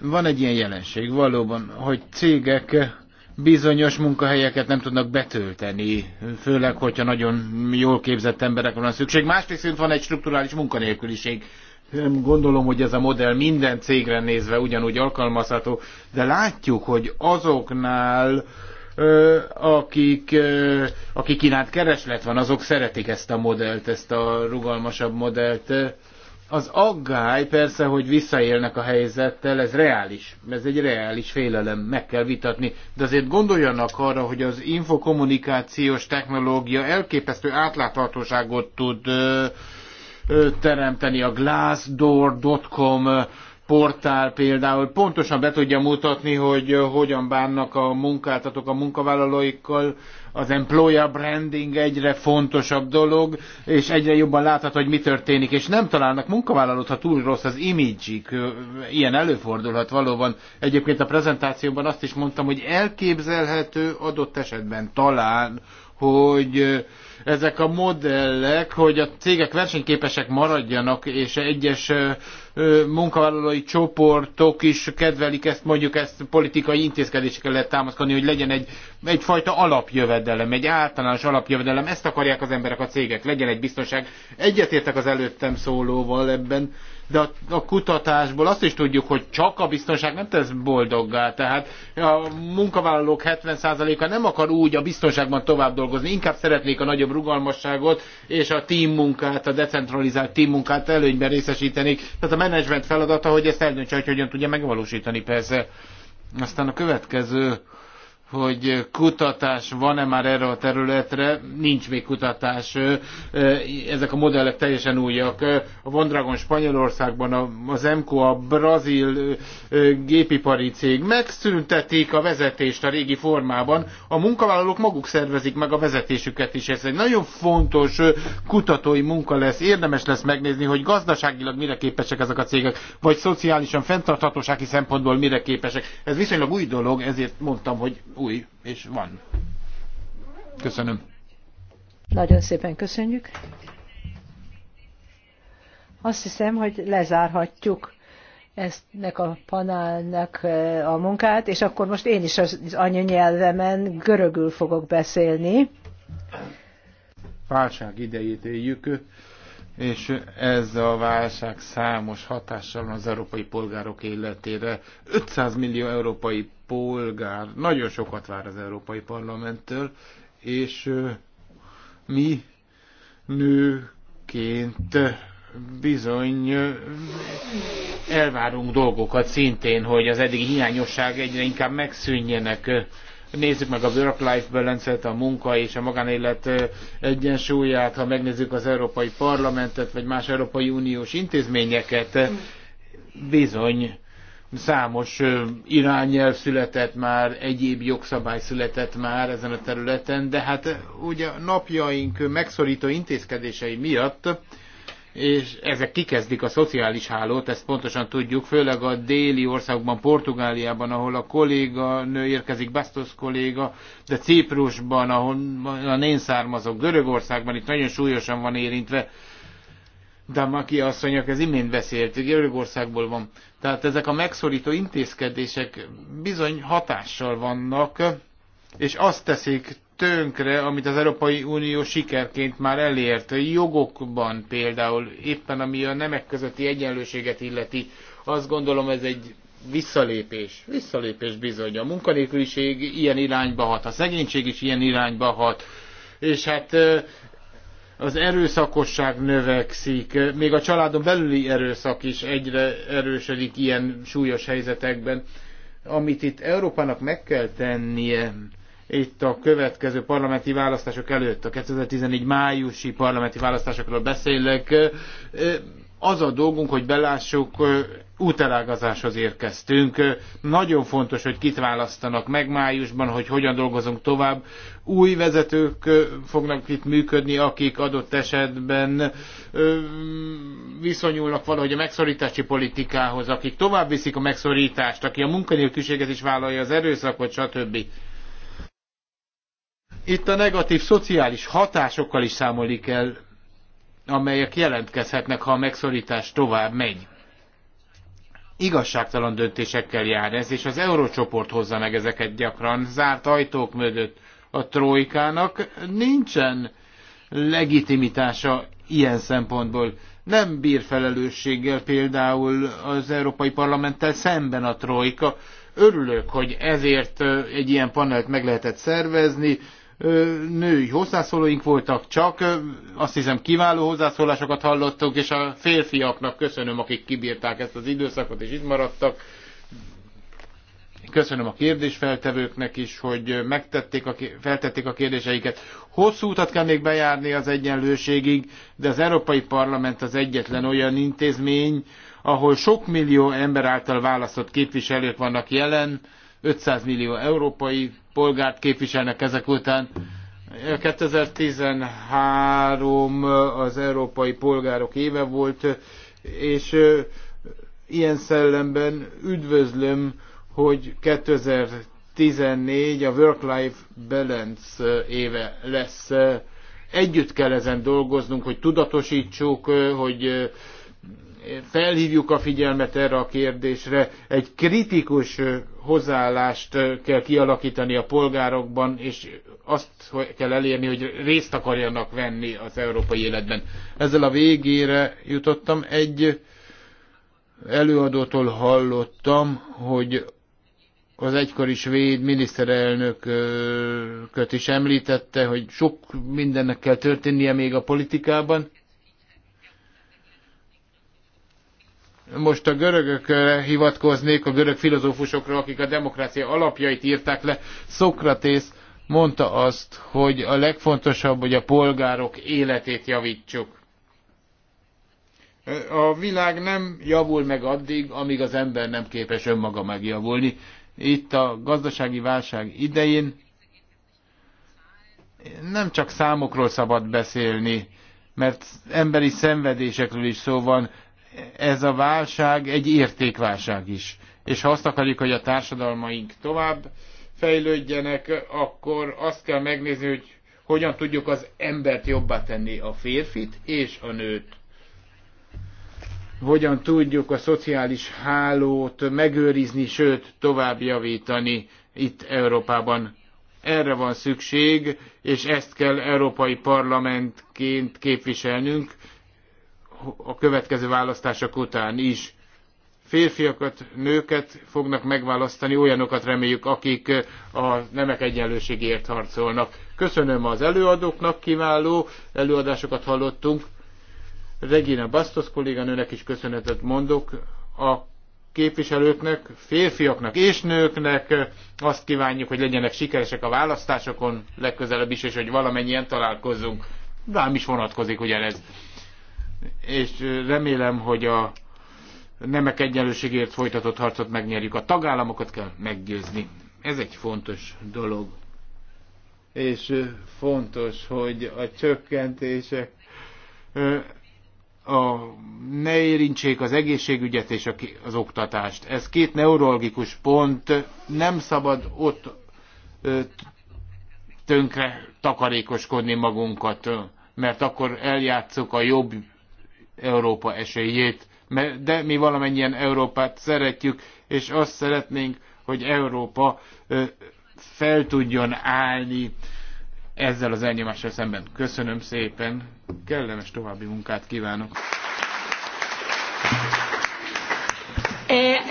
van egy ilyen jelenség valóban, hogy cégek bizonyos munkahelyeket nem tudnak betölteni, főleg, hogyha nagyon jól képzett emberek van szükség. Másrészt van egy strukturális munkanélküliség. Nem gondolom, hogy ez a modell minden cégre nézve ugyanúgy alkalmazható, de látjuk, hogy azoknál, akik, akik iránt kereslet van, azok szeretik ezt a modellt, ezt a rugalmasabb modellt. Az aggály persze, hogy visszaélnek a helyzettel, ez reális, ez egy reális félelem, meg kell vitatni, de azért gondoljanak arra, hogy az infokommunikációs technológia elképesztő átláthatóságot tud ö, ö, teremteni, a glassdoor.com portál például pontosan be tudja mutatni, hogy hogyan bánnak a munkáltatók a munkavállalóikkal. Az employer branding egyre fontosabb dolog, és egyre jobban láthat, hogy mi történik, és nem találnak munkavállalót, ha túl rossz az imidzsik. Ilyen előfordulhat valóban. Egyébként a prezentációban azt is mondtam, hogy elképzelhető adott esetben talán, hogy ezek a modellek, hogy a cégek versenyképesek maradjanak, és egyes munkavállalói csoportok is kedvelik ezt, mondjuk ezt politikai intézkedésekkel lehet támaszkodni, hogy legyen egy, egyfajta alapjövedelem, egy általános alapjövedelem, ezt akarják az emberek, a cégek, legyen egy biztonság. Egyetértek az előttem szólóval ebben, de a, a kutatásból azt is tudjuk, hogy csak a biztonság nem tesz boldoggá. Tehát a munkavállalók 70%-a nem akar úgy a biztonságban tovább dolgozni, inkább szeretnék a nagyobb rugalmasságot és a team munkát, a decentralizált team munkát előnyben részesíteni. Tehát a menedzsment feladata, hogy ezt eldöntse, hogy hogyan tudja megvalósítani persze. Aztán a következő hogy kutatás van-e már erre a területre, nincs még kutatás, ezek a modellek teljesen újak. A Vondragon Spanyolországban, az MKO, a brazil gépipari cég megszüntetik a vezetést a régi formában, a munkavállalók maguk szervezik meg a vezetésüket is. Ez egy nagyon fontos kutatói munka lesz, érdemes lesz megnézni, hogy gazdaságilag mire képesek ezek a cégek, vagy szociálisan fenntarthatósági szempontból mire képesek. Ez viszonylag új dolog, ezért mondtam, hogy új, és van. Köszönöm. Nagyon szépen köszönjük. Azt hiszem, hogy lezárhatjuk eztnek a panelnek eh, a munkát, és akkor most én is az anyanyelvemen görögül fogok beszélni. Válság idejét éljük és ez a válság számos hatással van az európai polgárok életére. 500 millió európai polgár nagyon sokat vár az Európai Parlamenttől, és mi nőként bizony elvárunk dolgokat szintén, hogy az eddigi hiányosság egyre inkább megszűnjenek. Nézzük meg a work-life balance a munka és a magánélet egyensúlyát, ha megnézzük az Európai Parlamentet, vagy más Európai Uniós intézményeket, hmm. bizony számos irányelv született már, egyéb jogszabály született már ezen a területen, de hát ugye napjaink megszorító intézkedései miatt és ezek kikezdik a szociális hálót, ezt pontosan tudjuk, főleg a déli országban, Portugáliában, ahol a kolléga nő érkezik, Bastos kolléga, de Ciprusban, ahol a nén származok, Görögországban, itt nagyon súlyosan van érintve, de Damaki asszonyak, ez imént beszéltük, Görögországból van. Tehát ezek a megszorító intézkedések bizony hatással vannak, és azt teszik tönkre, amit az Európai Unió sikerként már elért. Jogokban például, éppen ami a nemek közötti egyenlőséget illeti, azt gondolom ez egy visszalépés. Visszalépés bizony. A munkanélküliség ilyen irányba hat, a szegénység is ilyen irányba hat. És hát az erőszakosság növekszik, még a családon belüli erőszak is egyre erősödik ilyen súlyos helyzetekben. Amit itt Európának meg kell tennie, itt a következő parlamenti választások előtt, a 2014 májusi parlamenti választásokról beszélek. Az a dolgunk, hogy belássuk, útelágazáshoz érkeztünk. Nagyon fontos, hogy kit választanak meg májusban, hogy hogyan dolgozunk tovább. Új vezetők fognak itt működni, akik adott esetben viszonyulnak valahogy a megszorítási politikához, akik tovább viszik a megszorítást, aki a munkanélküliséget is vállalja, az erőszakot, stb. Itt a negatív szociális hatásokkal is számolni kell, amelyek jelentkezhetnek, ha a megszorítás tovább megy. Igazságtalan döntésekkel jár ez, és az eurócsoport hozza meg ezeket gyakran, zárt ajtók mögött a trojkának nincsen legitimitása ilyen szempontból. Nem bír felelősséggel például az Európai Parlamenttel szemben a trojka. Örülök, hogy ezért egy ilyen panelt meg lehetett szervezni, női hozzászólóink voltak csak, azt hiszem kiváló hozzászólásokat hallottunk, és a férfiaknak köszönöm, akik kibírták ezt az időszakot, és itt maradtak. Köszönöm a kérdésfeltevőknek is, hogy megtették a, feltették a kérdéseiket. Hosszú utat kell még bejárni az egyenlőségig, de az Európai Parlament az egyetlen olyan intézmény, ahol sok millió ember által választott képviselők vannak jelen, 500 millió európai polgárt képviselnek ezek után. 2013 az európai polgárok éve volt, és ilyen szellemben üdvözlöm, hogy 2014 a Work-Life Balance éve lesz. Együtt kell ezen dolgoznunk, hogy tudatosítsuk, hogy felhívjuk a figyelmet erre a kérdésre, egy kritikus hozzáállást kell kialakítani a polgárokban, és azt kell elérni, hogy részt akarjanak venni az európai életben. Ezzel a végére jutottam. Egy előadótól hallottam, hogy az egykori svéd miniszterelnököt is említette, hogy sok mindennek kell történnie még a politikában. Most a görögökre hivatkoznék, a görög filozófusokra, akik a demokrácia alapjait írták le. Szokratész mondta azt, hogy a legfontosabb, hogy a polgárok életét javítsuk. A világ nem javul meg addig, amíg az ember nem képes önmaga megjavulni. Itt a gazdasági válság idején nem csak számokról szabad beszélni, mert emberi szenvedésekről is szó van, ez a válság egy értékválság is. És ha azt akarjuk, hogy a társadalmaink tovább fejlődjenek, akkor azt kell megnézni, hogy hogyan tudjuk az embert jobbá tenni, a férfit és a nőt. Hogyan tudjuk a szociális hálót megőrizni, sőt tovább javítani itt Európában. Erre van szükség, és ezt kell Európai Parlamentként képviselnünk, a következő választások után is. Férfiakat, nőket fognak megválasztani, olyanokat reméljük, akik a nemek egyenlőségért harcolnak. Köszönöm az előadóknak, kiváló előadásokat hallottunk. Regina Bastos kolléganőnek is köszönetet mondok. A képviselőknek, férfiaknak és nőknek azt kívánjuk, hogy legyenek sikeresek a választásokon legközelebb is, és hogy valamennyien találkozzunk. Rám is vonatkozik ugyanez és remélem, hogy a nemek egyenlőségért folytatott harcot megnyerjük. A tagállamokat kell meggyőzni. Ez egy fontos dolog. És fontos, hogy a csökkentések a, ne érintsék az egészségügyet és az oktatást. Ez két neurologikus pont, nem szabad ott tönkre takarékoskodni magunkat, mert akkor eljátszuk a jobb Európa esélyét, de mi valamennyien Európát szeretjük, és azt szeretnénk, hogy Európa fel tudjon állni ezzel az elnyomással szemben. Köszönöm szépen, kellemes további munkát kívánok! Eh,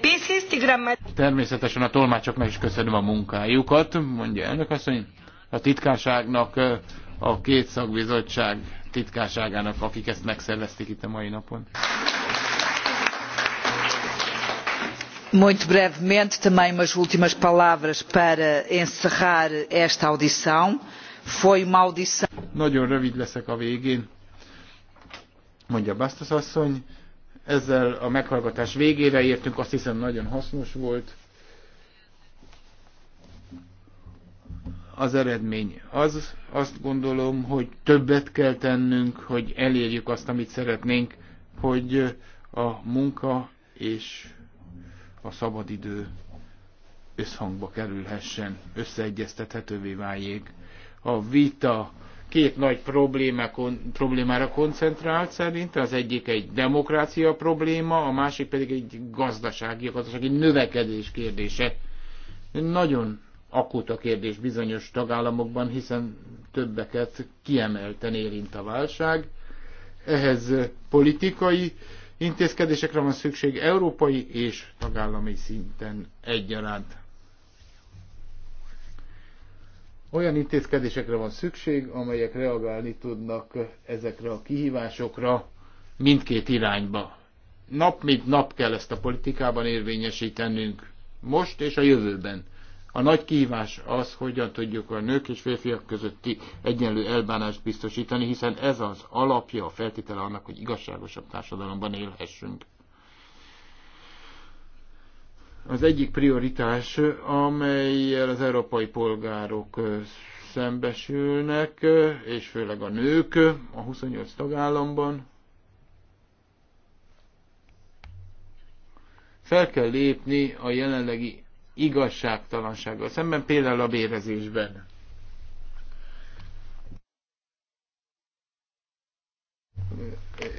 eh, Természetesen a tolmácsoknak is köszönöm a munkájukat, mondja elnök asszony, a titkárságnak, eh, a két szakbizottság titkárságának, akik ezt megszervezték itt a mai napon. Muito brevemente, também umas últimas palavras para encerrar esta audição. Foi uma audição. Nagyon rövid leszek a végén, mondja Bastos asszony. Ezzel a meghallgatás végére értünk, azt hiszem nagyon hasznos volt. az eredmény az, azt gondolom, hogy többet kell tennünk, hogy elérjük azt, amit szeretnénk, hogy a munka és a szabadidő összhangba kerülhessen, összeegyeztethetővé váljék. A vita két nagy problémára koncentrált szerint, az egyik egy demokrácia probléma, a másik pedig egy gazdasági, gazdasági növekedés kérdése. Nagyon akut a kérdés bizonyos tagállamokban, hiszen többeket kiemelten érint a válság. Ehhez politikai intézkedésekre van szükség európai és tagállami szinten egyaránt. Olyan intézkedésekre van szükség, amelyek reagálni tudnak ezekre a kihívásokra mindkét irányba. Nap mint nap kell ezt a politikában érvényesítenünk, most és a jövőben a nagy kihívás az, hogyan tudjuk a nők és férfiak közötti egyenlő elbánást biztosítani, hiszen ez az alapja, a feltétele annak, hogy igazságosabb társadalomban élhessünk az egyik prioritás, amelyel az európai polgárok szembesülnek, és főleg a nők a 28 tagállamban. Fel kell lépni a jelenlegi igazságtalansággal szemben, például a bérezésben.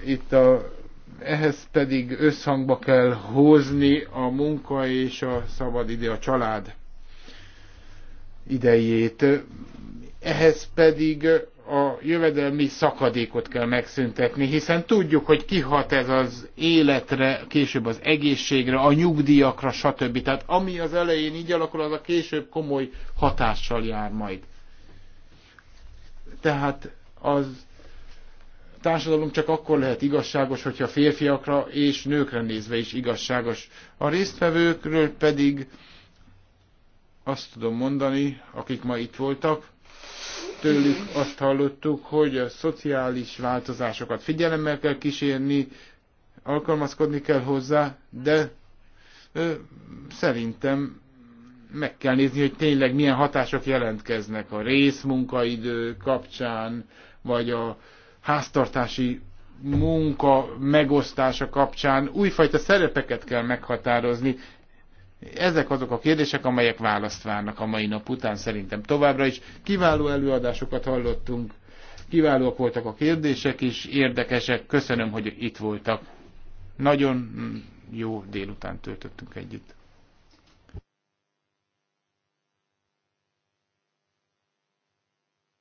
Itt a, ehhez pedig összhangba kell hozni a munka és a szabad ide a család idejét. Ehhez pedig a jövedelmi szakadékot kell megszüntetni, hiszen tudjuk, hogy kihat ez az életre, később az egészségre, a nyugdíjakra, stb. Tehát ami az elején így alakul, az a később komoly hatással jár majd. Tehát az társadalom csak akkor lehet igazságos, hogyha férfiakra és nőkre nézve is igazságos. A résztvevőkről pedig azt tudom mondani, akik ma itt voltak, tőlük azt hallottuk, hogy a szociális változásokat figyelemmel kell kísérni, alkalmazkodni kell hozzá, de ö, szerintem meg kell nézni, hogy tényleg milyen hatások jelentkeznek a részmunkaidő kapcsán, vagy a háztartási munka megosztása kapcsán újfajta szerepeket kell meghatározni. Ezek azok a kérdések, amelyek választ várnak a mai nap után szerintem továbbra is. Kiváló előadásokat hallottunk, kiválóak voltak a kérdések is, érdekesek, köszönöm, hogy itt voltak. Nagyon mm, jó délután töltöttünk együtt.